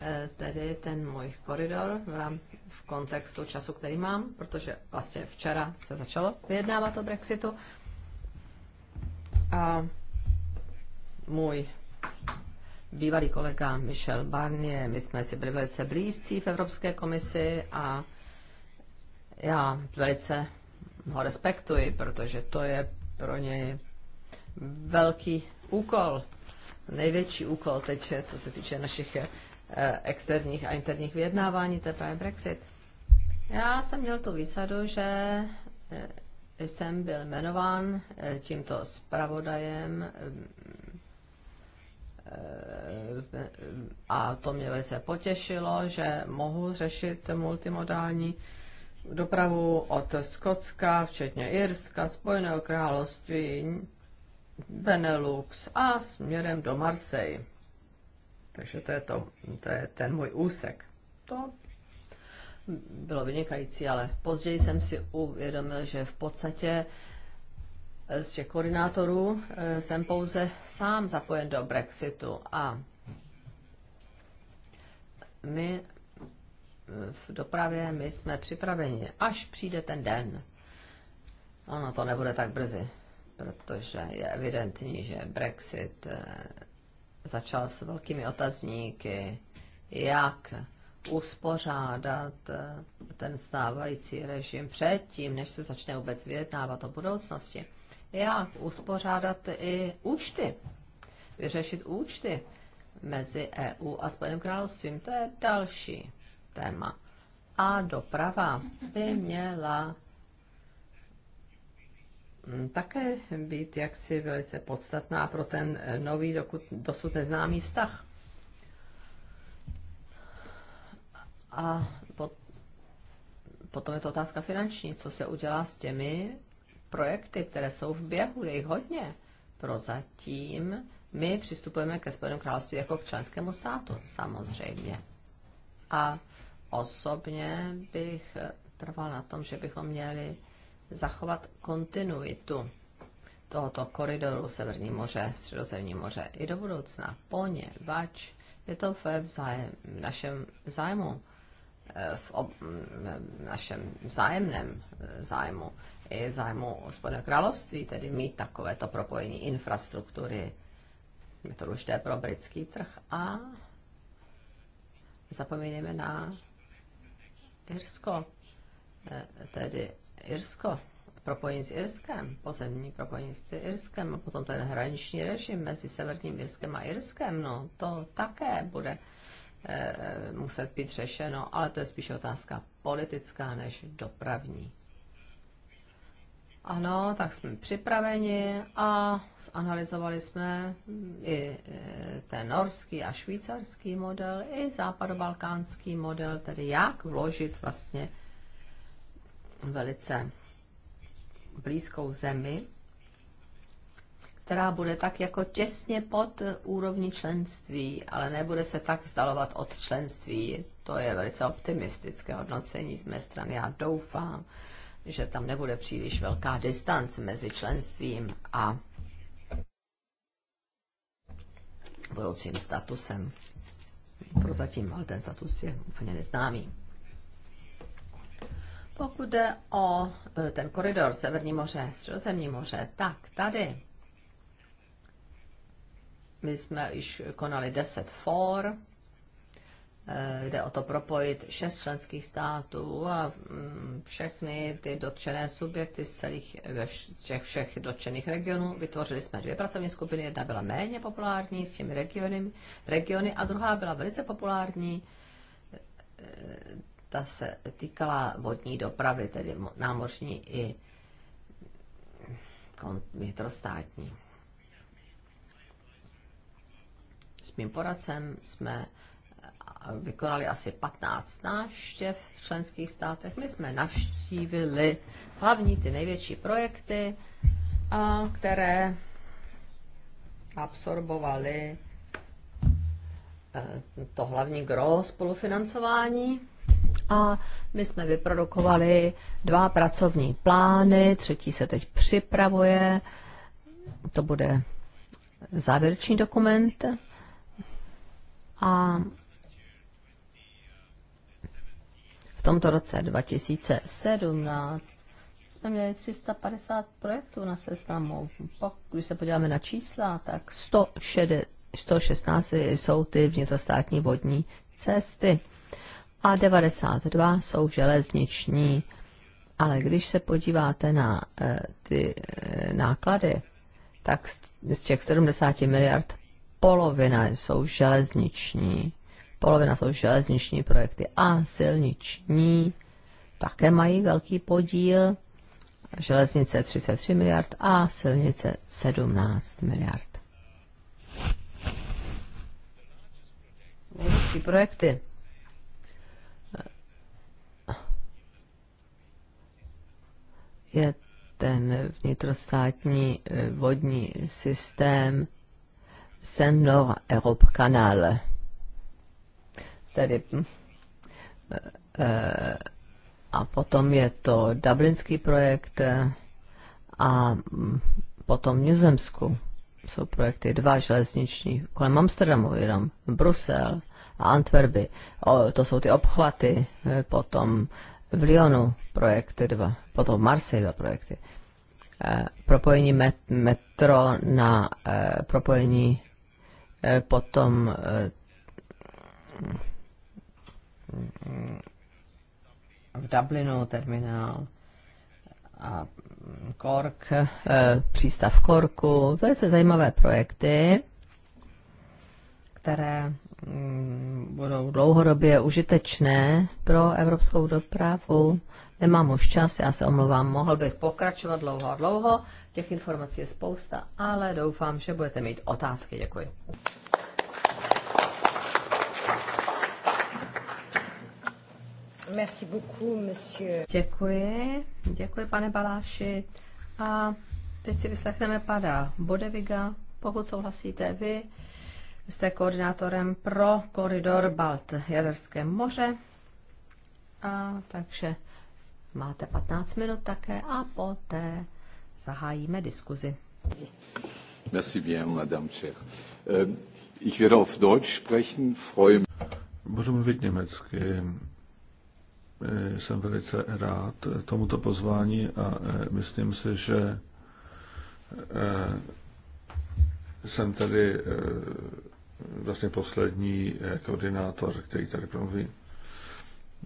eh, tedy ten můj koridor v, v kontextu času, který mám, protože vlastně včera se začalo vyjednávat o Brexitu. A můj bývalý kolega Michel Barnier, my jsme si byli velice blízcí v Evropské komisi a já velice ho respektuji, protože to je pro něj velký úkol, největší úkol teď, co se týče našich eh, externích a interních vyjednávání, to je Brexit. Já jsem měl tu výsadu, že eh, jsem byl jmenován eh, tímto zpravodajem a to mě velice potěšilo, že mohu řešit multimodální dopravu od Skotska, včetně Irska, Spojeného království, Benelux a směrem do Marseille. Takže to je, to, to je ten můj úsek. To bylo vynikající, ale později jsem si uvědomil, že v podstatě z těch koordinátorů eh, jsem pouze sám zapojen do Brexitu a my eh, v dopravě my jsme připraveni, až přijde ten den. Ono to nebude tak brzy protože je evidentní, že Brexit eh, začal s velkými otazníky, jak uspořádat eh, ten stávající režim předtím, než se začne vůbec vyjednávat o budoucnosti. Jak uspořádat i účty, vyřešit účty mezi EU a Spojeným královstvím, to je další téma. A doprava by měla Mm, také být jaksi velice podstatná pro ten eh, nový, dokud, dosud neznámý vztah. A pot, potom je to otázka finanční, co se udělá s těmi projekty, které jsou v běhu, je jich hodně. Prozatím my přistupujeme ke Spojenému království jako k členskému státu, samozřejmě. A osobně bych eh, trval na tom, že bychom měli zachovat kontinuitu tohoto koridoru Severní moře, Středozemní moře i do budoucna, poněvadž je to v, vzájem, v našem zájmu, eh, v, ob, v našem vzájemném eh, zájmu i zájmu Spodného království, tedy mít takovéto propojení infrastruktury, je to důležité pro britský trh a zapomínáme na Irsko, eh, tedy Irsko, propojení s Irskem, pozemní propojení s Irskem a potom ten hraniční režim mezi Severním Irskem a Irskem, no to také bude e, muset být řešeno, ale to je spíše otázka politická než dopravní. Ano, tak jsme připraveni a zanalizovali jsme mm, i eh, ten norský a švýcarský model, i západobalkánský model, tedy jak vložit vlastně velice blízkou zemi, která bude tak jako těsně pod úrovní členství, ale nebude se tak vzdalovat od členství. To je velice optimistické hodnocení z mé strany. Já doufám, že tam nebude příliš velká distance mezi členstvím a budoucím statusem. Prozatím ale ten status je úplně neznámý. Pokud jde o e, ten koridor Severní moře, Středozemní moře, tak tady my jsme již konali 10 for, e, jde o to propojit šest členských států a mm, všechny ty dotčené subjekty z celých, ve všech, všech dotčených regionů. Vytvořili jsme dvě pracovní skupiny, jedna byla méně populární s těmi regiony, regiony a druhá byla velice populární e, ta se týkala vodní dopravy, tedy námořní i vnitrostátní. S mým poradcem jsme eh, vykonali asi 15 návštěv v členských státech. My jsme navštívili hlavní ty největší projekty, a které absorbovaly eh, to hlavní gro spolufinancování a my jsme vyprodukovali dva pracovní plány, třetí se teď připravuje, to bude závěrečný dokument. A v tomto roce 2017 jsme měli 350 projektů na seznamu. Pak, když se podíváme na čísla, tak 116 jsou ty vnitrostátní vodní cesty a 92 jsou železniční. Ale když se podíváte na e, ty e, náklady, tak z, z těch 70 miliard polovina jsou železniční. Polovina jsou železniční projekty a silniční také mají velký podíl. Železnice 33 miliard a silnice 17 miliard. Největší projekty je ten vnitrostátní eh, vodní systém Seine-Nord Europe Canal. Tedy hm, eh, eh, a potom je to dublinský projekt a hm, potom v Nizozemsku jsou projekty dva železniční, kolem Amsterdamu jenom, Brusel a Antwerby. O, to jsou ty obchvaty, potom v Lyonu projekty dva, potom v Marseille dva projekty. Eh, propojení metro na eh, propojení eh, potom v Dublinu terminál a Kork, mm, přístav Korku, velice zajímavé projekty, které budou dlouhodobě užitečné pro evropskou dopravu. Nemám už čas, já se omlouvám, mohl bych pokračovat dlouho a dlouho. Těch informací je spousta, ale doufám, že budete mít otázky. Děkuji. Merci beaucoup, monsieur. Děkuji, děkuji, pane Baláši. A teď si vyslechneme pana Bodeviga, pokud souhlasíte vy jste koordinátorem pro koridor Balt Jaderské moře. A takže máte 15 minut také a poté zahájíme diskuzi. Merci bien, Madame Cher. Äh, ich werde auf Deutsch sprechen, freue Budu mluvit německy. Äh, jsem velice rád tomuto pozvání a äh, myslím si, že jsem tady vlastně poslední eh, koordinátor, který tady promluví.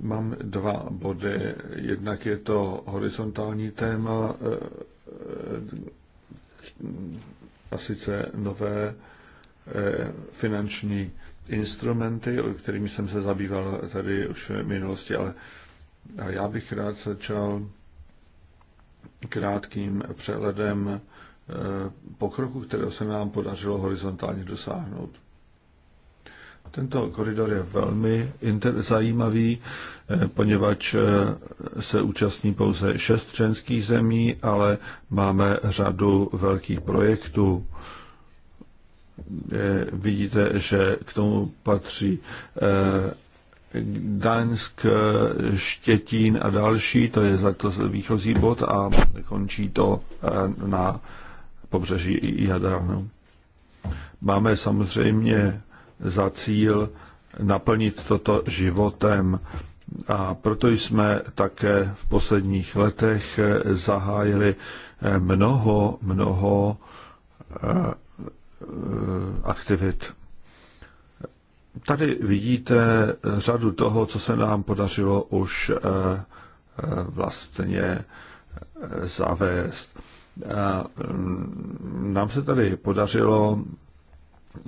Mám dva body. Jednak je to horizontální téma, eh, a sice nové eh, finanční instrumenty, o kterými jsem se zabýval tady už v minulosti, ale já bych rád začal krátkým přehledem pokroku, kterého se nám podařilo horizontálně dosáhnout. Tento koridor je velmi zajímavý, eh, poněvadž eh, se účastní pouze šest členských zemí, ale máme řadu velkých projektů. Eh, vidíte, že k tomu patří Gdaňsk, Štětín a další, to je za to výchozí bod a končí to na pobřeží Jadranu. Máme samozřejmě za cíl naplnit toto životem. A proto jsme také v posledních letech eh, zahájili eh, mnoho, mnoho eh, aktivit. Tady vidíte řadu toho, co se nám podařilo už vlastně zavést. Mm, nám se tady podařilo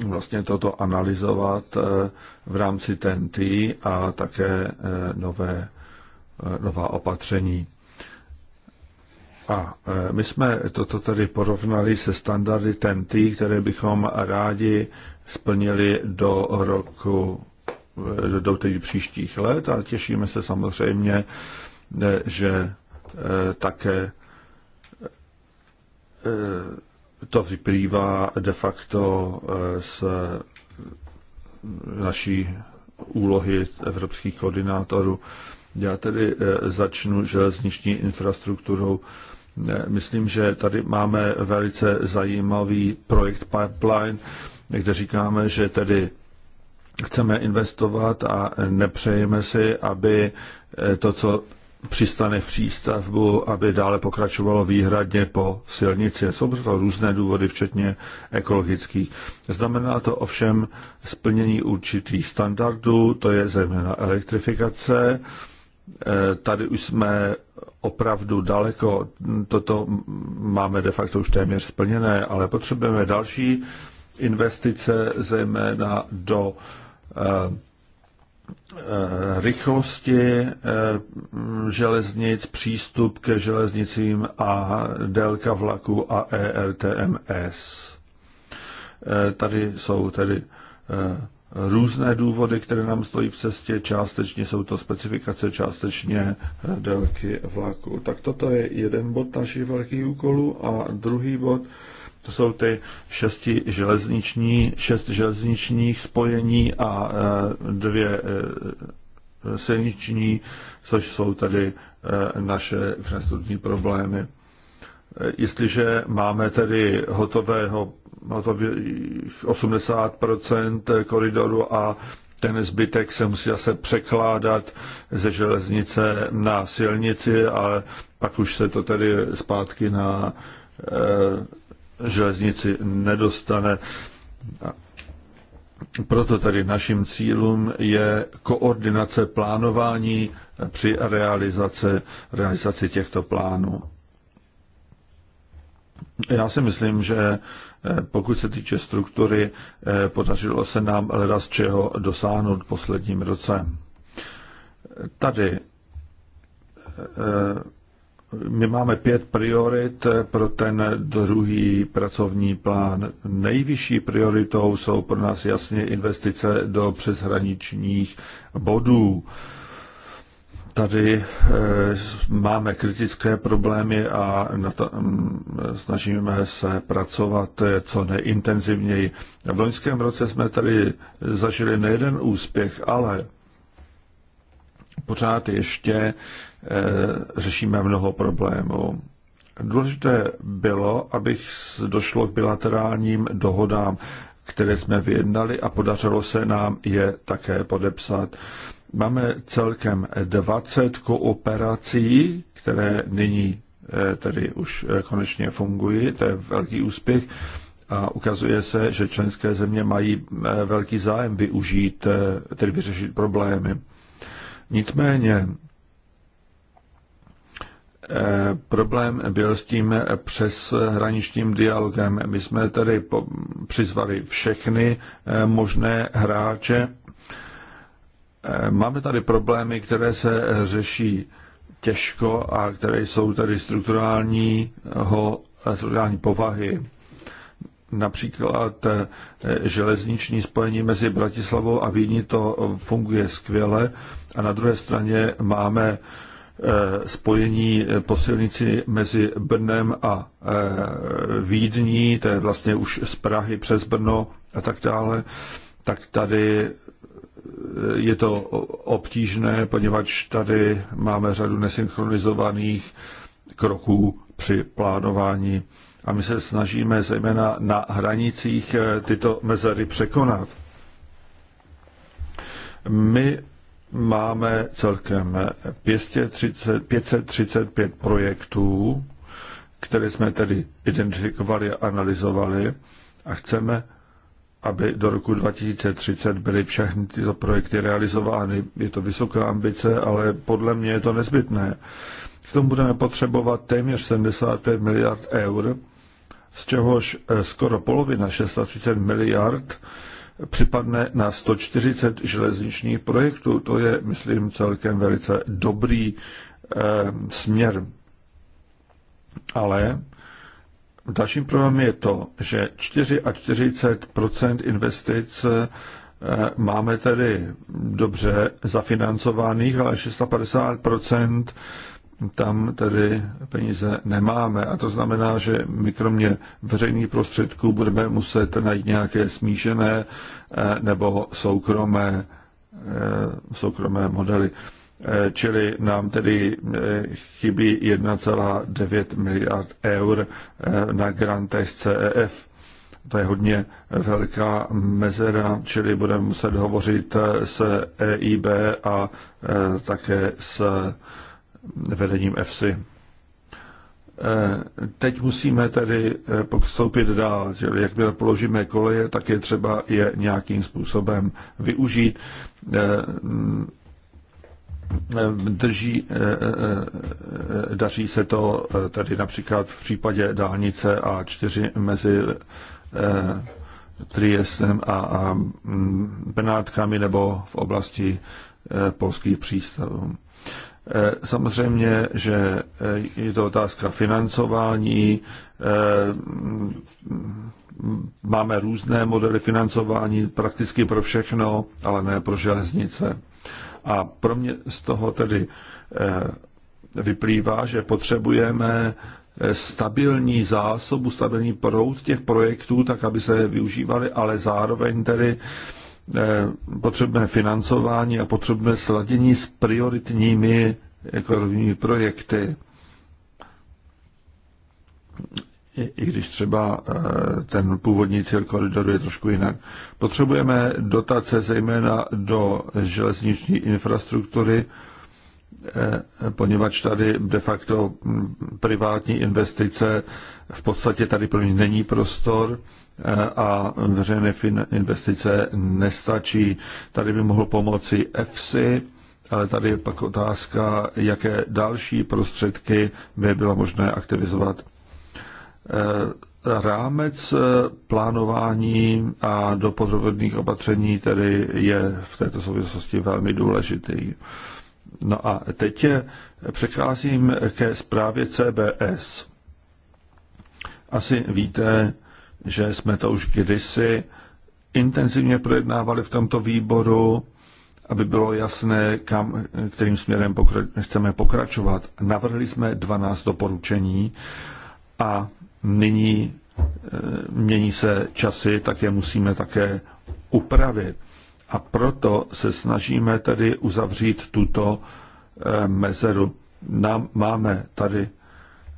vlastně toto analyzovat eh, v rámci TNT a také eh, nové, eh, nová opatření. A my jsme toto tedy porovnali se standardy TNT, které bychom rádi splnili do roku, do tedy příštích let a těšíme se samozřejmě, že také to vyplývá de facto eh, z eh, naší úlohy evropských koordinátorů. Já tedy eh, začnu železniční infrastrukturou. Myslím, že tady máme velice zajímavý projekt Pipeline, kde říkáme, že tedy chceme investovat a nepřejeme si, aby to, co přistane v přístavbu, aby dále pokračovalo výhradně po silnici. Jsou to různé důvody, včetně ekologických. Znamená to ovšem splnění určitých standardů, to je zejména elektrifikace. E, tady už jsme opravdu daleko, toto máme de facto už téměř splněné, ale potřebujeme další investice, zejména do e, Eh, rychlosti eh, železnic, přístup ke železnicím a délka vlaku a ERTMS. Eh, tady jsou tedy různé důvody, které nám stojí v cestě, částečně jsou to specifikace, částečně délky vlaku. Tak toto je jeden bod našich velkých úkolů a druhý bod to jsou ty šesti železniční, šest železničních spojení a e, dvě e, silniční, což jsou tady e, naše infrastrukturní problémy. Jestliže máme tedy hotového, hotových 80% koridoru a ten zbytek se musí zase překládat ze železnice na silnici, ale pak už se to tedy zpátky na železnici nedostane. Proto tedy naším cílem je koordinace plánování při realizaci, realizaci těchto plánů. Já si myslím, že eh, pokud se týče struktury, eh, podařilo se nám leda z čeho dosáhnout posledním roce. Tady eh, my máme pět priorit pro ten druhý pracovní plán. Nejvyšší prioritou jsou pro nás jasně investice do přeshraničních bodů. Tady e, máme kritické problémy a na to, mm, snažíme se pracovat eh, co nejintenzivněji. V loňském roce jsme tady zažili nejeden úspěch, ale pořád ještě Eh, řešíme mnoho problémů. Důležité bylo, abych došlo k bilaterálním dohodám, které jsme vyjednali a podařilo se nám je také podepsat. Máme celkem 20 kooperací, které nyní eh, tedy už eh, konečně fungují, to je velký úspěch a ukazuje se, že členské země mají velký zájem využít, tedy vyřešit problémy. Nicméně problém byl s tím přes hraničním dialogem. My jsme tedy přizvali všechny eh, možné hráče. Eh, máme tady problémy, které se řeší těžko a které jsou tedy strukturálního, eh, strukturální povahy. Například železniční spojení mezi Bratislavou a Vídní to funguje skvěle a na druhé straně máme Eh, spojení eh, po silnici mezi Brnem a eh, Vídní, to je vlastně už z Prahy přes Brno a tak dále, tak tady je to obtížné, poněvadž tady máme řadu nesynchronizovaných kroků při plánování a my se snažíme zejména na hranicích tyto mezery překonat. My máme celkem 530, 535 projektů, které jsme tedy identifikovali a analyzovali a chceme, aby do roku 2030 byly všechny tyto projekty realizovány. Je to vysoká ambice, ale podle mě je to nezbytné. K tomu budeme potřebovat téměř 75 miliard eur, z čehož eh, skoro polovina, 630 miliard, připadne na 140 železničních projektů. To je, myslím, celkem velice dobrý e, směr. Ale dalším problémem je to, že 4 a 40 investic e, máme tedy dobře zafinancovaných, ale 650 tam tedy peníze nemáme. A to znamená, že my kromě veřejných prostředků budeme muset najít nějaké smíšené eh, nebo soukromé, eh, soukromé modely. Eh, čili nám tedy chybí 1,9 miliard eur na grantech z CEF. To je hodně velká mezera, čili budeme muset hovořit s EIB a také s vedením EFSI. Eh, teď musíme tedy eh, postoupit dál, že jakmile položíme koleje, tak je třeba je nějakým způsobem využít. Eh, mm, drží, daří se to tady například v případě dálnice A4 mezi Triestem a mm, Benátkami nebo v oblasti polských přístavů. Eh, samozřejmě, že eh, je to otázka financování. Eh, máme různé modely financování prakticky pro všechno, ale ne pro železnice. A pro mě z toho tedy vyplývá, že potřebujeme stabilní zásobu, stabilní proud těch projektů, tak aby se využívaly, ale zároveň tedy eh, Eh, potřebné financování a potřebné sladění s prioritními ekonomickými projekty. I když třeba eh, ten původní cíl koridoru je trošku jinak. Potřebujeme dotace zejména do železniční infrastruktury, Eh, poněvadž tady de facto privátní investice, v podstatě tady pro ně není prostor eh, a veřejné investice nestačí. Tady by mohlo pomoci EFSI, ale tady je pak otázka, jaké další prostředky by bylo možné aktivizovat. Eh, rámec plánování a doprovodných opatření tedy je v této souvislosti velmi důležitý. No a teď přecházím ke zprávě CBS. Asi víte, že jsme to už kdysi intenzivně projednávali v tomto výboru, aby bylo jasné, kam, kterým směrem pokra- chceme pokračovat. Navrhli jsme 12 doporučení a nyní e, mění se časy, tak je musíme také upravit. A proto se snažíme tedy uzavřít tuto eh, mezeru. Nám máme tady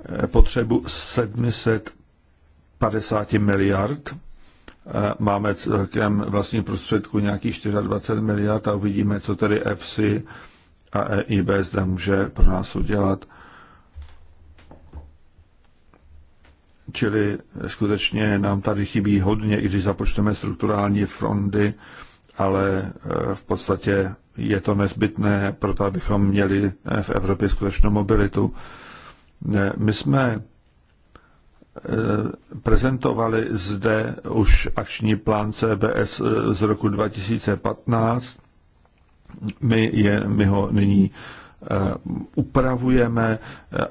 eh, potřebu 750 miliard, eh, máme celkem vlastní prostředku nějakých 24 miliard a uvidíme, co tedy FC a EIB zde může pro nás udělat. Čili skutečně nám tady chybí hodně, i když započteme strukturální fondy, ale eh, v podstatě je to nezbytné pro to, abychom měli eh, v Evropě skutečnou mobilitu. Eh, my jsme prezentovali zde už akční plán CBS z roku 2015. My, je, my ho nyní upravujeme,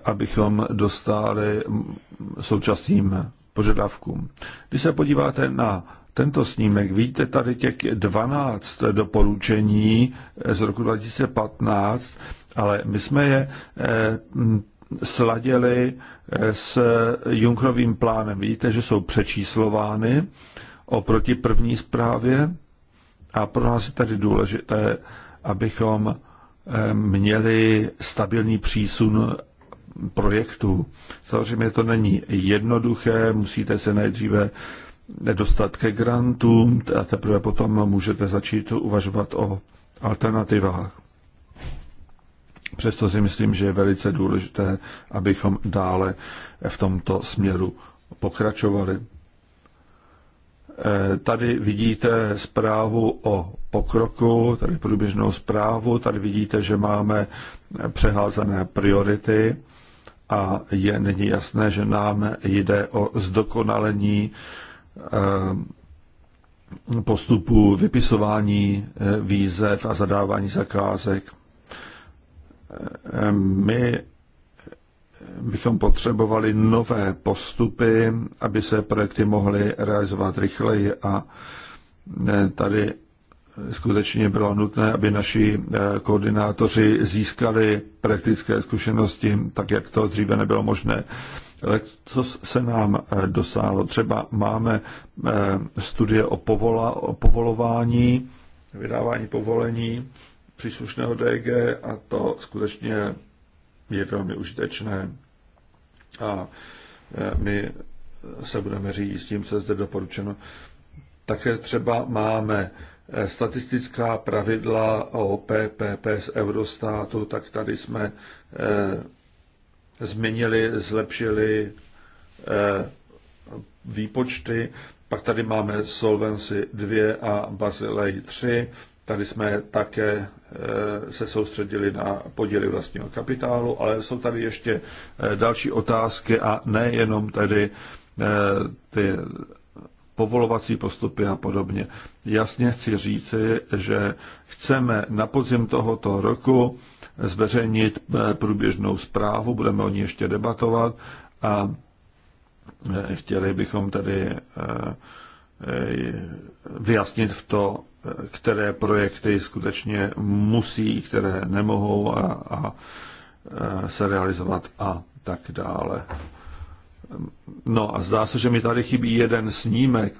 abychom dostali mm, současným požadavkům. Když se podíváte na tento snímek. Vidíte tady těch 12 doporučení z roku 2015, ale my jsme je eh, sladili eh, s Junkrovým plánem. Vidíte, že jsou přečíslovány oproti první zprávě a pro nás je tady důležité, abychom eh, měli stabilní přísun projektů. Samozřejmě to není jednoduché, musíte se nejdříve nedostat ke a teprve potom můžete začít uvažovat o alternativách. Přesto si myslím, že je velice důležité, abychom dále v tomto směru pokračovali. Eh, tady vidíte zprávu o pokroku, tady průběžnou zprávu, tady vidíte, že máme přeházené priority a je není jasné, že nám jde o zdokonalení Eh, postupu vypisování eh, výzev a zadávání zakázek. Eh, my bychom potřebovali nové postupy, aby se projekty mohly realizovat rychleji a tady skutečně bylo nutné, aby naši koordinátoři získali praktické zkušenosti, tak jak to dříve nebylo možné co se nám eh, dosáhlo. Třeba máme eh, studie o, povola, o povolování, vydávání povolení příslušného DG a to skutečně je velmi užitečné. A eh, my se budeme řídit s tím, co je zde doporučeno. Také třeba máme statistická pravidla o PPP z Eurostátu, tak tady jsme změnili, zlepšili eh, výpočty. Pak tady máme Solvency 2 a Basilej 3. Tady jsme také eh, se soustředili na podíly vlastního kapitálu, ale jsou tady ještě eh, další otázky a nejenom tedy ty povolovací postupy a podobně. Jasně chci říci, že chceme na podzim tohoto roku zveřejnit eh, průběžnou zprávu, budeme o ní ještě debatovat a eh, chtěli bychom tedy eh, vyjasnit v to, které projekty skutečně musí, které nemohou a, a se realizovat a tak dále. No a zdá se, že mi tady chybí jeden snímek,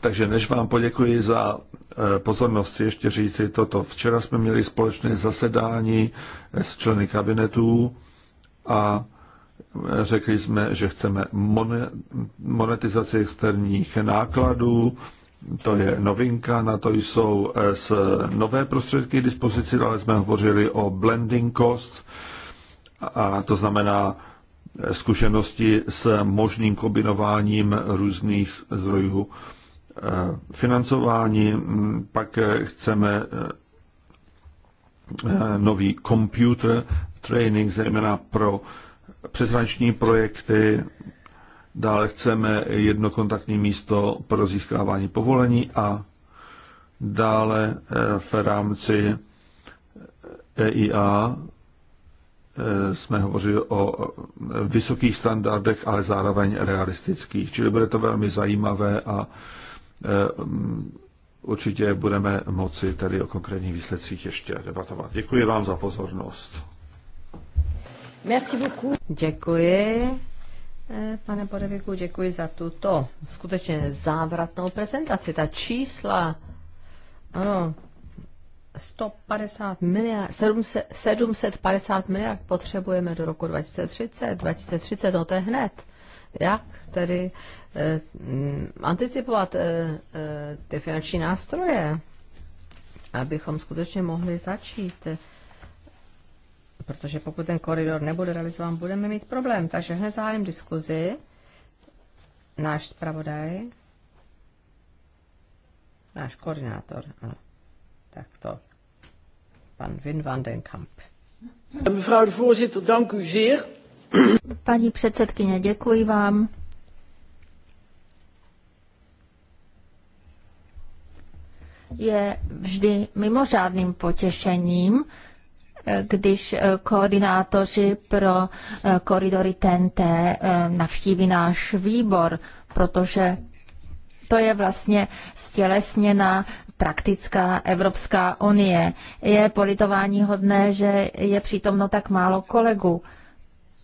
takže než vám poděkuji za eh, pozornost, ještě říci toto. Včera jsme měli společné zasedání eh, s členy kabinetů a eh, řekli jsme, že chceme monetizaci externích nákladů, to je novinka, na to jsou z nové prostředky k dispozici, ale jsme hovořili o blending cost, a to znamená zkušenosti s možným kombinováním různých zdrojů financování, mm, pak eh, chceme eh, eh, nový computer training, zejména pro přeshraniční projekty, dále chceme jednokontaktní místo pro získávání povolení a dále v rámci EIA e jsme hovořili o vysokých standardech, ale zároveň realistických. Čili bude to velmi zajímavé a Eh, určitě budeme moci tady o konkrétních výsledcích ještě debatovat. Děkuji vám za pozornost. Merci beaucoup. Děkuji. Eh, pane Podeviku, děkuji za tuto skutečně závratnou prezentaci. Ta čísla, ano, 150 miliard, 700, 750 miliard potřebujeme do roku 2030. 2030, no to je hned. Jak tedy Eh, anticipovat eh, eh, ty finanční nástroje, abychom skutečně mohli začít. Protože pokud ten koridor nebude realizován, budeme mít problém. Takže hned zájem diskuzi. Náš zpravodaj. Náš koordinátor, ano. Tak to. Pan Win van den Kamp. Mevrouw de voorzitter, dank u zeer. Paní předsedkyně, děkuji vám. Je vždy mimořádným potěšením, když eh, koordinátoři pro eh, koridory TNT eh, navštíví náš výbor, protože to je vlastně stělesněná praktická Evropská unie. Je politování hodné, že je přítomno tak málo kolegů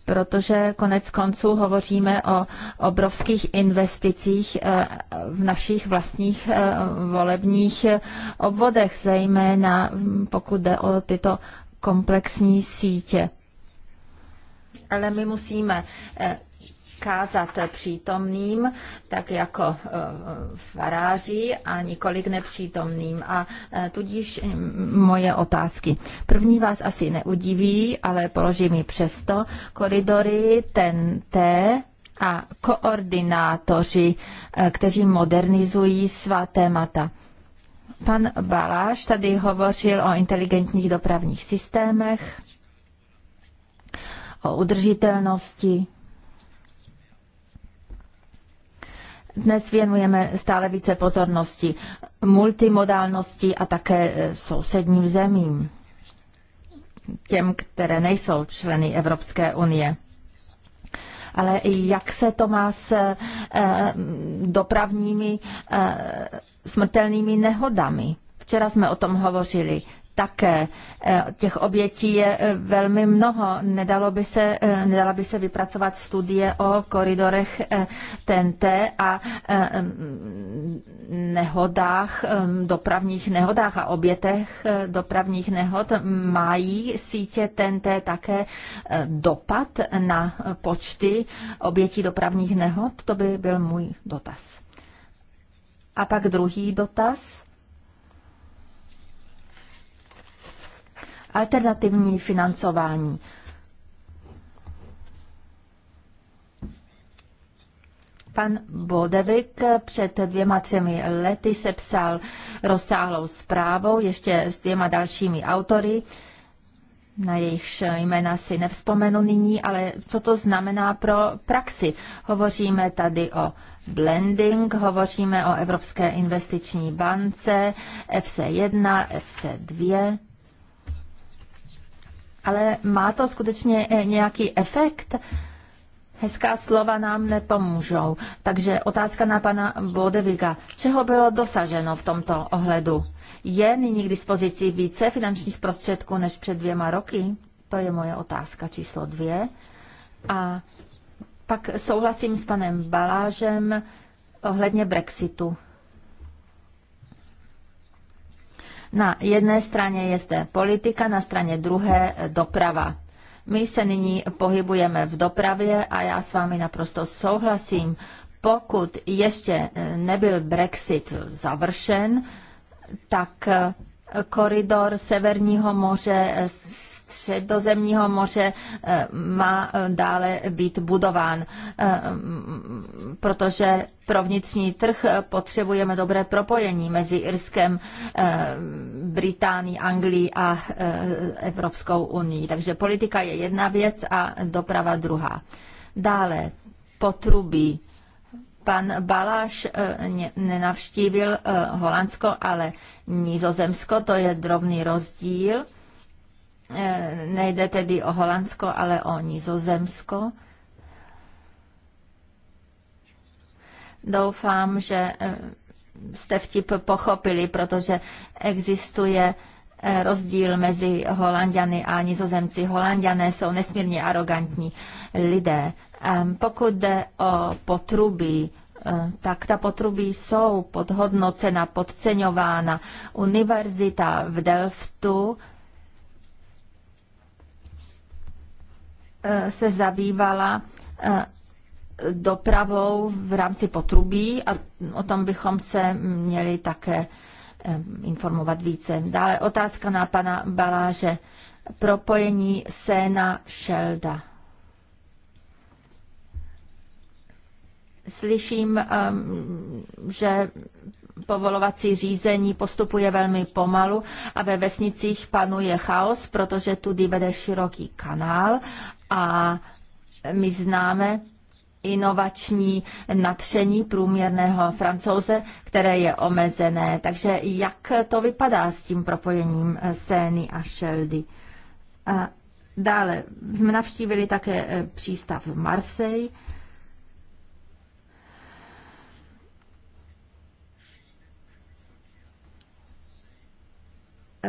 protože konec konců hovoříme o obrovských investicích eh, v našich vlastních eh, volebních obvodech, zejména mm, pokud jde o tyto komplexní sítě. Ale my musíme eh, kázat přítomným, tak jako e, faráři a nikolik nepřítomným. A e, tudíž moje otázky. První vás asi neudiví, ale položím ji přesto. Koridory ten t a koordinátoři, e, kteří modernizují svá témata. Pan Baláš tady hovořil o inteligentních dopravních systémech, o udržitelnosti dnes věnujeme stále více pozornosti multimodálnosti a také eh, sousedním zemím, těm, které nejsou členy Evropské unie ale jak se to má s eh, dopravními eh, smrtelnými nehodami. Včera jsme o tom hovořili také. E, těch obětí je e, velmi mnoho. Nedalo by se, e, nedala by se vypracovat studie o koridorech TNT a nehodách, dopravních nehodách a obětech dopravních nehod. Mají sítě TNT také dopad na počty obětí dopravních nehod? To by byl můj dotaz. A pak druhý dotaz alternativní financování. Pan Bodevik před dvěma, třemi lety sepsal rozsáhlou zprávou ještě s dvěma dalšími autory na jejichž jména si nevzpomenu nyní, ale co to znamená pro praxi. Hovoříme tady o blending, hovoříme o Evropské investiční bance, FC1, FC2. Ale má to skutečně eh, nějaký efekt? Hezká slova nám nepomůžou. Takže otázka na pana Bodeviga. Čeho bylo dosaženo v tomto ohledu? Je nyní k dispozici více finančních prostředků než před dvěma roky? To je moje otázka číslo dvě. A pak souhlasím s panem Balážem ohledně Brexitu. Na jedné straně je zde politika, na straně druhé doprava. My se nyní pohybujeme v dopravě a já s vámi naprosto souhlasím. Pokud ještě eh, nebyl Brexit završen, tak eh, koridor Severního moře středozemního moře eh, má eh, dále být budován, eh, mm, protože pro vnitřní trh potřebujeme dobré propojení mezi Irskem, Británií, Anglií a Evropskou unii. Takže politika je jedna věc a doprava druhá. Dále potrubí pan Baláš nenavštívil Holandsko, ale Nizozemsko, to je drobný rozdíl. Eh, nejde tedy o Holandsko, ale o Nizozemsko. Doufám, že eh, jste vtip pochopili, protože existuje eh, rozdíl mezi Holandiany a Nizozemci. Holandiané jsou nesmírně arrogantní lidé. Pokud jde o potrubí, tak ta potrubí jsou podhodnocena, podceňována. Univerzita v Delftu Eh, se zabývala eh, dopravou v rámci potrubí a o tom bychom se měli také eh, informovat více. Dále otázka na pana Baláže. Propojení Sena Šelda. Slyším, že povolovací řízení postupuje velmi pomalu a ve vesnicích panuje chaos, protože tudy vede široký kanál a my známe inovační natření průměrného francouze, které je omezené. Takže jak to vypadá s tím propojením eh, Sény a Šeldy? Dále navštívili také eh, přístav v Marseille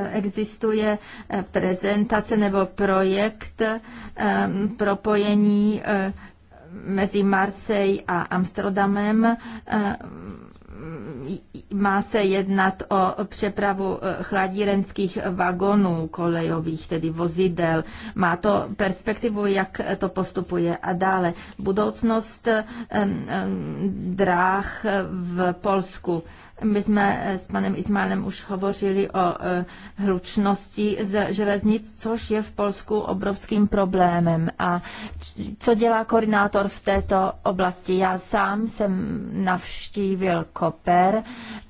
existuje eh, prezentace nebo projekt eh, propojení eh, mezi Marseille a Amsterdamem má se jednat o přepravu chladírenských vagonů kolejových, tedy vozidel. Má to perspektivu, jak to postupuje a dále. Budoucnost dráh v Polsku. My jsme eh, s panem Izmálem už hovořili o eh, hlučnosti z železnic, což je v Polsku obrovským problémem. A co dělá koordinátor v této oblasti? Já sám jsem navštívil Koper,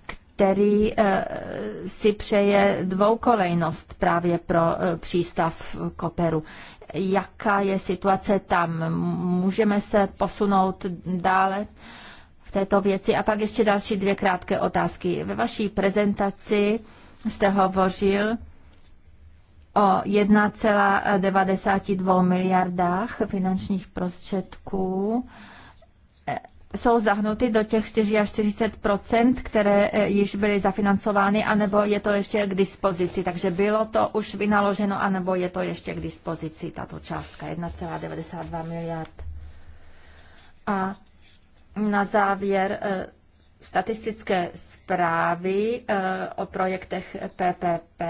který eh, si přeje dvoukolejnost právě pro přístav Koperu. Jaká je situace tam? Můžeme se posunout dále? této věci. A pak ještě další dvě krátké otázky. Ve vaší prezentaci jste hovořil o 1,92 miliardách finančních prostředků jsou zahnuty do těch 40 které eh, již byly zafinancovány, anebo je to ještě k dispozici. Takže bylo to už vynaloženo, anebo je to ještě k dispozici, tato částka 1,92 miliard. A na závěr eh, statistické zprávy eh, o projektech PPP.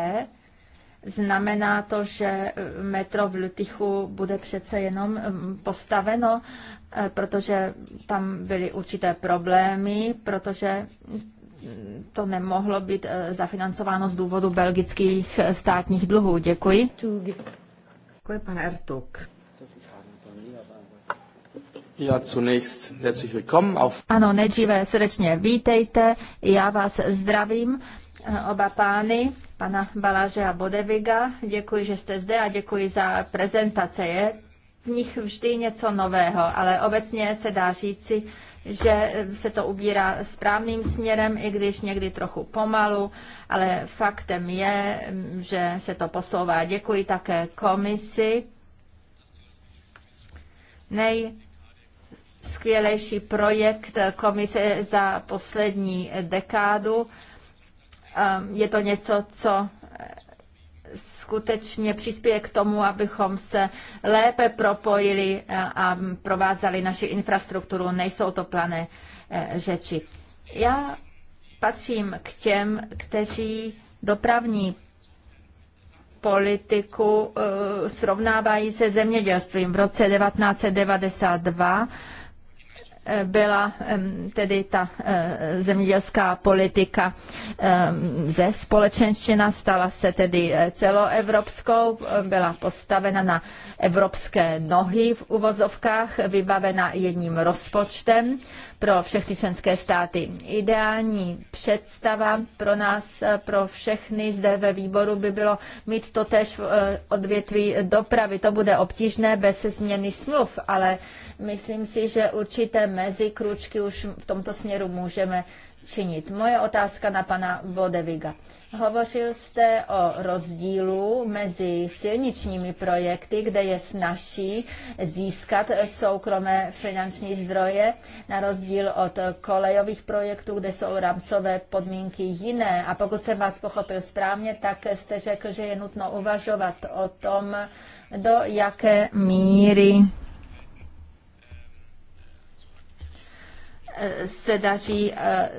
Znamená to, že eh, metro v Lutichu bude přece jenom postaveno, protože tam byly určité problémy, protože mm, to nemohlo být zafinancováno z důvodu belgických státních dluhů. Děkuji. Děkuji, pane Ertuk zunächst herzlich willkommen auf... Ano, nejdříve srdečně vítejte, já vás zdravím, eh, oba pány, pana Baláže a Bodeviga. Děkuji, že jste zde a děkuji za prezentace. Je v nich vždy něco nového, ale obecně se dá říci, že eh, se to ubírá správným směrem, i když někdy trochu pomalu, ale faktem je, mm, že se to posouvá. Děkuji také komisi. Nej nejskvělejší projekt komise za poslední dekádu. Ehm, je to něco, co skutečně přispěje k tomu, abychom se lépe propojili eh, a provázali naši infrastrukturu. Nejsou to plané eh, řeči. Já patřím k těm, kteří dopravní politiku eh, srovnávají se zemědělstvím. V roce 1992 byla tedy ta eh, zemědělská politika ze společenština, stala se tedy eh, celoevropskou, eh, byla postavena na evropské nohy v uvozovkách, vybavena jedním rozpočtem pro všechny členské státy. Ideální představa pro nás, pro všechny zde ve výboru by bylo mít to tež odvětví dopravy. To bude obtížné bez změny smluv, ale Myslím si, že určité mezikručky už v tomto směru můžeme činit. Moje otázka na pana Vodeviga. Hovořil jste o rozdílu mezi silničními projekty, kde je snažší získat soukromé finanční zdroje, na rozdíl od kolejových projektů, kde jsou rámcové podmínky jiné. A pokud jsem vás pochopil správně, tak jste řekl, že je nutno uvažovat o tom, do jaké míry se daří e,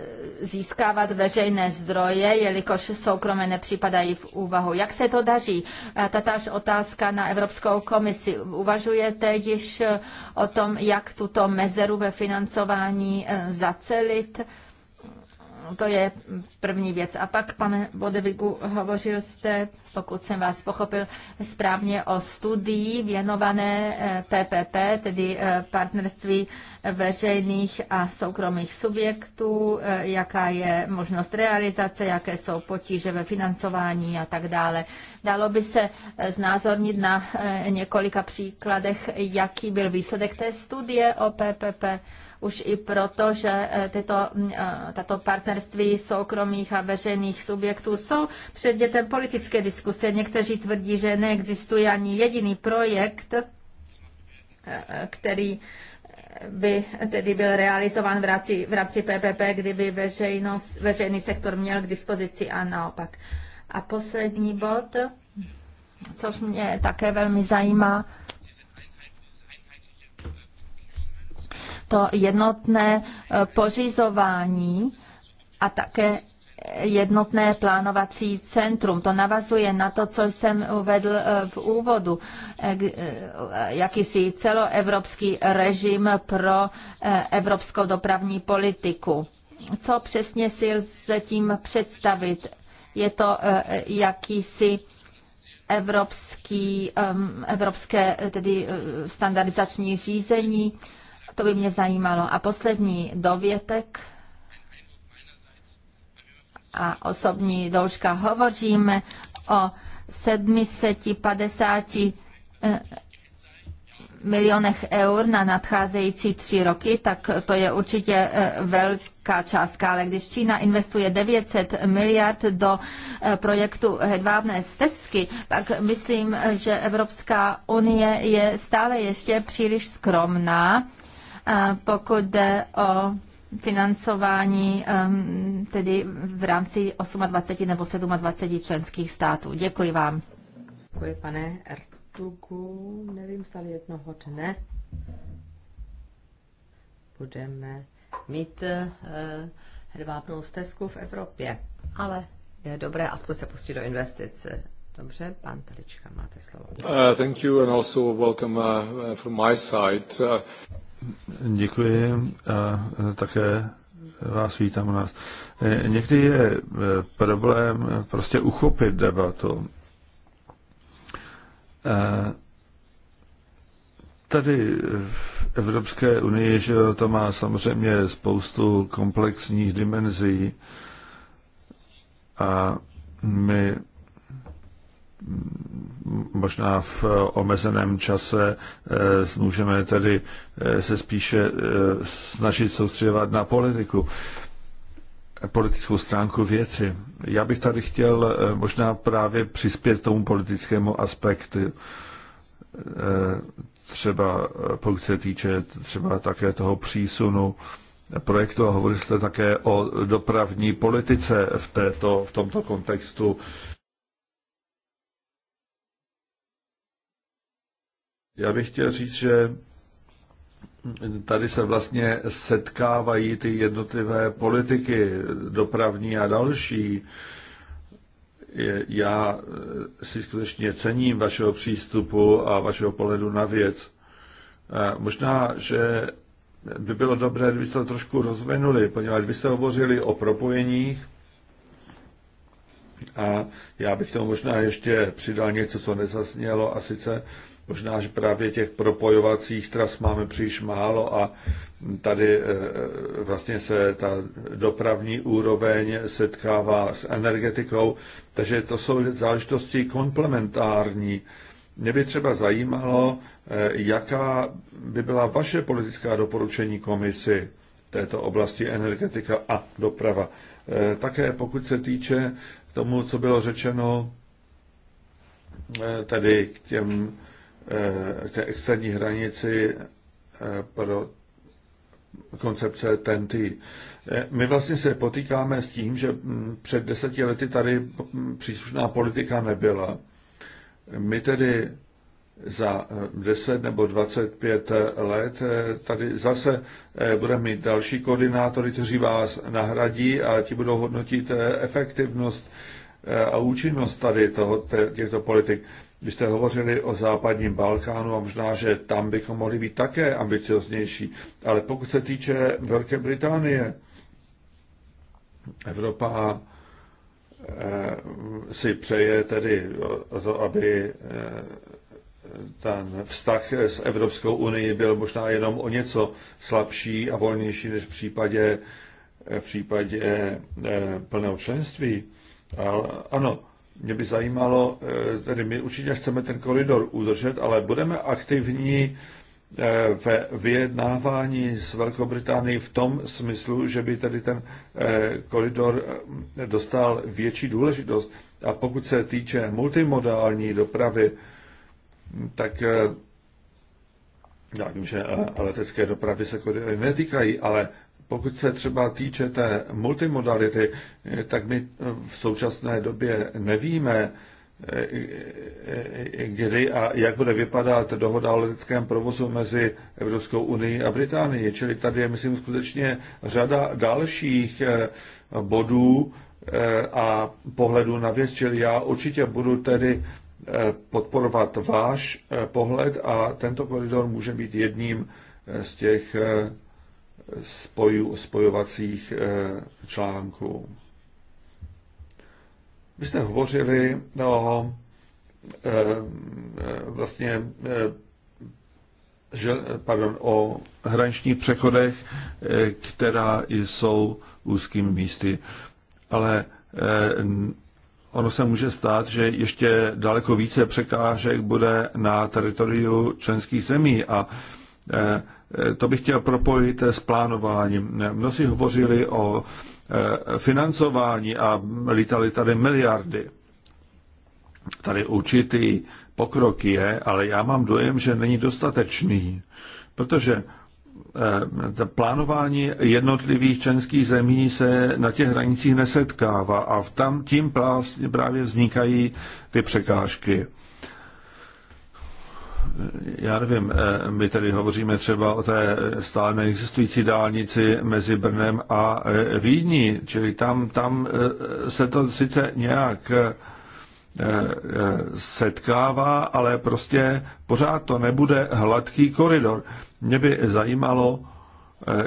získávat veřejné zdroje, jelikož soukromé nepřipadají v úvahu. Jak se to daří? E, tatáž otázka na Evropskou komisi. Uvažujete již o tom, jak tuto mezeru ve financování e, zacelit? To je první věc. A pak, pane Bodevigu, hovořil jste, pokud jsem vás pochopil správně, o studii věnované PPP, eh, tedy eh, partnerství veřejných a soukromých subjektů, eh, jaká je možnost realizace, jaké jsou potíže ve financování a tak dále. Dalo by se znázornit na několika příkladech, jaký byl výsledek té studie o PPP? už i proto, že eh, tyto, mm, eh, tato partnerství soukromých a veřejných subjektů jsou předmětem politické diskuse. Někteří tvrdí, že neexistuje ani jediný projekt, eh, který by tedy byl realizován v rámci, v rámci PPP, kdyby veřejnost, veřejný sektor měl k dispozici a naopak. A poslední bod, což mě také velmi zajímá, to jednotné e, pořizování a také jednotné plánovací centrum. To navazuje na to, co jsem uvedl e, v úvodu, e, jakýsi celoevropský režim pro evropskou dopravní politiku. Co přesně si lze tím představit? Je to jakýsi evropský, evropské tedy standardizační řízení, to by mě zajímalo. A poslední dovětek a osobní douška. Hovoříme o 750 eh, milionech eur na nadcházející tři roky, tak to je určitě eh, velká částka, ale když Čína investuje 900 miliard do eh, projektu hedvábné stezky, tak myslím, že Evropská unie je stále ještě příliš skromná pokud jde o financování tedy v rámci 28 nebo 27 členských států. Děkuji vám. Děkuji, pane Ertugu. Nevím, stále jednoho dne budeme mít eh, hedvábnou stezku v Evropě, ale je dobré aspoň se pustit do investice. Dobře, pan Telička, máte slovo. Uh, thank you and also welcome uh, from my side. Uh... Děkuji a e, také vás vítám u nás. E, někdy je e, problém prostě uchopit debatu. Tady v Evropské unii, že to má samozřejmě spoustu komplexních dimenzí a my možná v eh, omezeném čase eh, můžeme tedy eh, se spíše snažit soustředovat na politiku, politickou stránku věci. Já bych tady chtěl možná právě přispět tomu politickému aspektu, třeba pokud se týče třeba také toho přísunu projektu a hovořili jste také o dopravní politice v, této, v tomto kontextu Já bych chtěl říct, že tady se vlastně setkávají ty jednotlivé politiky, dopravní a další. Já si skutečně cením vašeho přístupu a vašeho pohledu na věc. Možná, že by bylo dobré, kdybyste to trošku rozvinuli, poněvadž byste hovořili o propojeních a já bych tomu možná ještě přidal něco, co nezasnělo, a sice Možná, že právě těch propojovacích tras máme příliš málo a tady eh, eh, vlastně se ta dopravní úroveň setkává s energetikou, takže to jsou záležitosti komplementární. Mě by třeba zajímalo, eh, jaká by byla vaše politická doporučení komisi této oblasti energetika a doprava. Také pokud se týče tomu, co bylo řečeno, tedy k těm Eh, té externí hranici eh, pro koncepce TNT. Eh, my vlastně se potýkáme s tím, že mm, před deseti lety tady mm, příslušná politika nebyla. My tedy za 10 nebo 25 let tady zase budeme mít další koordinátory, kteří vás nahradí a ti budou hodnotit efektivnost a účinnost tady toho, těchto politik. Vy jste hovořili o západním Balkánu a možná, že tam bychom mohli být také ambicioznější. Ale pokud se týče Velké Británie, Evropa eh, si přeje tedy to, aby eh, ten vztah s Evropskou unii byl možná jenom o něco slabší a volnější než v případě, v případě eh, plného členství. Ale, ano, mě by zajímalo, eh, tedy my určitě chceme ten koridor udržet, ale budeme aktivní eh, ve vyjednávání s Velkou Británií v tom smyslu, že by tedy ten eh, koridor dostal větší důležitost. A pokud se týče multimodální dopravy, tak já vím, že letecké dopravy se koridory netýkají, ale pokud se třeba týče té multimodality, tak my v současné době nevíme, kdy a jak bude vypadat dohoda o leteckém provozu mezi Evropskou unii a Británií. Čili tady je, myslím, skutečně řada dalších eh, bodů eh, a pohledů na věc, čili já určitě budu tedy eh, podporovat váš pohled a tento koridor může být jedním z těch spoju, spojovacích eh, článků. Vy jste hovořili o eh, vlastně eh, že, pardon, o hraničních přechodech, která jsou úzkými místy. Ale ono se může stát, že ještě daleko více překážek bude na teritoriu členských zemí a Eh, to bych chtěl propojit eh, s plánováním. Mnozí hovořili o eh, financování a lítali tady miliardy. Tady určitý pokrok je, ale já mám dojem, že není dostatečný, protože plánování jednotlivých členských zemí se na těch hranicích nesetkává a v tam tím právě vznikají ty překážky já nevím, eh, my tady hovoříme třeba o té stále neexistující dálnici mezi Brnem a eh, Vídní, čili tam, tam eh, se to sice nějak setkává, ale prostě pořád to nebude hladký koridor. Mě by zajímalo,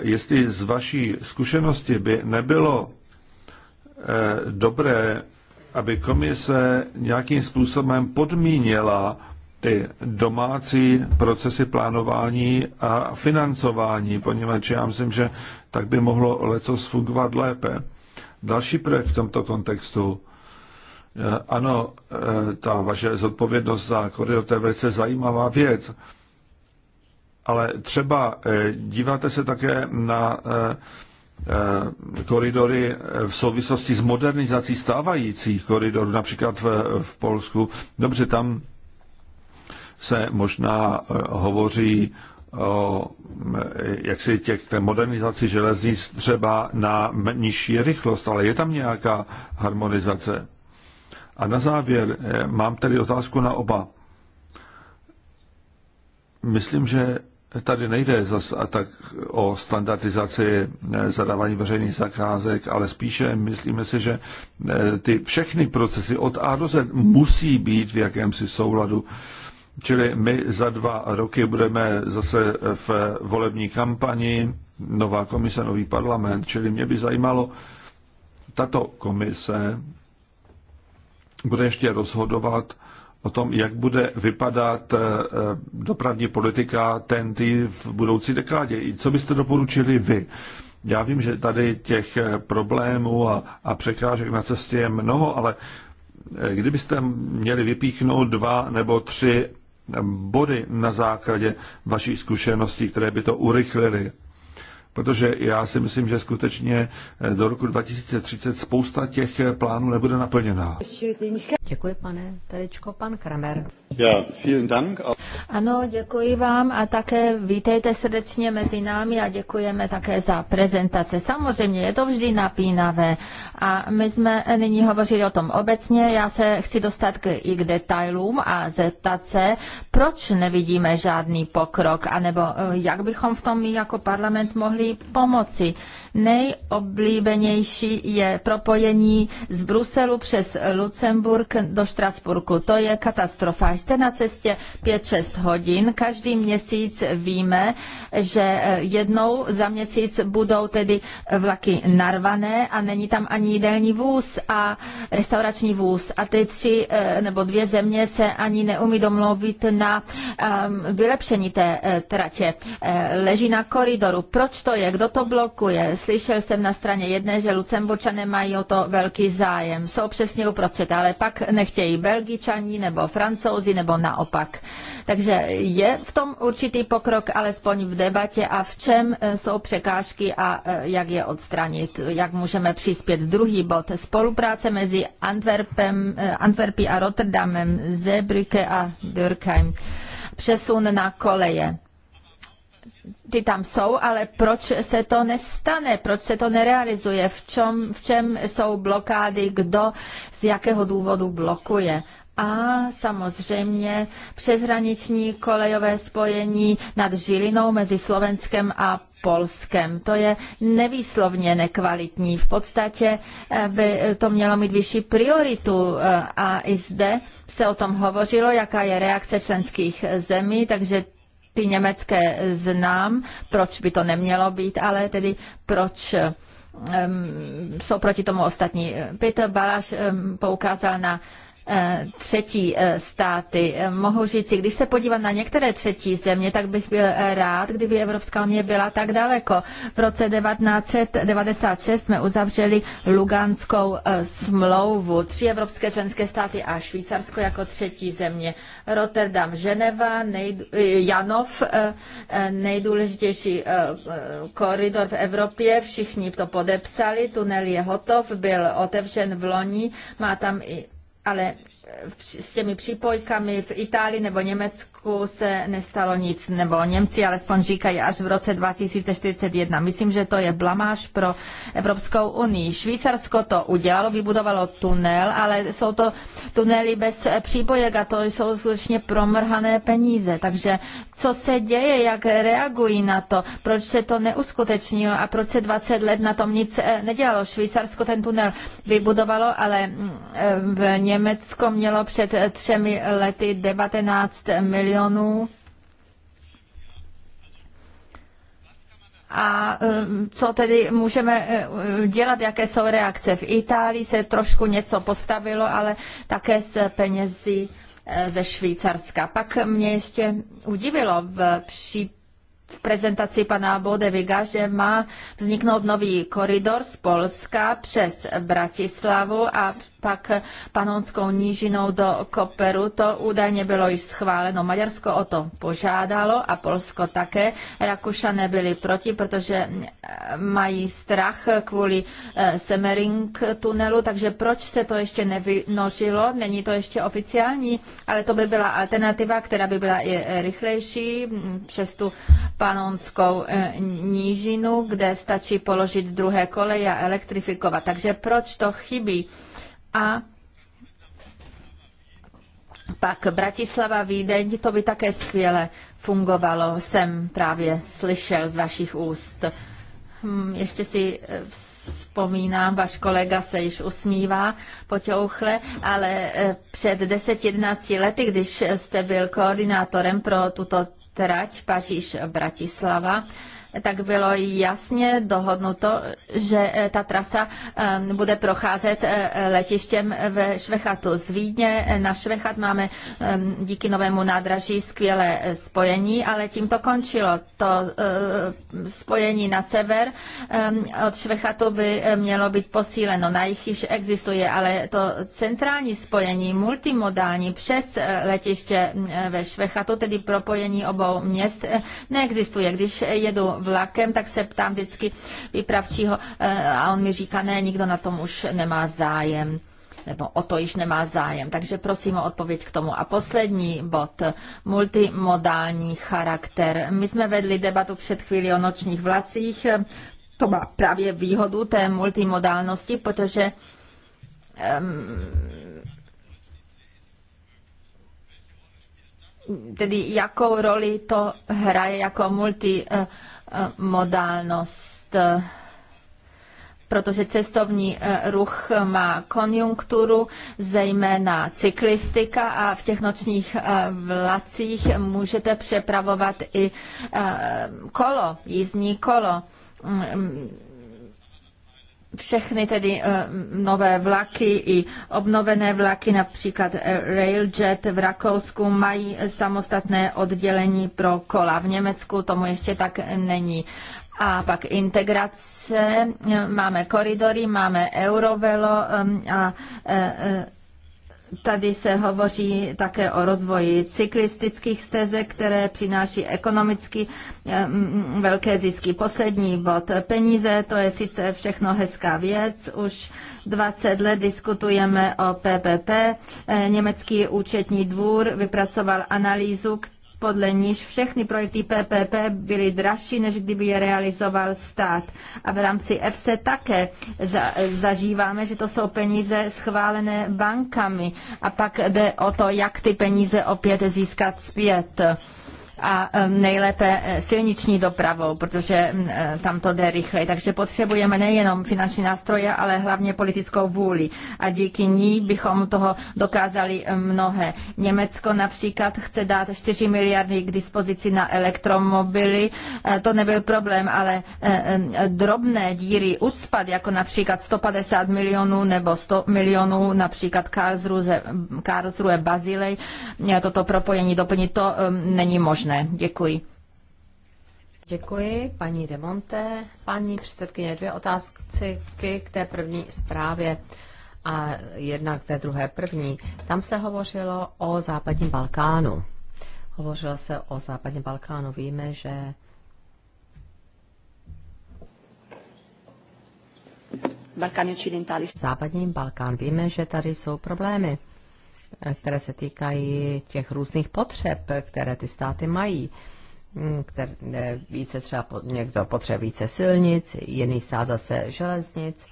jestli z vaší zkušenosti by nebylo dobré, aby komise nějakým způsobem podmínila ty domácí procesy plánování a financování, poněvadž já myslím, že tak by mohlo leco fungovat lépe. Další projekt v tomto kontextu. Eh, ano, eh, ta vaše zodpovědnost za koridor, to je velice zajímavá věc, ale třeba eh, díváte se také na koridory v souvislosti s modernizací stávajících koridorů, například v, v Polsku. Dobře, tam se možná eh, hovoří o jaksi těch, té modernizaci železnic třeba na nižší rychlost, ale je tam nějaká harmonizace. A na závěr eh, mám tedy otázku na oba. Myslím, že tady nejde zas a tak o standardizaci eh, zadávání veřejných zakázek, ale spíše myslíme si, že ty všechny procesy od A do Z musí být v jakémsi souladu. Čili my za dva roky budeme zase v volební kampani, nová komise, nový parlament, čili mě by zajímalo, tato komise bude ještě rozhodovat o tom, jak bude vypadat eh, dopravní politika TNT v budoucí dekádě. Co byste doporučili vy? Já vím, že tady těch eh, problémů a, a překážek na cestě je mnoho, ale eh, kdybyste měli vypíchnout dva nebo tři body na základě vašich zkušenosti, které by to urychlily. Protože já si myslím, že skutečně eh, do roku 2030 spousta těch plánů nebude naplněná. Děkuji, pane Teličko, pan Kramer. Ano, děkuji vám a také vítejte srdečně mezi námi a děkujeme také za prezentace. Samozřejmě je to vždy napínavé a my jsme nyní hovořili o tom obecně. Já se chci dostat k, i k detailům a zeptat se, proč nevidíme žádný pokrok, anebo eh, jak bychom v tom my jako parlament mohli pomoci. Nejoblíbenější je propojení z Bruselu přes Lucemburg do Štrasburku. To je katastrofa Jste na cestě 5-6 hodin, každý měsíc víme, že jednou za měsíc budou tedy vlaky narvané a není tam ani jídelní vůz a restaurační vůz. A ty tři eh, nebo dvě země se ani neumí domluvit na ehm, vylepšení té eh, tratě. Eh, leží na koridoru. Proč to je? Kdo to blokuje? Slyšel jsem na straně jedné, že Lucemburčané mají o to velký zájem. Jsou přesně uprostřed, ale pak nechtějí Belgičani nebo Francouzi krizi nebo naopak. Takže je v tom určitý pokrok, alespoň v debatě a v čem e, jsou překážky a e, jak je odstranit, jak můžeme přispět. Druhý bod, spolupráce mezi Antwerpem, e, Antwerpy a Rotterdamem, Zebrücke a Dürkheim, přesun na koleje ty tam jsou, ale proč se to nestane, proč se to nerealizuje, v, čem, v čem jsou blokády, kdo z jakého důvodu blokuje a samozřejmě přeshraniční kolejové spojení nad Žilinou mezi Slovenskem a Polskem. To je nevýslovně nekvalitní. V podstatě eh, by to mělo mít vyšší prioritu eh, a i zde se o tom hovořilo, jaká je reakce členských zemí, takže ty německé znám, proč by to nemělo být, ale tedy proč um, jsou proti tomu ostatní. Peter Baláš um, poukázal na Eh, třetí eh, státy. Eh, mohu říct, když se podívám na některé třetí země, tak bych byl rád, kdyby Evropská unie byla tak daleko. V roce 1996 jsme uzavřeli Luganskou smlouvu. Tři evropské členské státy a Švýcarsko jako třetí země. Rotterdam, Ženeva, Janov, nejdůležitější koridor v Evropě. Všichni to podepsali, tunel je hotov, byl otevřen v loni, má tam i ale s těmi přípojkami v Itálii nebo Německu se nestalo nic, nebo Němci alespoň říkají až v roce 2041. Myslím, že to je blamáž pro Evropskou unii. Švýcarsko to udělalo, vybudovalo tunel, ale jsou to tunely bez přípojek a to jsou skutečně promrhané peníze. Takže co se děje, jak reagují na to, proč se to neuskutečnilo a proč se 20 let na tom nic eh, nedělalo. Švýcarsko ten tunel vybudovalo, ale mm, eh, v Německu mělo před třemi lety 19 milionů. A um, co tedy můžeme uh, dělat, jaké jsou reakce? V Itálii se trošku něco postavilo, ale také s penězi uh, ze Švýcarska. Pak mě ještě udivilo v případě, v prezentaci pana Bodeviga, že má vzniknout nový koridor z Polska přes Bratislavu a pak panonskou nížinou do Koperu. To údajně bylo již schváleno. Maďarsko o to požádalo a Polsko také. Rakušané byli proti, protože eh, mají strach kvůli eh, Semering tunelu, takže proč se to ještě nevynožilo? Není to ještě oficiální, ale to by byla alternativa, která by byla i eh, rychlejší hm, přes tu panonskou e, nížinu, kde stačí položit druhé koleje a elektrifikovat. Takže proč to chybí? A pak Bratislava, Vídeň, to by také skvěle fungovalo, jsem právě slyšel z vašich úst. Hm, ještě si e, vzpomínám, váš kolega se již usmívá poťouchle, ale e, před 10-11 lety, když jste byl koordinátorem pro tuto trať Paříž-Bratislava tak bylo jasně dohodnuto, že eh, ta trasa ehm, bude procházet eh, letištěm ve Švechatu. Z Vídně eh, na Švechat máme ehm, díky novému nádraží skvělé spojení, ale tím to končilo. To spojení na sever ehm, od Švechatu by mělo být posíleno. Na jich již existuje, ale to centrální spojení, multimodální přes letiště ve Švechatu, tedy propojení obou měst, neexistuje. Když jedu vlakem, tak se ptám vždycky výpravčího eh, a on mi říká, ne, nikdo na tom už nemá zájem nebo o to již nemá zájem. Takže prosím o odpověď k tomu. A poslední bod, multimodální charakter. My jsme vedli debatu před chvíli o nočních vlacích. To má právě výhodu té multimodálnosti, protože um, tedy jakou roli to hraje jako multimodální eh, Eh, modálnost eh, protože cestovní eh, ruch má konjunkturu, zejména cyklistika a v těch nočních vlacích můžete přepravovat i kolo, jízdní kolo mm, všechny tedy eh, nové vlaky i obnovené vlaky, například eh, Railjet v Rakousku, mají samostatné oddělení pro kola. V Německu tomu ještě tak není. A pak integrace, máme koridory, máme Eurovelo eh, a Tady se hovoří také o rozvoji cyklistických stezek, které přináší ekonomicky velké zisky. Poslední bod. Peníze, to je sice všechno hezká věc. Už 20 let diskutujeme o PPP. E, Německý účetní dvůr vypracoval analýzu, která podle níž všechny projekty PPP byly dražší, než kdyby je realizoval stát. A v rámci EFSE také za, zažíváme, že to jsou peníze schválené bankami a pak jde o to, jak ty peníze opět získat zpět a nejlépe eh, silniční dopravou, protože mm, eh, tam to jde rychleji. Takže potřebujeme nejenom finanční nástroje, ale hlavně politickou vůli. A díky ní bychom toho dokázali eh, mnohé. Německo například chce dát 4 miliardy k dispozici na elektromobily. To nebyl problém, ale drobné díry ucpat, jako například 150 milionů nebo 100 milionů, například Karlsruhe, Karlsruhe Bazilej, toto propojení doplnit, to není možné možné. Děkuji. Děkuji, paní Demonte. Paní předsedkyně, dvě otázky k té první zprávě a jedna k té druhé první. Tam se hovořilo o západním Balkánu. Hovořilo se o západním Balkánu. Víme, že Balkány occidentály. Západním Balkán. Víme, že tady jsou problémy které se týkají těch různých potřeb, které ty státy mají. Mm, které více třeba někdo potřebuje více silnic, jiný stát zase železnic.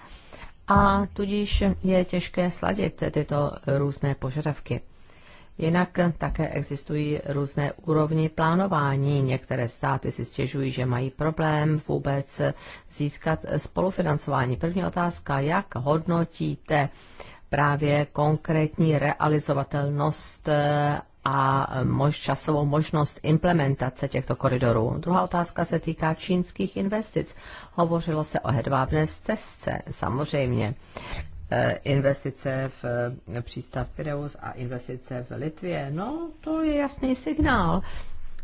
A tudíž je těžké sladit tyto různé požadavky. Jinak také existují různé úrovni plánování. Některé státy si stěžují, že mají problém vůbec získat spolufinancování. První otázka, jak hodnotíte právě konkrétní realizovatelnost eh, a mož, časovou možnost implementace těchto koridorů. Druhá otázka se týká čínských investic. Hovořilo se o hedvábné stezce, samozřejmě. Eh, investice v eh, přístav Pireus a investice v Litvě. No, to je jasný signál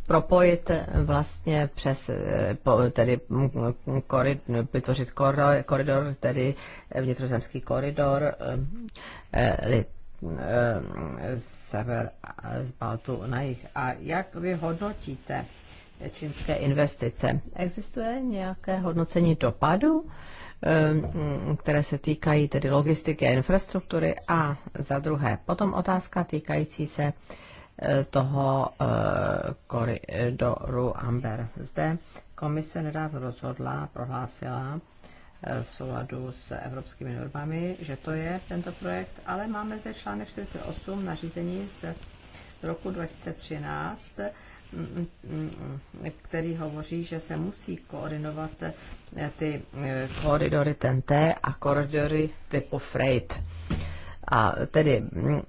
propojit vlastně přes, eh, tedy mm, korid, vytvořit koridor, koridor, tedy vnitrozemský koridor eh, eh, z sever z Baltu na jih. A jak vy hodnotíte čínské investice? Existuje nějaké hodnocení dopadu? které se týkají tedy logistiky a infrastruktury a za druhé potom otázka týkající se toho eh, koridoru Amber. Zde komise nedávno rozhodla, prohlásila eh, v souladu s evropskými normami, že to je tento projekt, ale máme zde článek 48 nařízení z roku 2013, který hovoří, že se musí koordinovat eh, ty koridory TNT a koridory typu freight a tedy mm,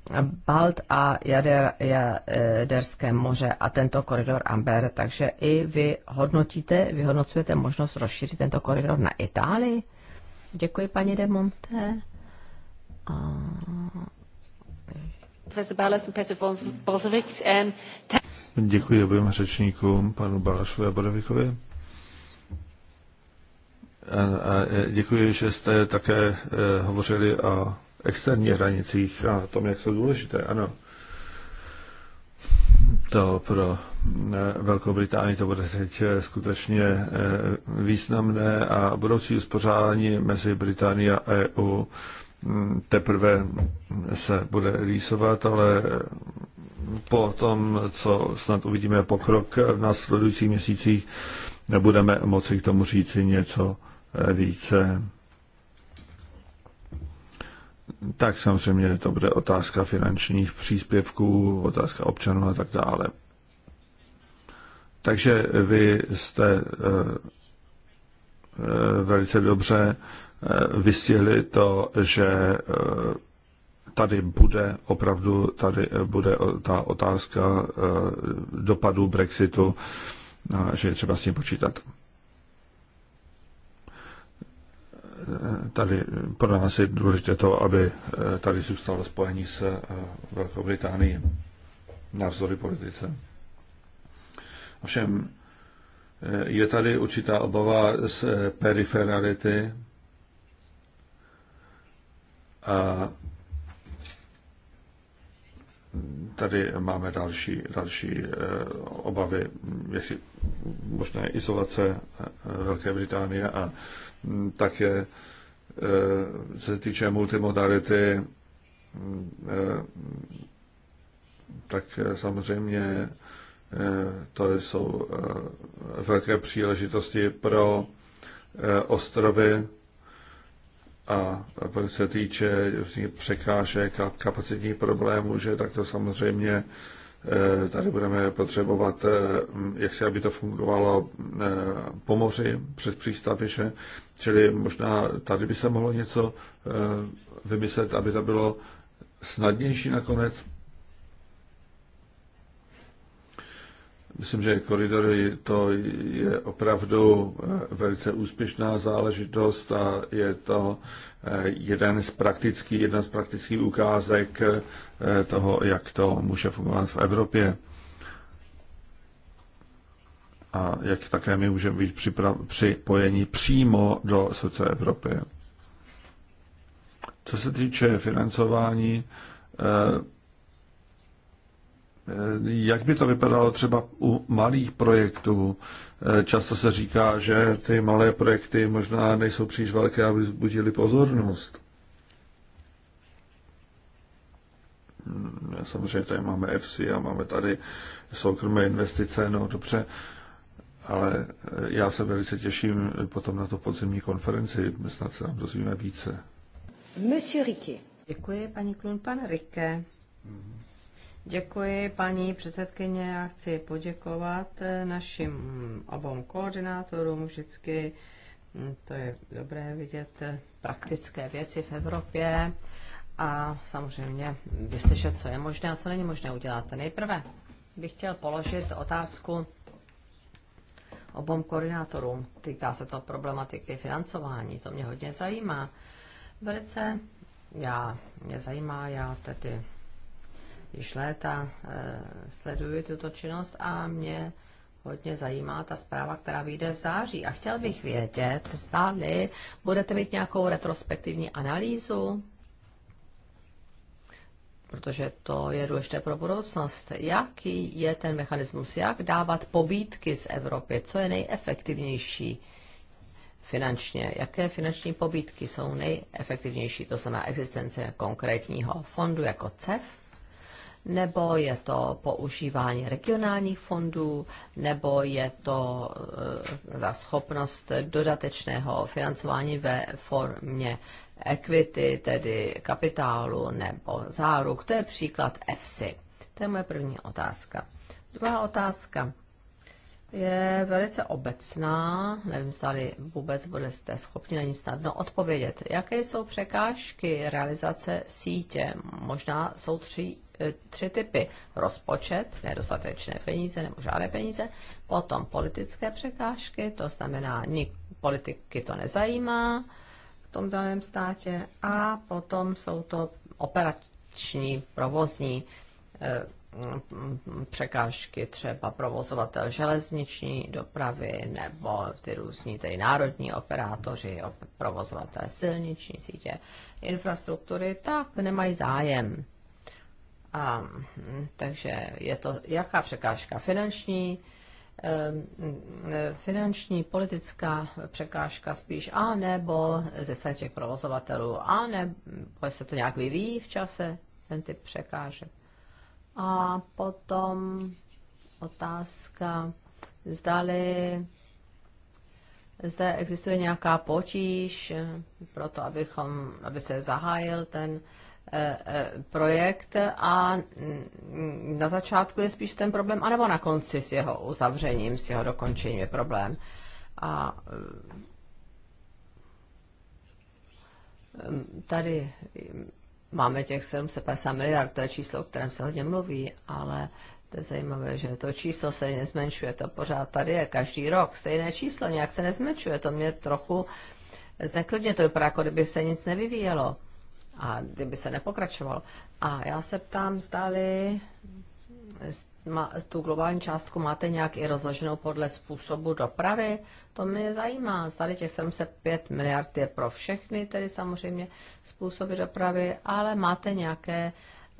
Balt a Jader, Jaderské moře a tento koridor Amber. Takže i vy hodnotíte, vyhodnocujete možnost rozšířit tento koridor na Itálii? Děkuji, paní de Monte. A... Um, děkuji oběma řečníkům, panu Balašovi a Borovikovi. A děkuji, že jste také eh, hovořili o externích hranicích a tom, jak jsou důležité. Ano, to pro eh, Velkou Británii to bude teď eh, skutečně eh, významné a budoucí uspořádání mezi Británií a EU hm, teprve se bude rýsovat, ale po tom, co snad uvidíme pokrok v následujících měsících, nebudeme moci k tomu říci něco více tak samozřejmě to bude otázka finančních příspěvků, otázka občanů a tak dále. Takže vy jste eh, eh, velice dobře eh, vystihli to, že tady bude opravdu tady bude ta otázka dopadu Brexitu, že je třeba s tím počítat. tady pro nás je důležité to, aby eh, tady zůstalo spojení s eh, Velkou Británií vzory politice. Ovšem, eh, je tady určitá obava z periferality a tady máme další, další eh, obavy, jestli možné izolace eh, Velké Británie a mm, také eh, se týče multimodality, mm, tak samozřejmě to jsou velké příležitosti pro ostrovy a pokud se týče vlastně překážek a kapacitních problémů, že tak to samozřejmě eh, tady budeme potřebovat, eh, jak si, aby to fungovalo eh, po moři přes přístavy, že? čili možná tady by se mohlo něco vymyslet, aby to bylo snadnější nakonec. Myslím, že koridory to je opravdu eh, velice úspěšná záležitost a je to eh, jeden z praktických, jedna z praktických ukázek eh, toho, jak to může fungovat v Evropě. A jak také my můžeme být připojeni přímo do srdce Evropy. Co se týče financování, Eh, jak by to vypadalo třeba u malých projektů? Eh, často se říká, že ty malé projekty možná nejsou příliš velké, aby vzbudili pozornost. Hmm, samozřejmě tady máme FC a máme tady soukromé investice, no dobře, ale eh, já se velice těším potom na to podzimní konferenci, snad se nám dozvíme více. Monsieur Riquet. Děkuji, paní Klun, pan Rike. Mm-hmm. Děkuji, paní předsedkyně. Já chci poděkovat eh, našim obou koordinátorům vždycky. Hm, to je dobré vidět eh, praktické věci v Evropě a samozřejmě vyslyšet, co je možné a co není možné udělat. Nejprve bych chtěl položit otázku obom koordinátorům. Týká se to problematiky financování, to mě hodně zajímá. Velice já, mě zajímá, já tedy již léta e, sleduji tuto činnost a mě hodně zajímá ta zpráva, která vyjde v září. A chtěl bych vědět, zdali budete mít nějakou retrospektivní analýzu, protože to je důležité pro budoucnost. Jaký je ten mechanismus, jak dávat pobídky z Evropy, co je nejefektivnější finančně, jaké finanční pobídky jsou nejefektivnější, to znamená existence konkrétního fondu jako CEF, nebo je to používání regionálních fondů, nebo je to za eh, schopnost dodatečného financování ve formě equity, tedy kapitálu nebo záruk. To je příklad EFSI. To je moje první otázka. Druhá otázka je velice obecná, nevím, zda-li vůbec budete schopni na ní snadno odpovědět. Jaké jsou překážky realizace sítě? Možná jsou tři tři typy. Rozpočet, nedostatečné peníze nebo žádné peníze, potom politické překážky, to znamená, nik, politiky to nezajímá v tom daném státě, a potom jsou to operační, provozní eh, překážky, třeba provozovatel železniční dopravy nebo ty různí tedy národní operátoři, provozovatel silniční sítě, infrastruktury, tak nemají zájem a hm, takže je to jaká překážka? Finanční, finanční, politická překážka spíš, a nebo ze strany těch provozovatelů, a nebo se to nějak vyvíjí v čase, ten typ překážek. A potom otázka, zdali zde existuje nějaká potíž pro to, abychom, aby se zahájil ten Eh, eh, projekt a mm, na začátku je spíš ten problém, anebo na konci s jeho uzavřením, s jeho dokončením je problém. A eh, mm, tady máme těch 750 miliard, to je číslo, o kterém se hodně mluví, ale to je zajímavé, že to číslo se nezmenšuje, to pořád tady je každý rok, stejné číslo, nějak se nezmenšuje, to mě trochu zneklidně, to vypadá, jako kdyby se nic nevyvíjelo a kdyby se nepokračovalo. A já se ptám, zdali tu globální částku máte nějak i rozloženou podle způsobu dopravy? To mě zajímá. Zdali těch 75 miliard je pro všechny, tedy samozřejmě způsoby dopravy, ale máte nějaké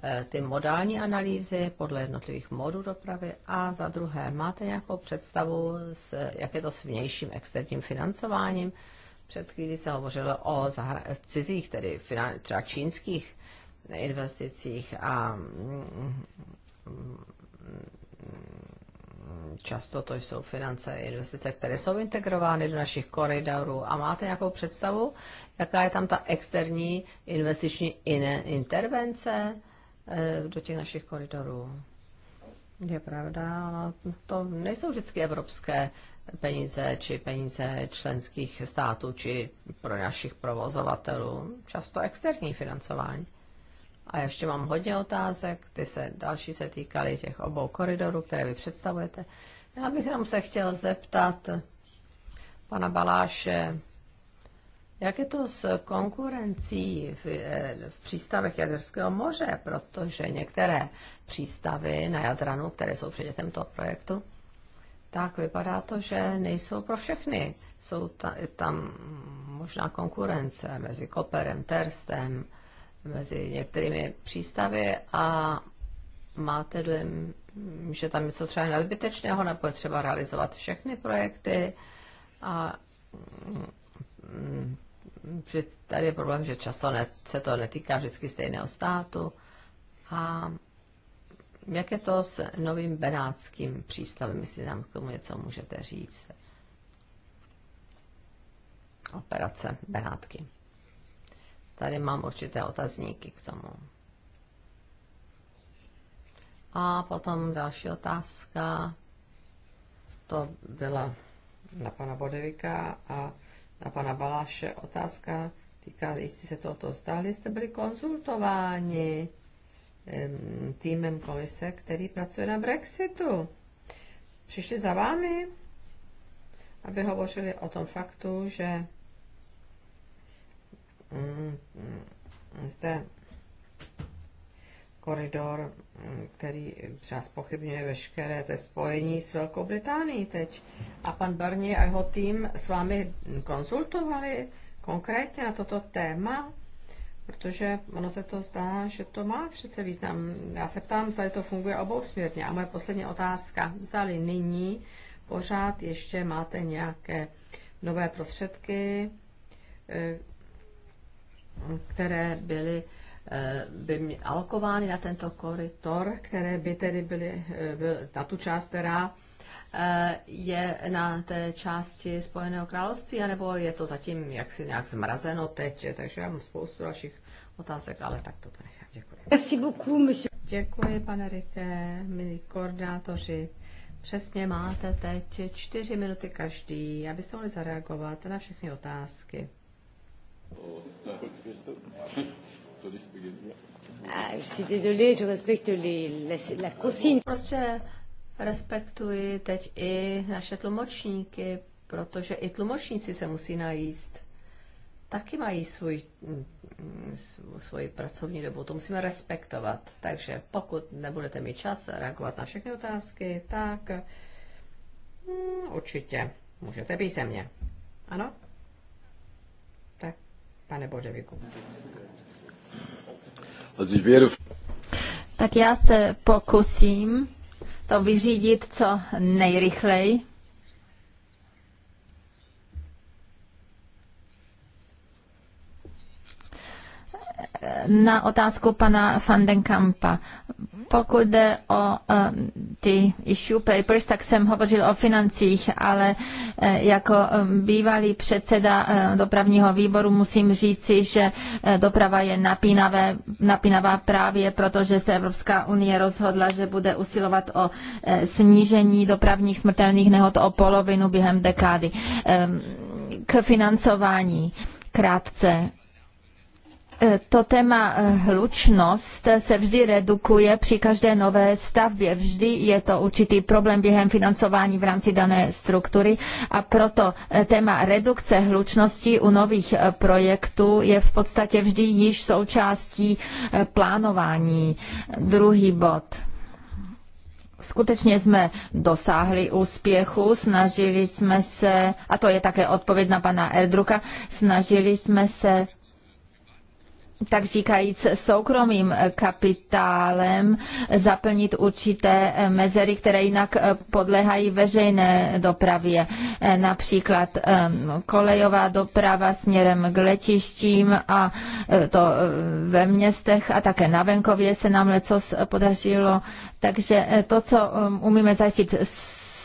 eh, ty modální analýzy podle jednotlivých modů dopravy a za druhé, máte nějakou představu, s, jak je to s vnějším externím financováním? Před chvíli se hovořilo o zahra- cizích, tedy finan- třeba čínských investicích a mm, často to jsou finance, investice, které jsou integrovány do našich koridorů. A máte nějakou představu, jaká je tam ta externí investiční in- intervence eh, do těch našich koridorů? Je pravda, to nejsou vždycky evropské peníze či peníze členských států či pro našich provozovatelů, často externí financování. A ještě mám hodně otázek, ty se další se týkaly těch obou koridorů, které vy představujete. Já bych jenom se chtěl zeptat pana Baláše, jak je to s konkurencí v, eh, v přístavech Jaderského moře, protože některé přístavy na Jadranu, které jsou předmětem toho projektu, tak vypadá to, že nejsou pro všechny. Jsou ta, tam možná konkurence mezi Koperem, Terstem, mezi některými přístavy a máte dojem, že tam něco třeba nadbytečného, nebo je třeba realizovat všechny projekty a mm, že tady je problém, že často ne, se to netýká vždycky stejného státu a jak je to s novým benátským přístavem, jestli nám k tomu něco můžete říct? Operace Benátky. Tady mám určité otazníky k tomu. A potom další otázka. To byla na pana Bodevika a na pana Baláše otázka týkající se tohoto. Zdáli jste byli konzultováni týmem komise, který pracuje na Brexitu. Přišli za vámi, aby hovořili o tom faktu, že mm, mm, zde koridor, mm, který třeba spochybňuje veškeré té spojení s Velkou Británií teď. A pan Barnier a jeho tým s vámi konzultovali konkrétně na toto téma? protože ono se to zdá, že to má přece význam. Já se ptám, zda to funguje obousměrně. A moje poslední otázka, zdali nyní pořád ještě máte nějaké nové prostředky, eh, které byly eh, by mě alokovány na tento koridor, které by tedy byly, eh, byly na tu část, která Eh, je na té části Spojeného království, anebo je to zatím jaksi nějak zmrazeno teď, takže já mám spoustu dalších otázek, ale tak to nechám. Děkuji. Merci beaucoup, monsieur. Děkuji, pane Rike, milí koordinátoři. Přesně máte teď čtyři minuty každý, abyste mohli zareagovat na všechny otázky. Ah, je suis désolée, je respecte les, la, la consigne. Prostě Respektuji teď i naše tlumočníky, protože i tlumočníci se musí najíst. Taky mají svůj, mm, svoji pracovní dobu, to musíme respektovat. Takže pokud nebudete mít čas reagovat na všechny otázky, tak mm, určitě můžete písemně. Ano? Tak, pane Bodeviku. Tak já se pokusím to vyřídit co nejrychleji na otázku pana Fandenkampa. Pokud jde o um, ty issue papers, tak jsem hovořil o financích, ale eh, jako um, bývalý předseda eh, dopravního výboru musím říci, že eh, doprava je napínavé, napínavá právě proto, že se Evropská unie rozhodla, že bude usilovat o snížení dopravních smrtelných nehod o polovinu během dekády. Ehm, k financování krátce Eh, to téma eh, hlučnost se vždy redukuje při každé nové stavbě. Vždy je to určitý problém během financování v rámci dané struktury a proto eh, téma redukce hlučnosti u nových projektů je v podstatě vždy již součástí plánování. Druhý bod. Skutečně jsme dosáhli úspěchu, snažili jsme se, a to je také odpověď na pana Erdruka, snažili jsme se tak říkajíc soukromým kapitálem zaplnit určité mezery, které jinak eh, podléhají veřejné dopravě. Eh, například eh, kolejová doprava směrem k letištím a to ve městech a také na venkově se nám lecos podařilo. Takže to, co umíme zajistit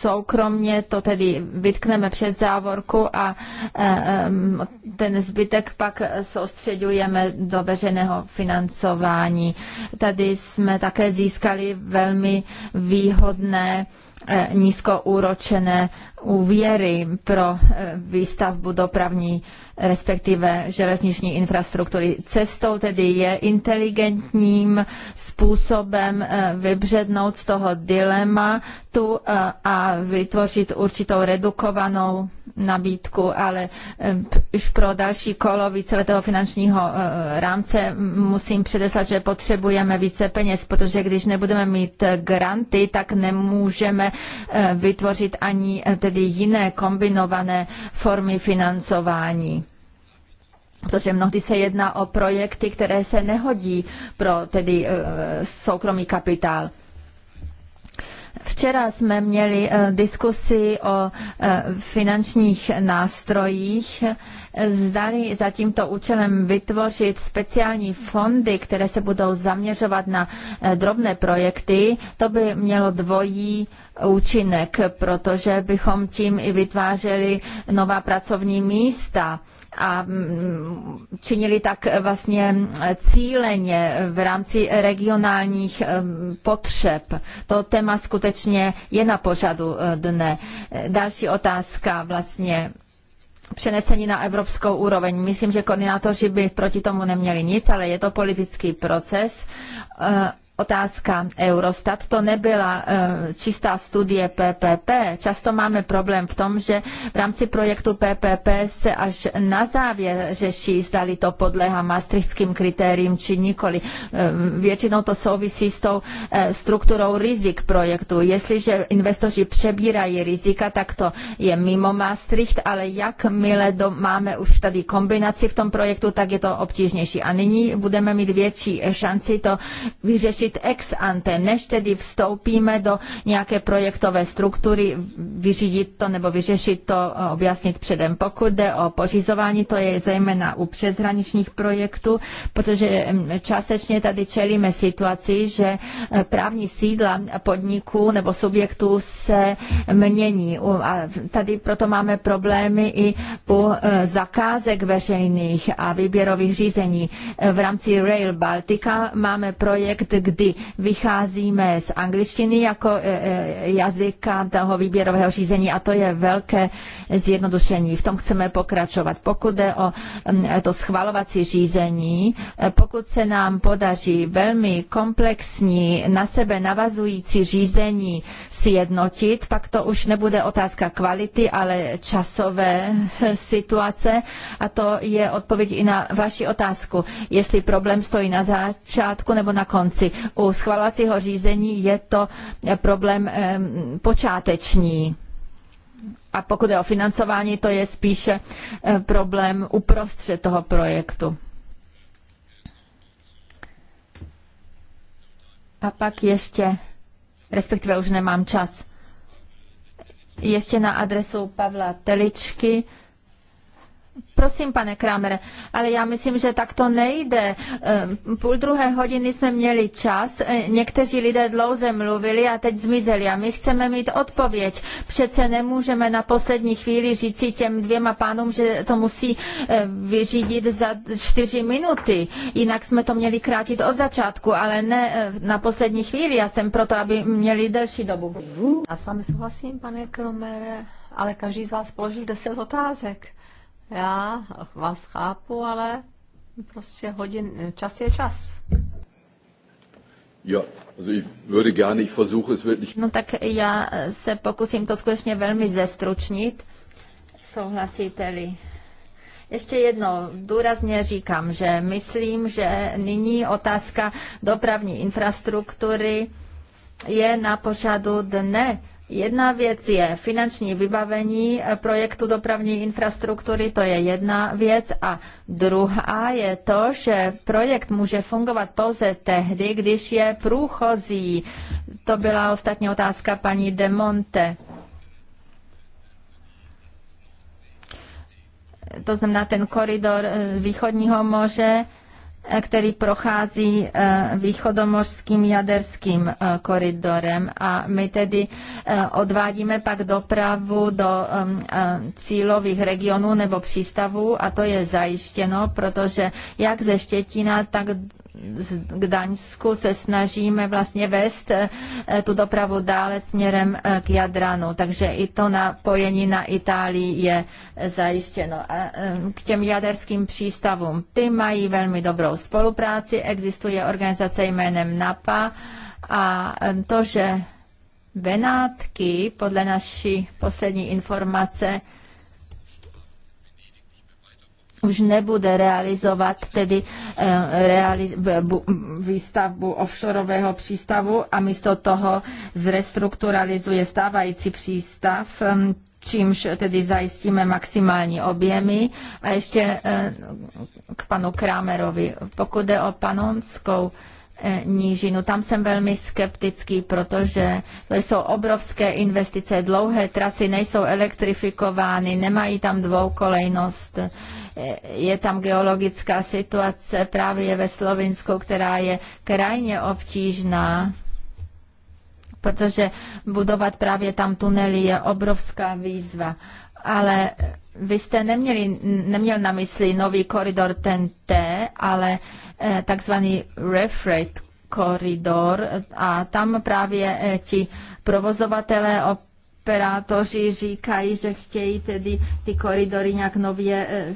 soukromně, to tedy vytkneme před závorku a e, e, ten zbytek pak soustředujeme do veřejného financování. Tady jsme také získali velmi výhodné Eh, nízkoúročené úvěry pro eh, výstavbu dopravní, respektive železniční infrastruktury. Cestou tedy je inteligentním způsobem eh, vybřednout z toho dilema tu a vytvořit určitou redukovanou nabídku, ale už pro další kolo víceletého finančního rámce musím předeslat, že potřebujeme více peněz, protože když nebudeme mít granty, tak nemůžeme Eh, vytvořit ani eh, tedy jiné kombinované formy financování protože mnohdy se jedná o projekty, které se nehodí pro tedy eh, soukromý kapitál. Včera jsme měli eh, diskusi o eh, finančních nástrojích. Zdali za tímto účelem vytvořit speciální fondy, které se budou zaměřovat na eh, drobné projekty, to by mělo dvojí účinek, protože bychom tím i vytvářeli nová pracovní místa a mm, činili tak vlastně cíleně v rámci regionálních mm, potřeb. To téma skutečně je na pořadu e, dne. Další otázka vlastně přenesení na evropskou úroveň. Myslím, že koordinátoři by proti tomu neměli nic, ale je to politický proces e, otázka Eurostat. To nebyla eh, čistá studie PPP. Často máme problém v tom, že v rámci projektu PPP se až na závěr řeší, zdali to podléhá maastrichtským kritériím či nikoli. Eh, většinou to souvisí s tou eh, strukturou rizik projektu. Jestliže investoři přebírají rizika, tak to je mimo Maastricht, ale jakmile do, máme už tady kombinaci v tom projektu, tak je to obtížnější. A nyní budeme mít větší šanci to vyřešit řešit ex ante, než tedy vstoupíme do nějaké projektové struktury, vyřídit to nebo vyřešit to, eh, objasnit předem. Pokud jde o pořizování, to je zejména u přeshraničních projektů, protože mm, částečně tady čelíme situaci, že eh, právní sídla podniků nebo subjektů se mění. A tady proto máme problémy i u eh, zakázek veřejných a výběrových řízení. V rámci Rail Baltica máme projekt, kdy vycházíme z angličtiny jako e, e, jazyka toho výběrového řízení a to je velké zjednodušení. V tom chceme pokračovat. Pokud jde o to schvalovací řízení, e, pokud se nám podaří velmi komplexní, na sebe navazující řízení sjednotit, pak to už nebude otázka kvality, ale časové situace a to je odpověď i na vaši otázku, jestli problém stojí na začátku nebo na konci u schvalovacího řízení je to eh, problém eh, počáteční. A pokud je o financování, to je spíše eh, problém uprostřed toho projektu. A pak ještě, respektive už nemám čas, ještě na adresu Pavla Teličky Prosím, pane Kramere, ale já myslím, že tak to nejde. Ehm, půl druhé hodiny jsme měli čas, e, někteří lidé dlouze mluvili a teď zmizeli a my chceme mít odpověď. Přece nemůžeme na poslední chvíli říci těm dvěma pánům, že to musí e, vyřídit za čtyři minuty. Jinak jsme to měli krátit od začátku, ale ne e, na poslední chvíli. Já jsem proto, aby měli delší dobu. Já s vámi souhlasím, pane Kramere, ale každý z vás položil deset otázek. Já vás chápu, ale prostě hodin, čas je čas. Jo, No tak já se pokusím to skutečně velmi zestručnit, souhlasíte-li. Ještě jednou důrazně říkám, že myslím, že nyní otázka dopravní infrastruktury je na pořadu dne Jedna věc je finanční vybavení projektu dopravní infrastruktury, to je jedna věc. A druhá je to, že projekt může fungovat pouze tehdy, když je průchozí. To byla ostatní otázka paní De Monte. To znamená ten koridor eh, východního moře který prochází eh, východomořským jaderským eh, koridorem a my tedy eh, odvádíme pak dopravu do cílových regionů nebo přístavů a to je zajištěno, protože jak ze Štětína, tak z Gdaňsku se snažíme vlastně vést eh, tu dopravu dále směrem eh, k Jadranu, takže i to napojení na Itálii je zajištěno. A eh, k těm jaderským přístavům. Ty mají velmi dobrou spolupráci, existuje organizace jménem NAPA a to, že Benátky podle naší poslední informace už nebude realizovat tedy eh, realiz, výstavbu offshoreového přístavu a místo toho zrestrukturalizuje stávající přístav, eh, čímž tedy zajistíme maximální objemy. A ještě eh, k panu Kramerovi, pokud jde o panonskou nížinu. Tam jsem velmi skeptický, protože to jsou obrovské investice, dlouhé trasy nejsou elektrifikovány, nemají tam dvoukolejnost, je tam geologická situace právě ve Slovinsku, která je krajně obtížná protože budovat právě tam tunely je obrovská výzva. Ale vy jste neměli, neměl na mysli nový koridor TNT, ale eh, takzvaný refreight koridor a tam právě eh, ti provozovatelé operátoři říkají, že chtějí tedy ty koridory nějak nově eh,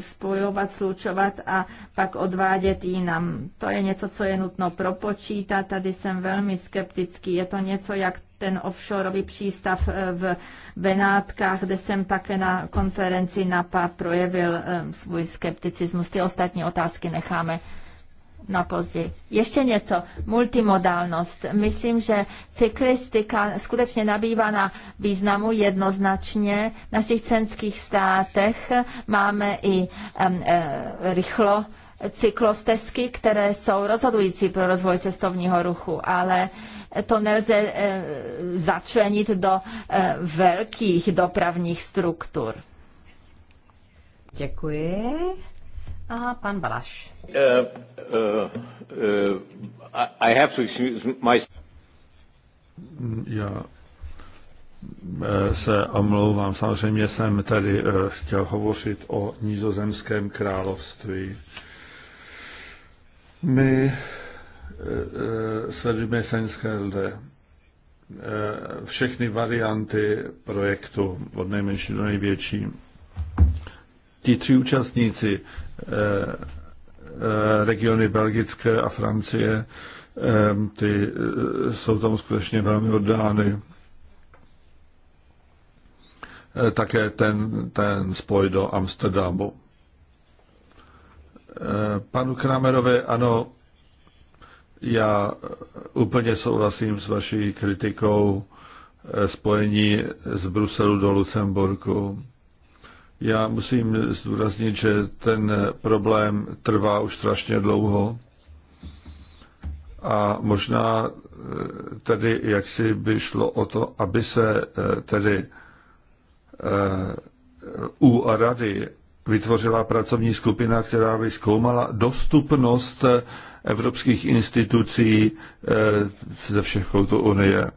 spojovat, slučovat a pak odvádět jinam. To je něco, co je nutno propočítat. Tady jsem velmi skeptický. Je to něco, jak ten offshoreový přístav eh, v Benátkách, kde jsem také na konferenci NAPA projevil eh, svůj skepticismus. Ty ostatní otázky necháme na později. Ještě něco, multimodálnost. Myslím, že cyklistika skutečně nabývá na významu jednoznačně. V našich členských státech máme i um, uh, rychlo cyklostezky, které jsou rozhodující pro rozvoj cestovního ruchu, ale to nelze e, začlenit do e, velkých dopravních struktur. Děkuji. A pan Balaš. Uh, uh, uh, I have to excuse my... Já eh, se omlouvám, samozřejmě jsem tady eh, chtěl hovořit o nízozemském království. My eh, sledujeme Seinskelde všechny varianty projektu, od nejmenší do největší. Ti tři účastníci Eh, eh, regiony Belgické a Francie, eh, ty jsou tam skutečně velmi oddány. Také ten, ten spoj do Amsterdamu. Panu Kramerovi, ano, já úplně souhlasím s vaší kritikou spojení z Bruselu do Lucemburku. Já musím zdůraznit, že ten problém trvá už strašně dlouho a možná eh, tedy jak si by šlo o to, aby se eh, tedy eh, u rady vytvořila pracovní skupina, která by zkoumala dostupnost evropských institucí ze všech koutů Unie.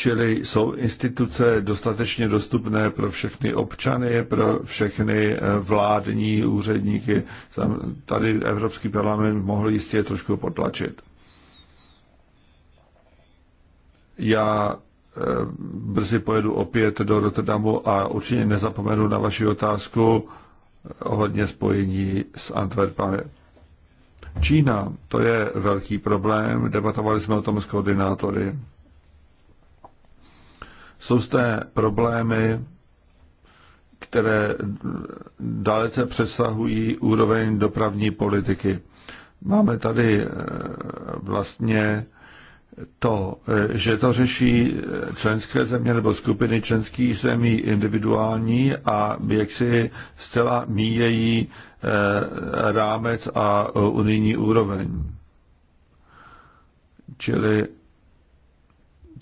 Čili jsou instituce dostatečně dostupné pro všechny občany, pro všechny eh, vládní úředníky. Tady Evropský parlament mohl jistě trošku potlačit. Já eh, brzy pojedu opět do Rotterdamu a určitě nezapomenu na vaši otázku eh, ohledně spojení s Antwerpami. Čína, to je velký problém, debatovali jsme o tom s koordinátory. Jsou zde problémy, které dalece přesahují úroveň dopravní politiky. Máme tady eh, vlastně to, eh, že to řeší eh, členské země nebo skupiny členských zemí individuální a jak si zcela míjejí rámec a unijní úroveň. Čili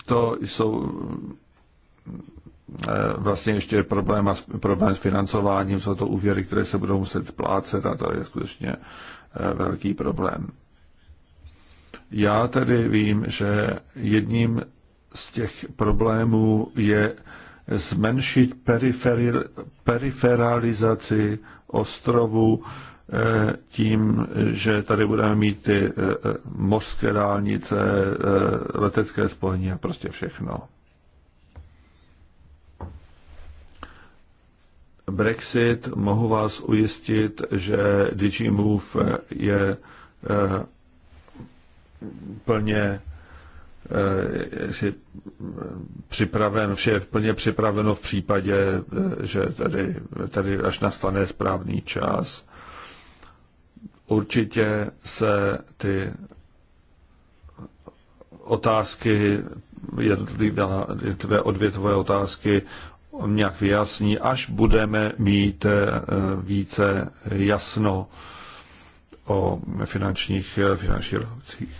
to jsou Eh, vlastně ještě je problém, problém s financováním, jsou to úvěry, které se budou muset splácet a to je skutečně eh, velký problém. Já tedy vím, že jedním z těch problémů je zmenšit periferalizaci ostrovu eh, tím, že tady budeme mít ty mořské dálnice, letecké spojení a prostě všechno. Brexit, mohu vás ujistit, že DigiMove je eh, plně eh, jestli eh, připraven, vše je plně připraveno v případě, že tady, tady až nastane správný čas. Určitě se ty otázky, jednotlivé odvětové otázky nějak vyjasní, až budeme mít eh, více jasno o finančních, eh, finančních revolucích.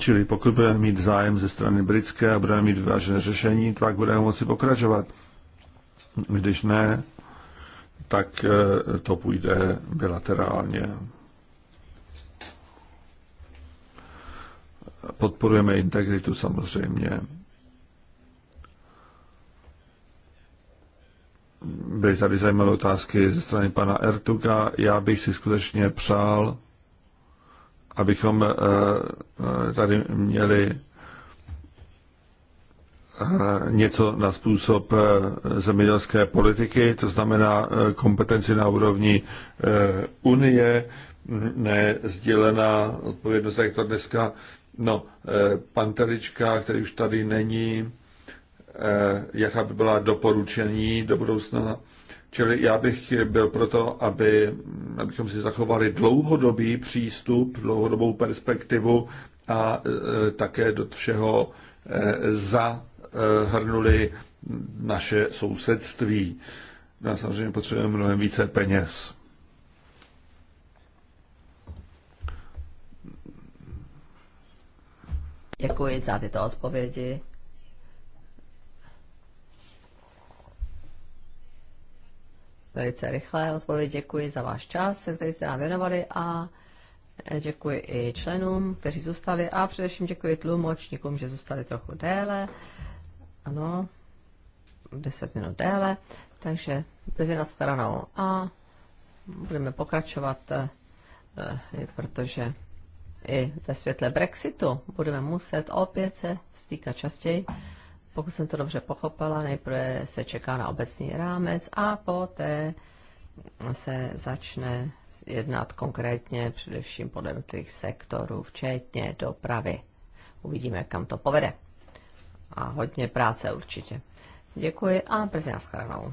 Čili pokud budeme mít zájem ze strany britské a budeme mít vážné řešení, tak budeme moci pokračovat. Když ne, tak eh, to půjde bilaterálně. Podporujeme integritu samozřejmě. byly tady zajímavé otázky ze strany pana Ertuga. Já bych si skutečně přál, abychom eh, eh, tady měli eh, něco na způsob zemědělské politiky, to znamená kompetenci na úrovni Unie, ne sdělená odpovědnost, jak to dneska, no, pan Telička, který už tady není, Eh, jaká by byla doporučení do budoucna. Čili já bych byl proto, aby, abychom si zachovali dlouhodobý přístup, dlouhodobou perspektivu a eh, také do všeho eh, zahrnuli naše sousedství. Já no samozřejmě potřebujeme mnohem více peněz. Děkuji za tyto odpovědi. velice rychlé odpověď. Děkuji za váš čas, který jste nám věnovali a děkuji i členům, kteří zůstali a především děkuji tlumočníkům, že zůstali trochu déle. Ano, 10 minut déle, takže brzy na stranou a budeme pokračovat, eh, protože i ve světle Brexitu budeme muset opět se stýkat častěji pokud jsem to dobře pochopila, nejprve se čeká na obecný rámec a poté se začne jednat konkrétně především podle těch sektorů, včetně dopravy. Uvidíme, kam to povede. A hodně práce určitě. Děkuji a brzy nashledanou.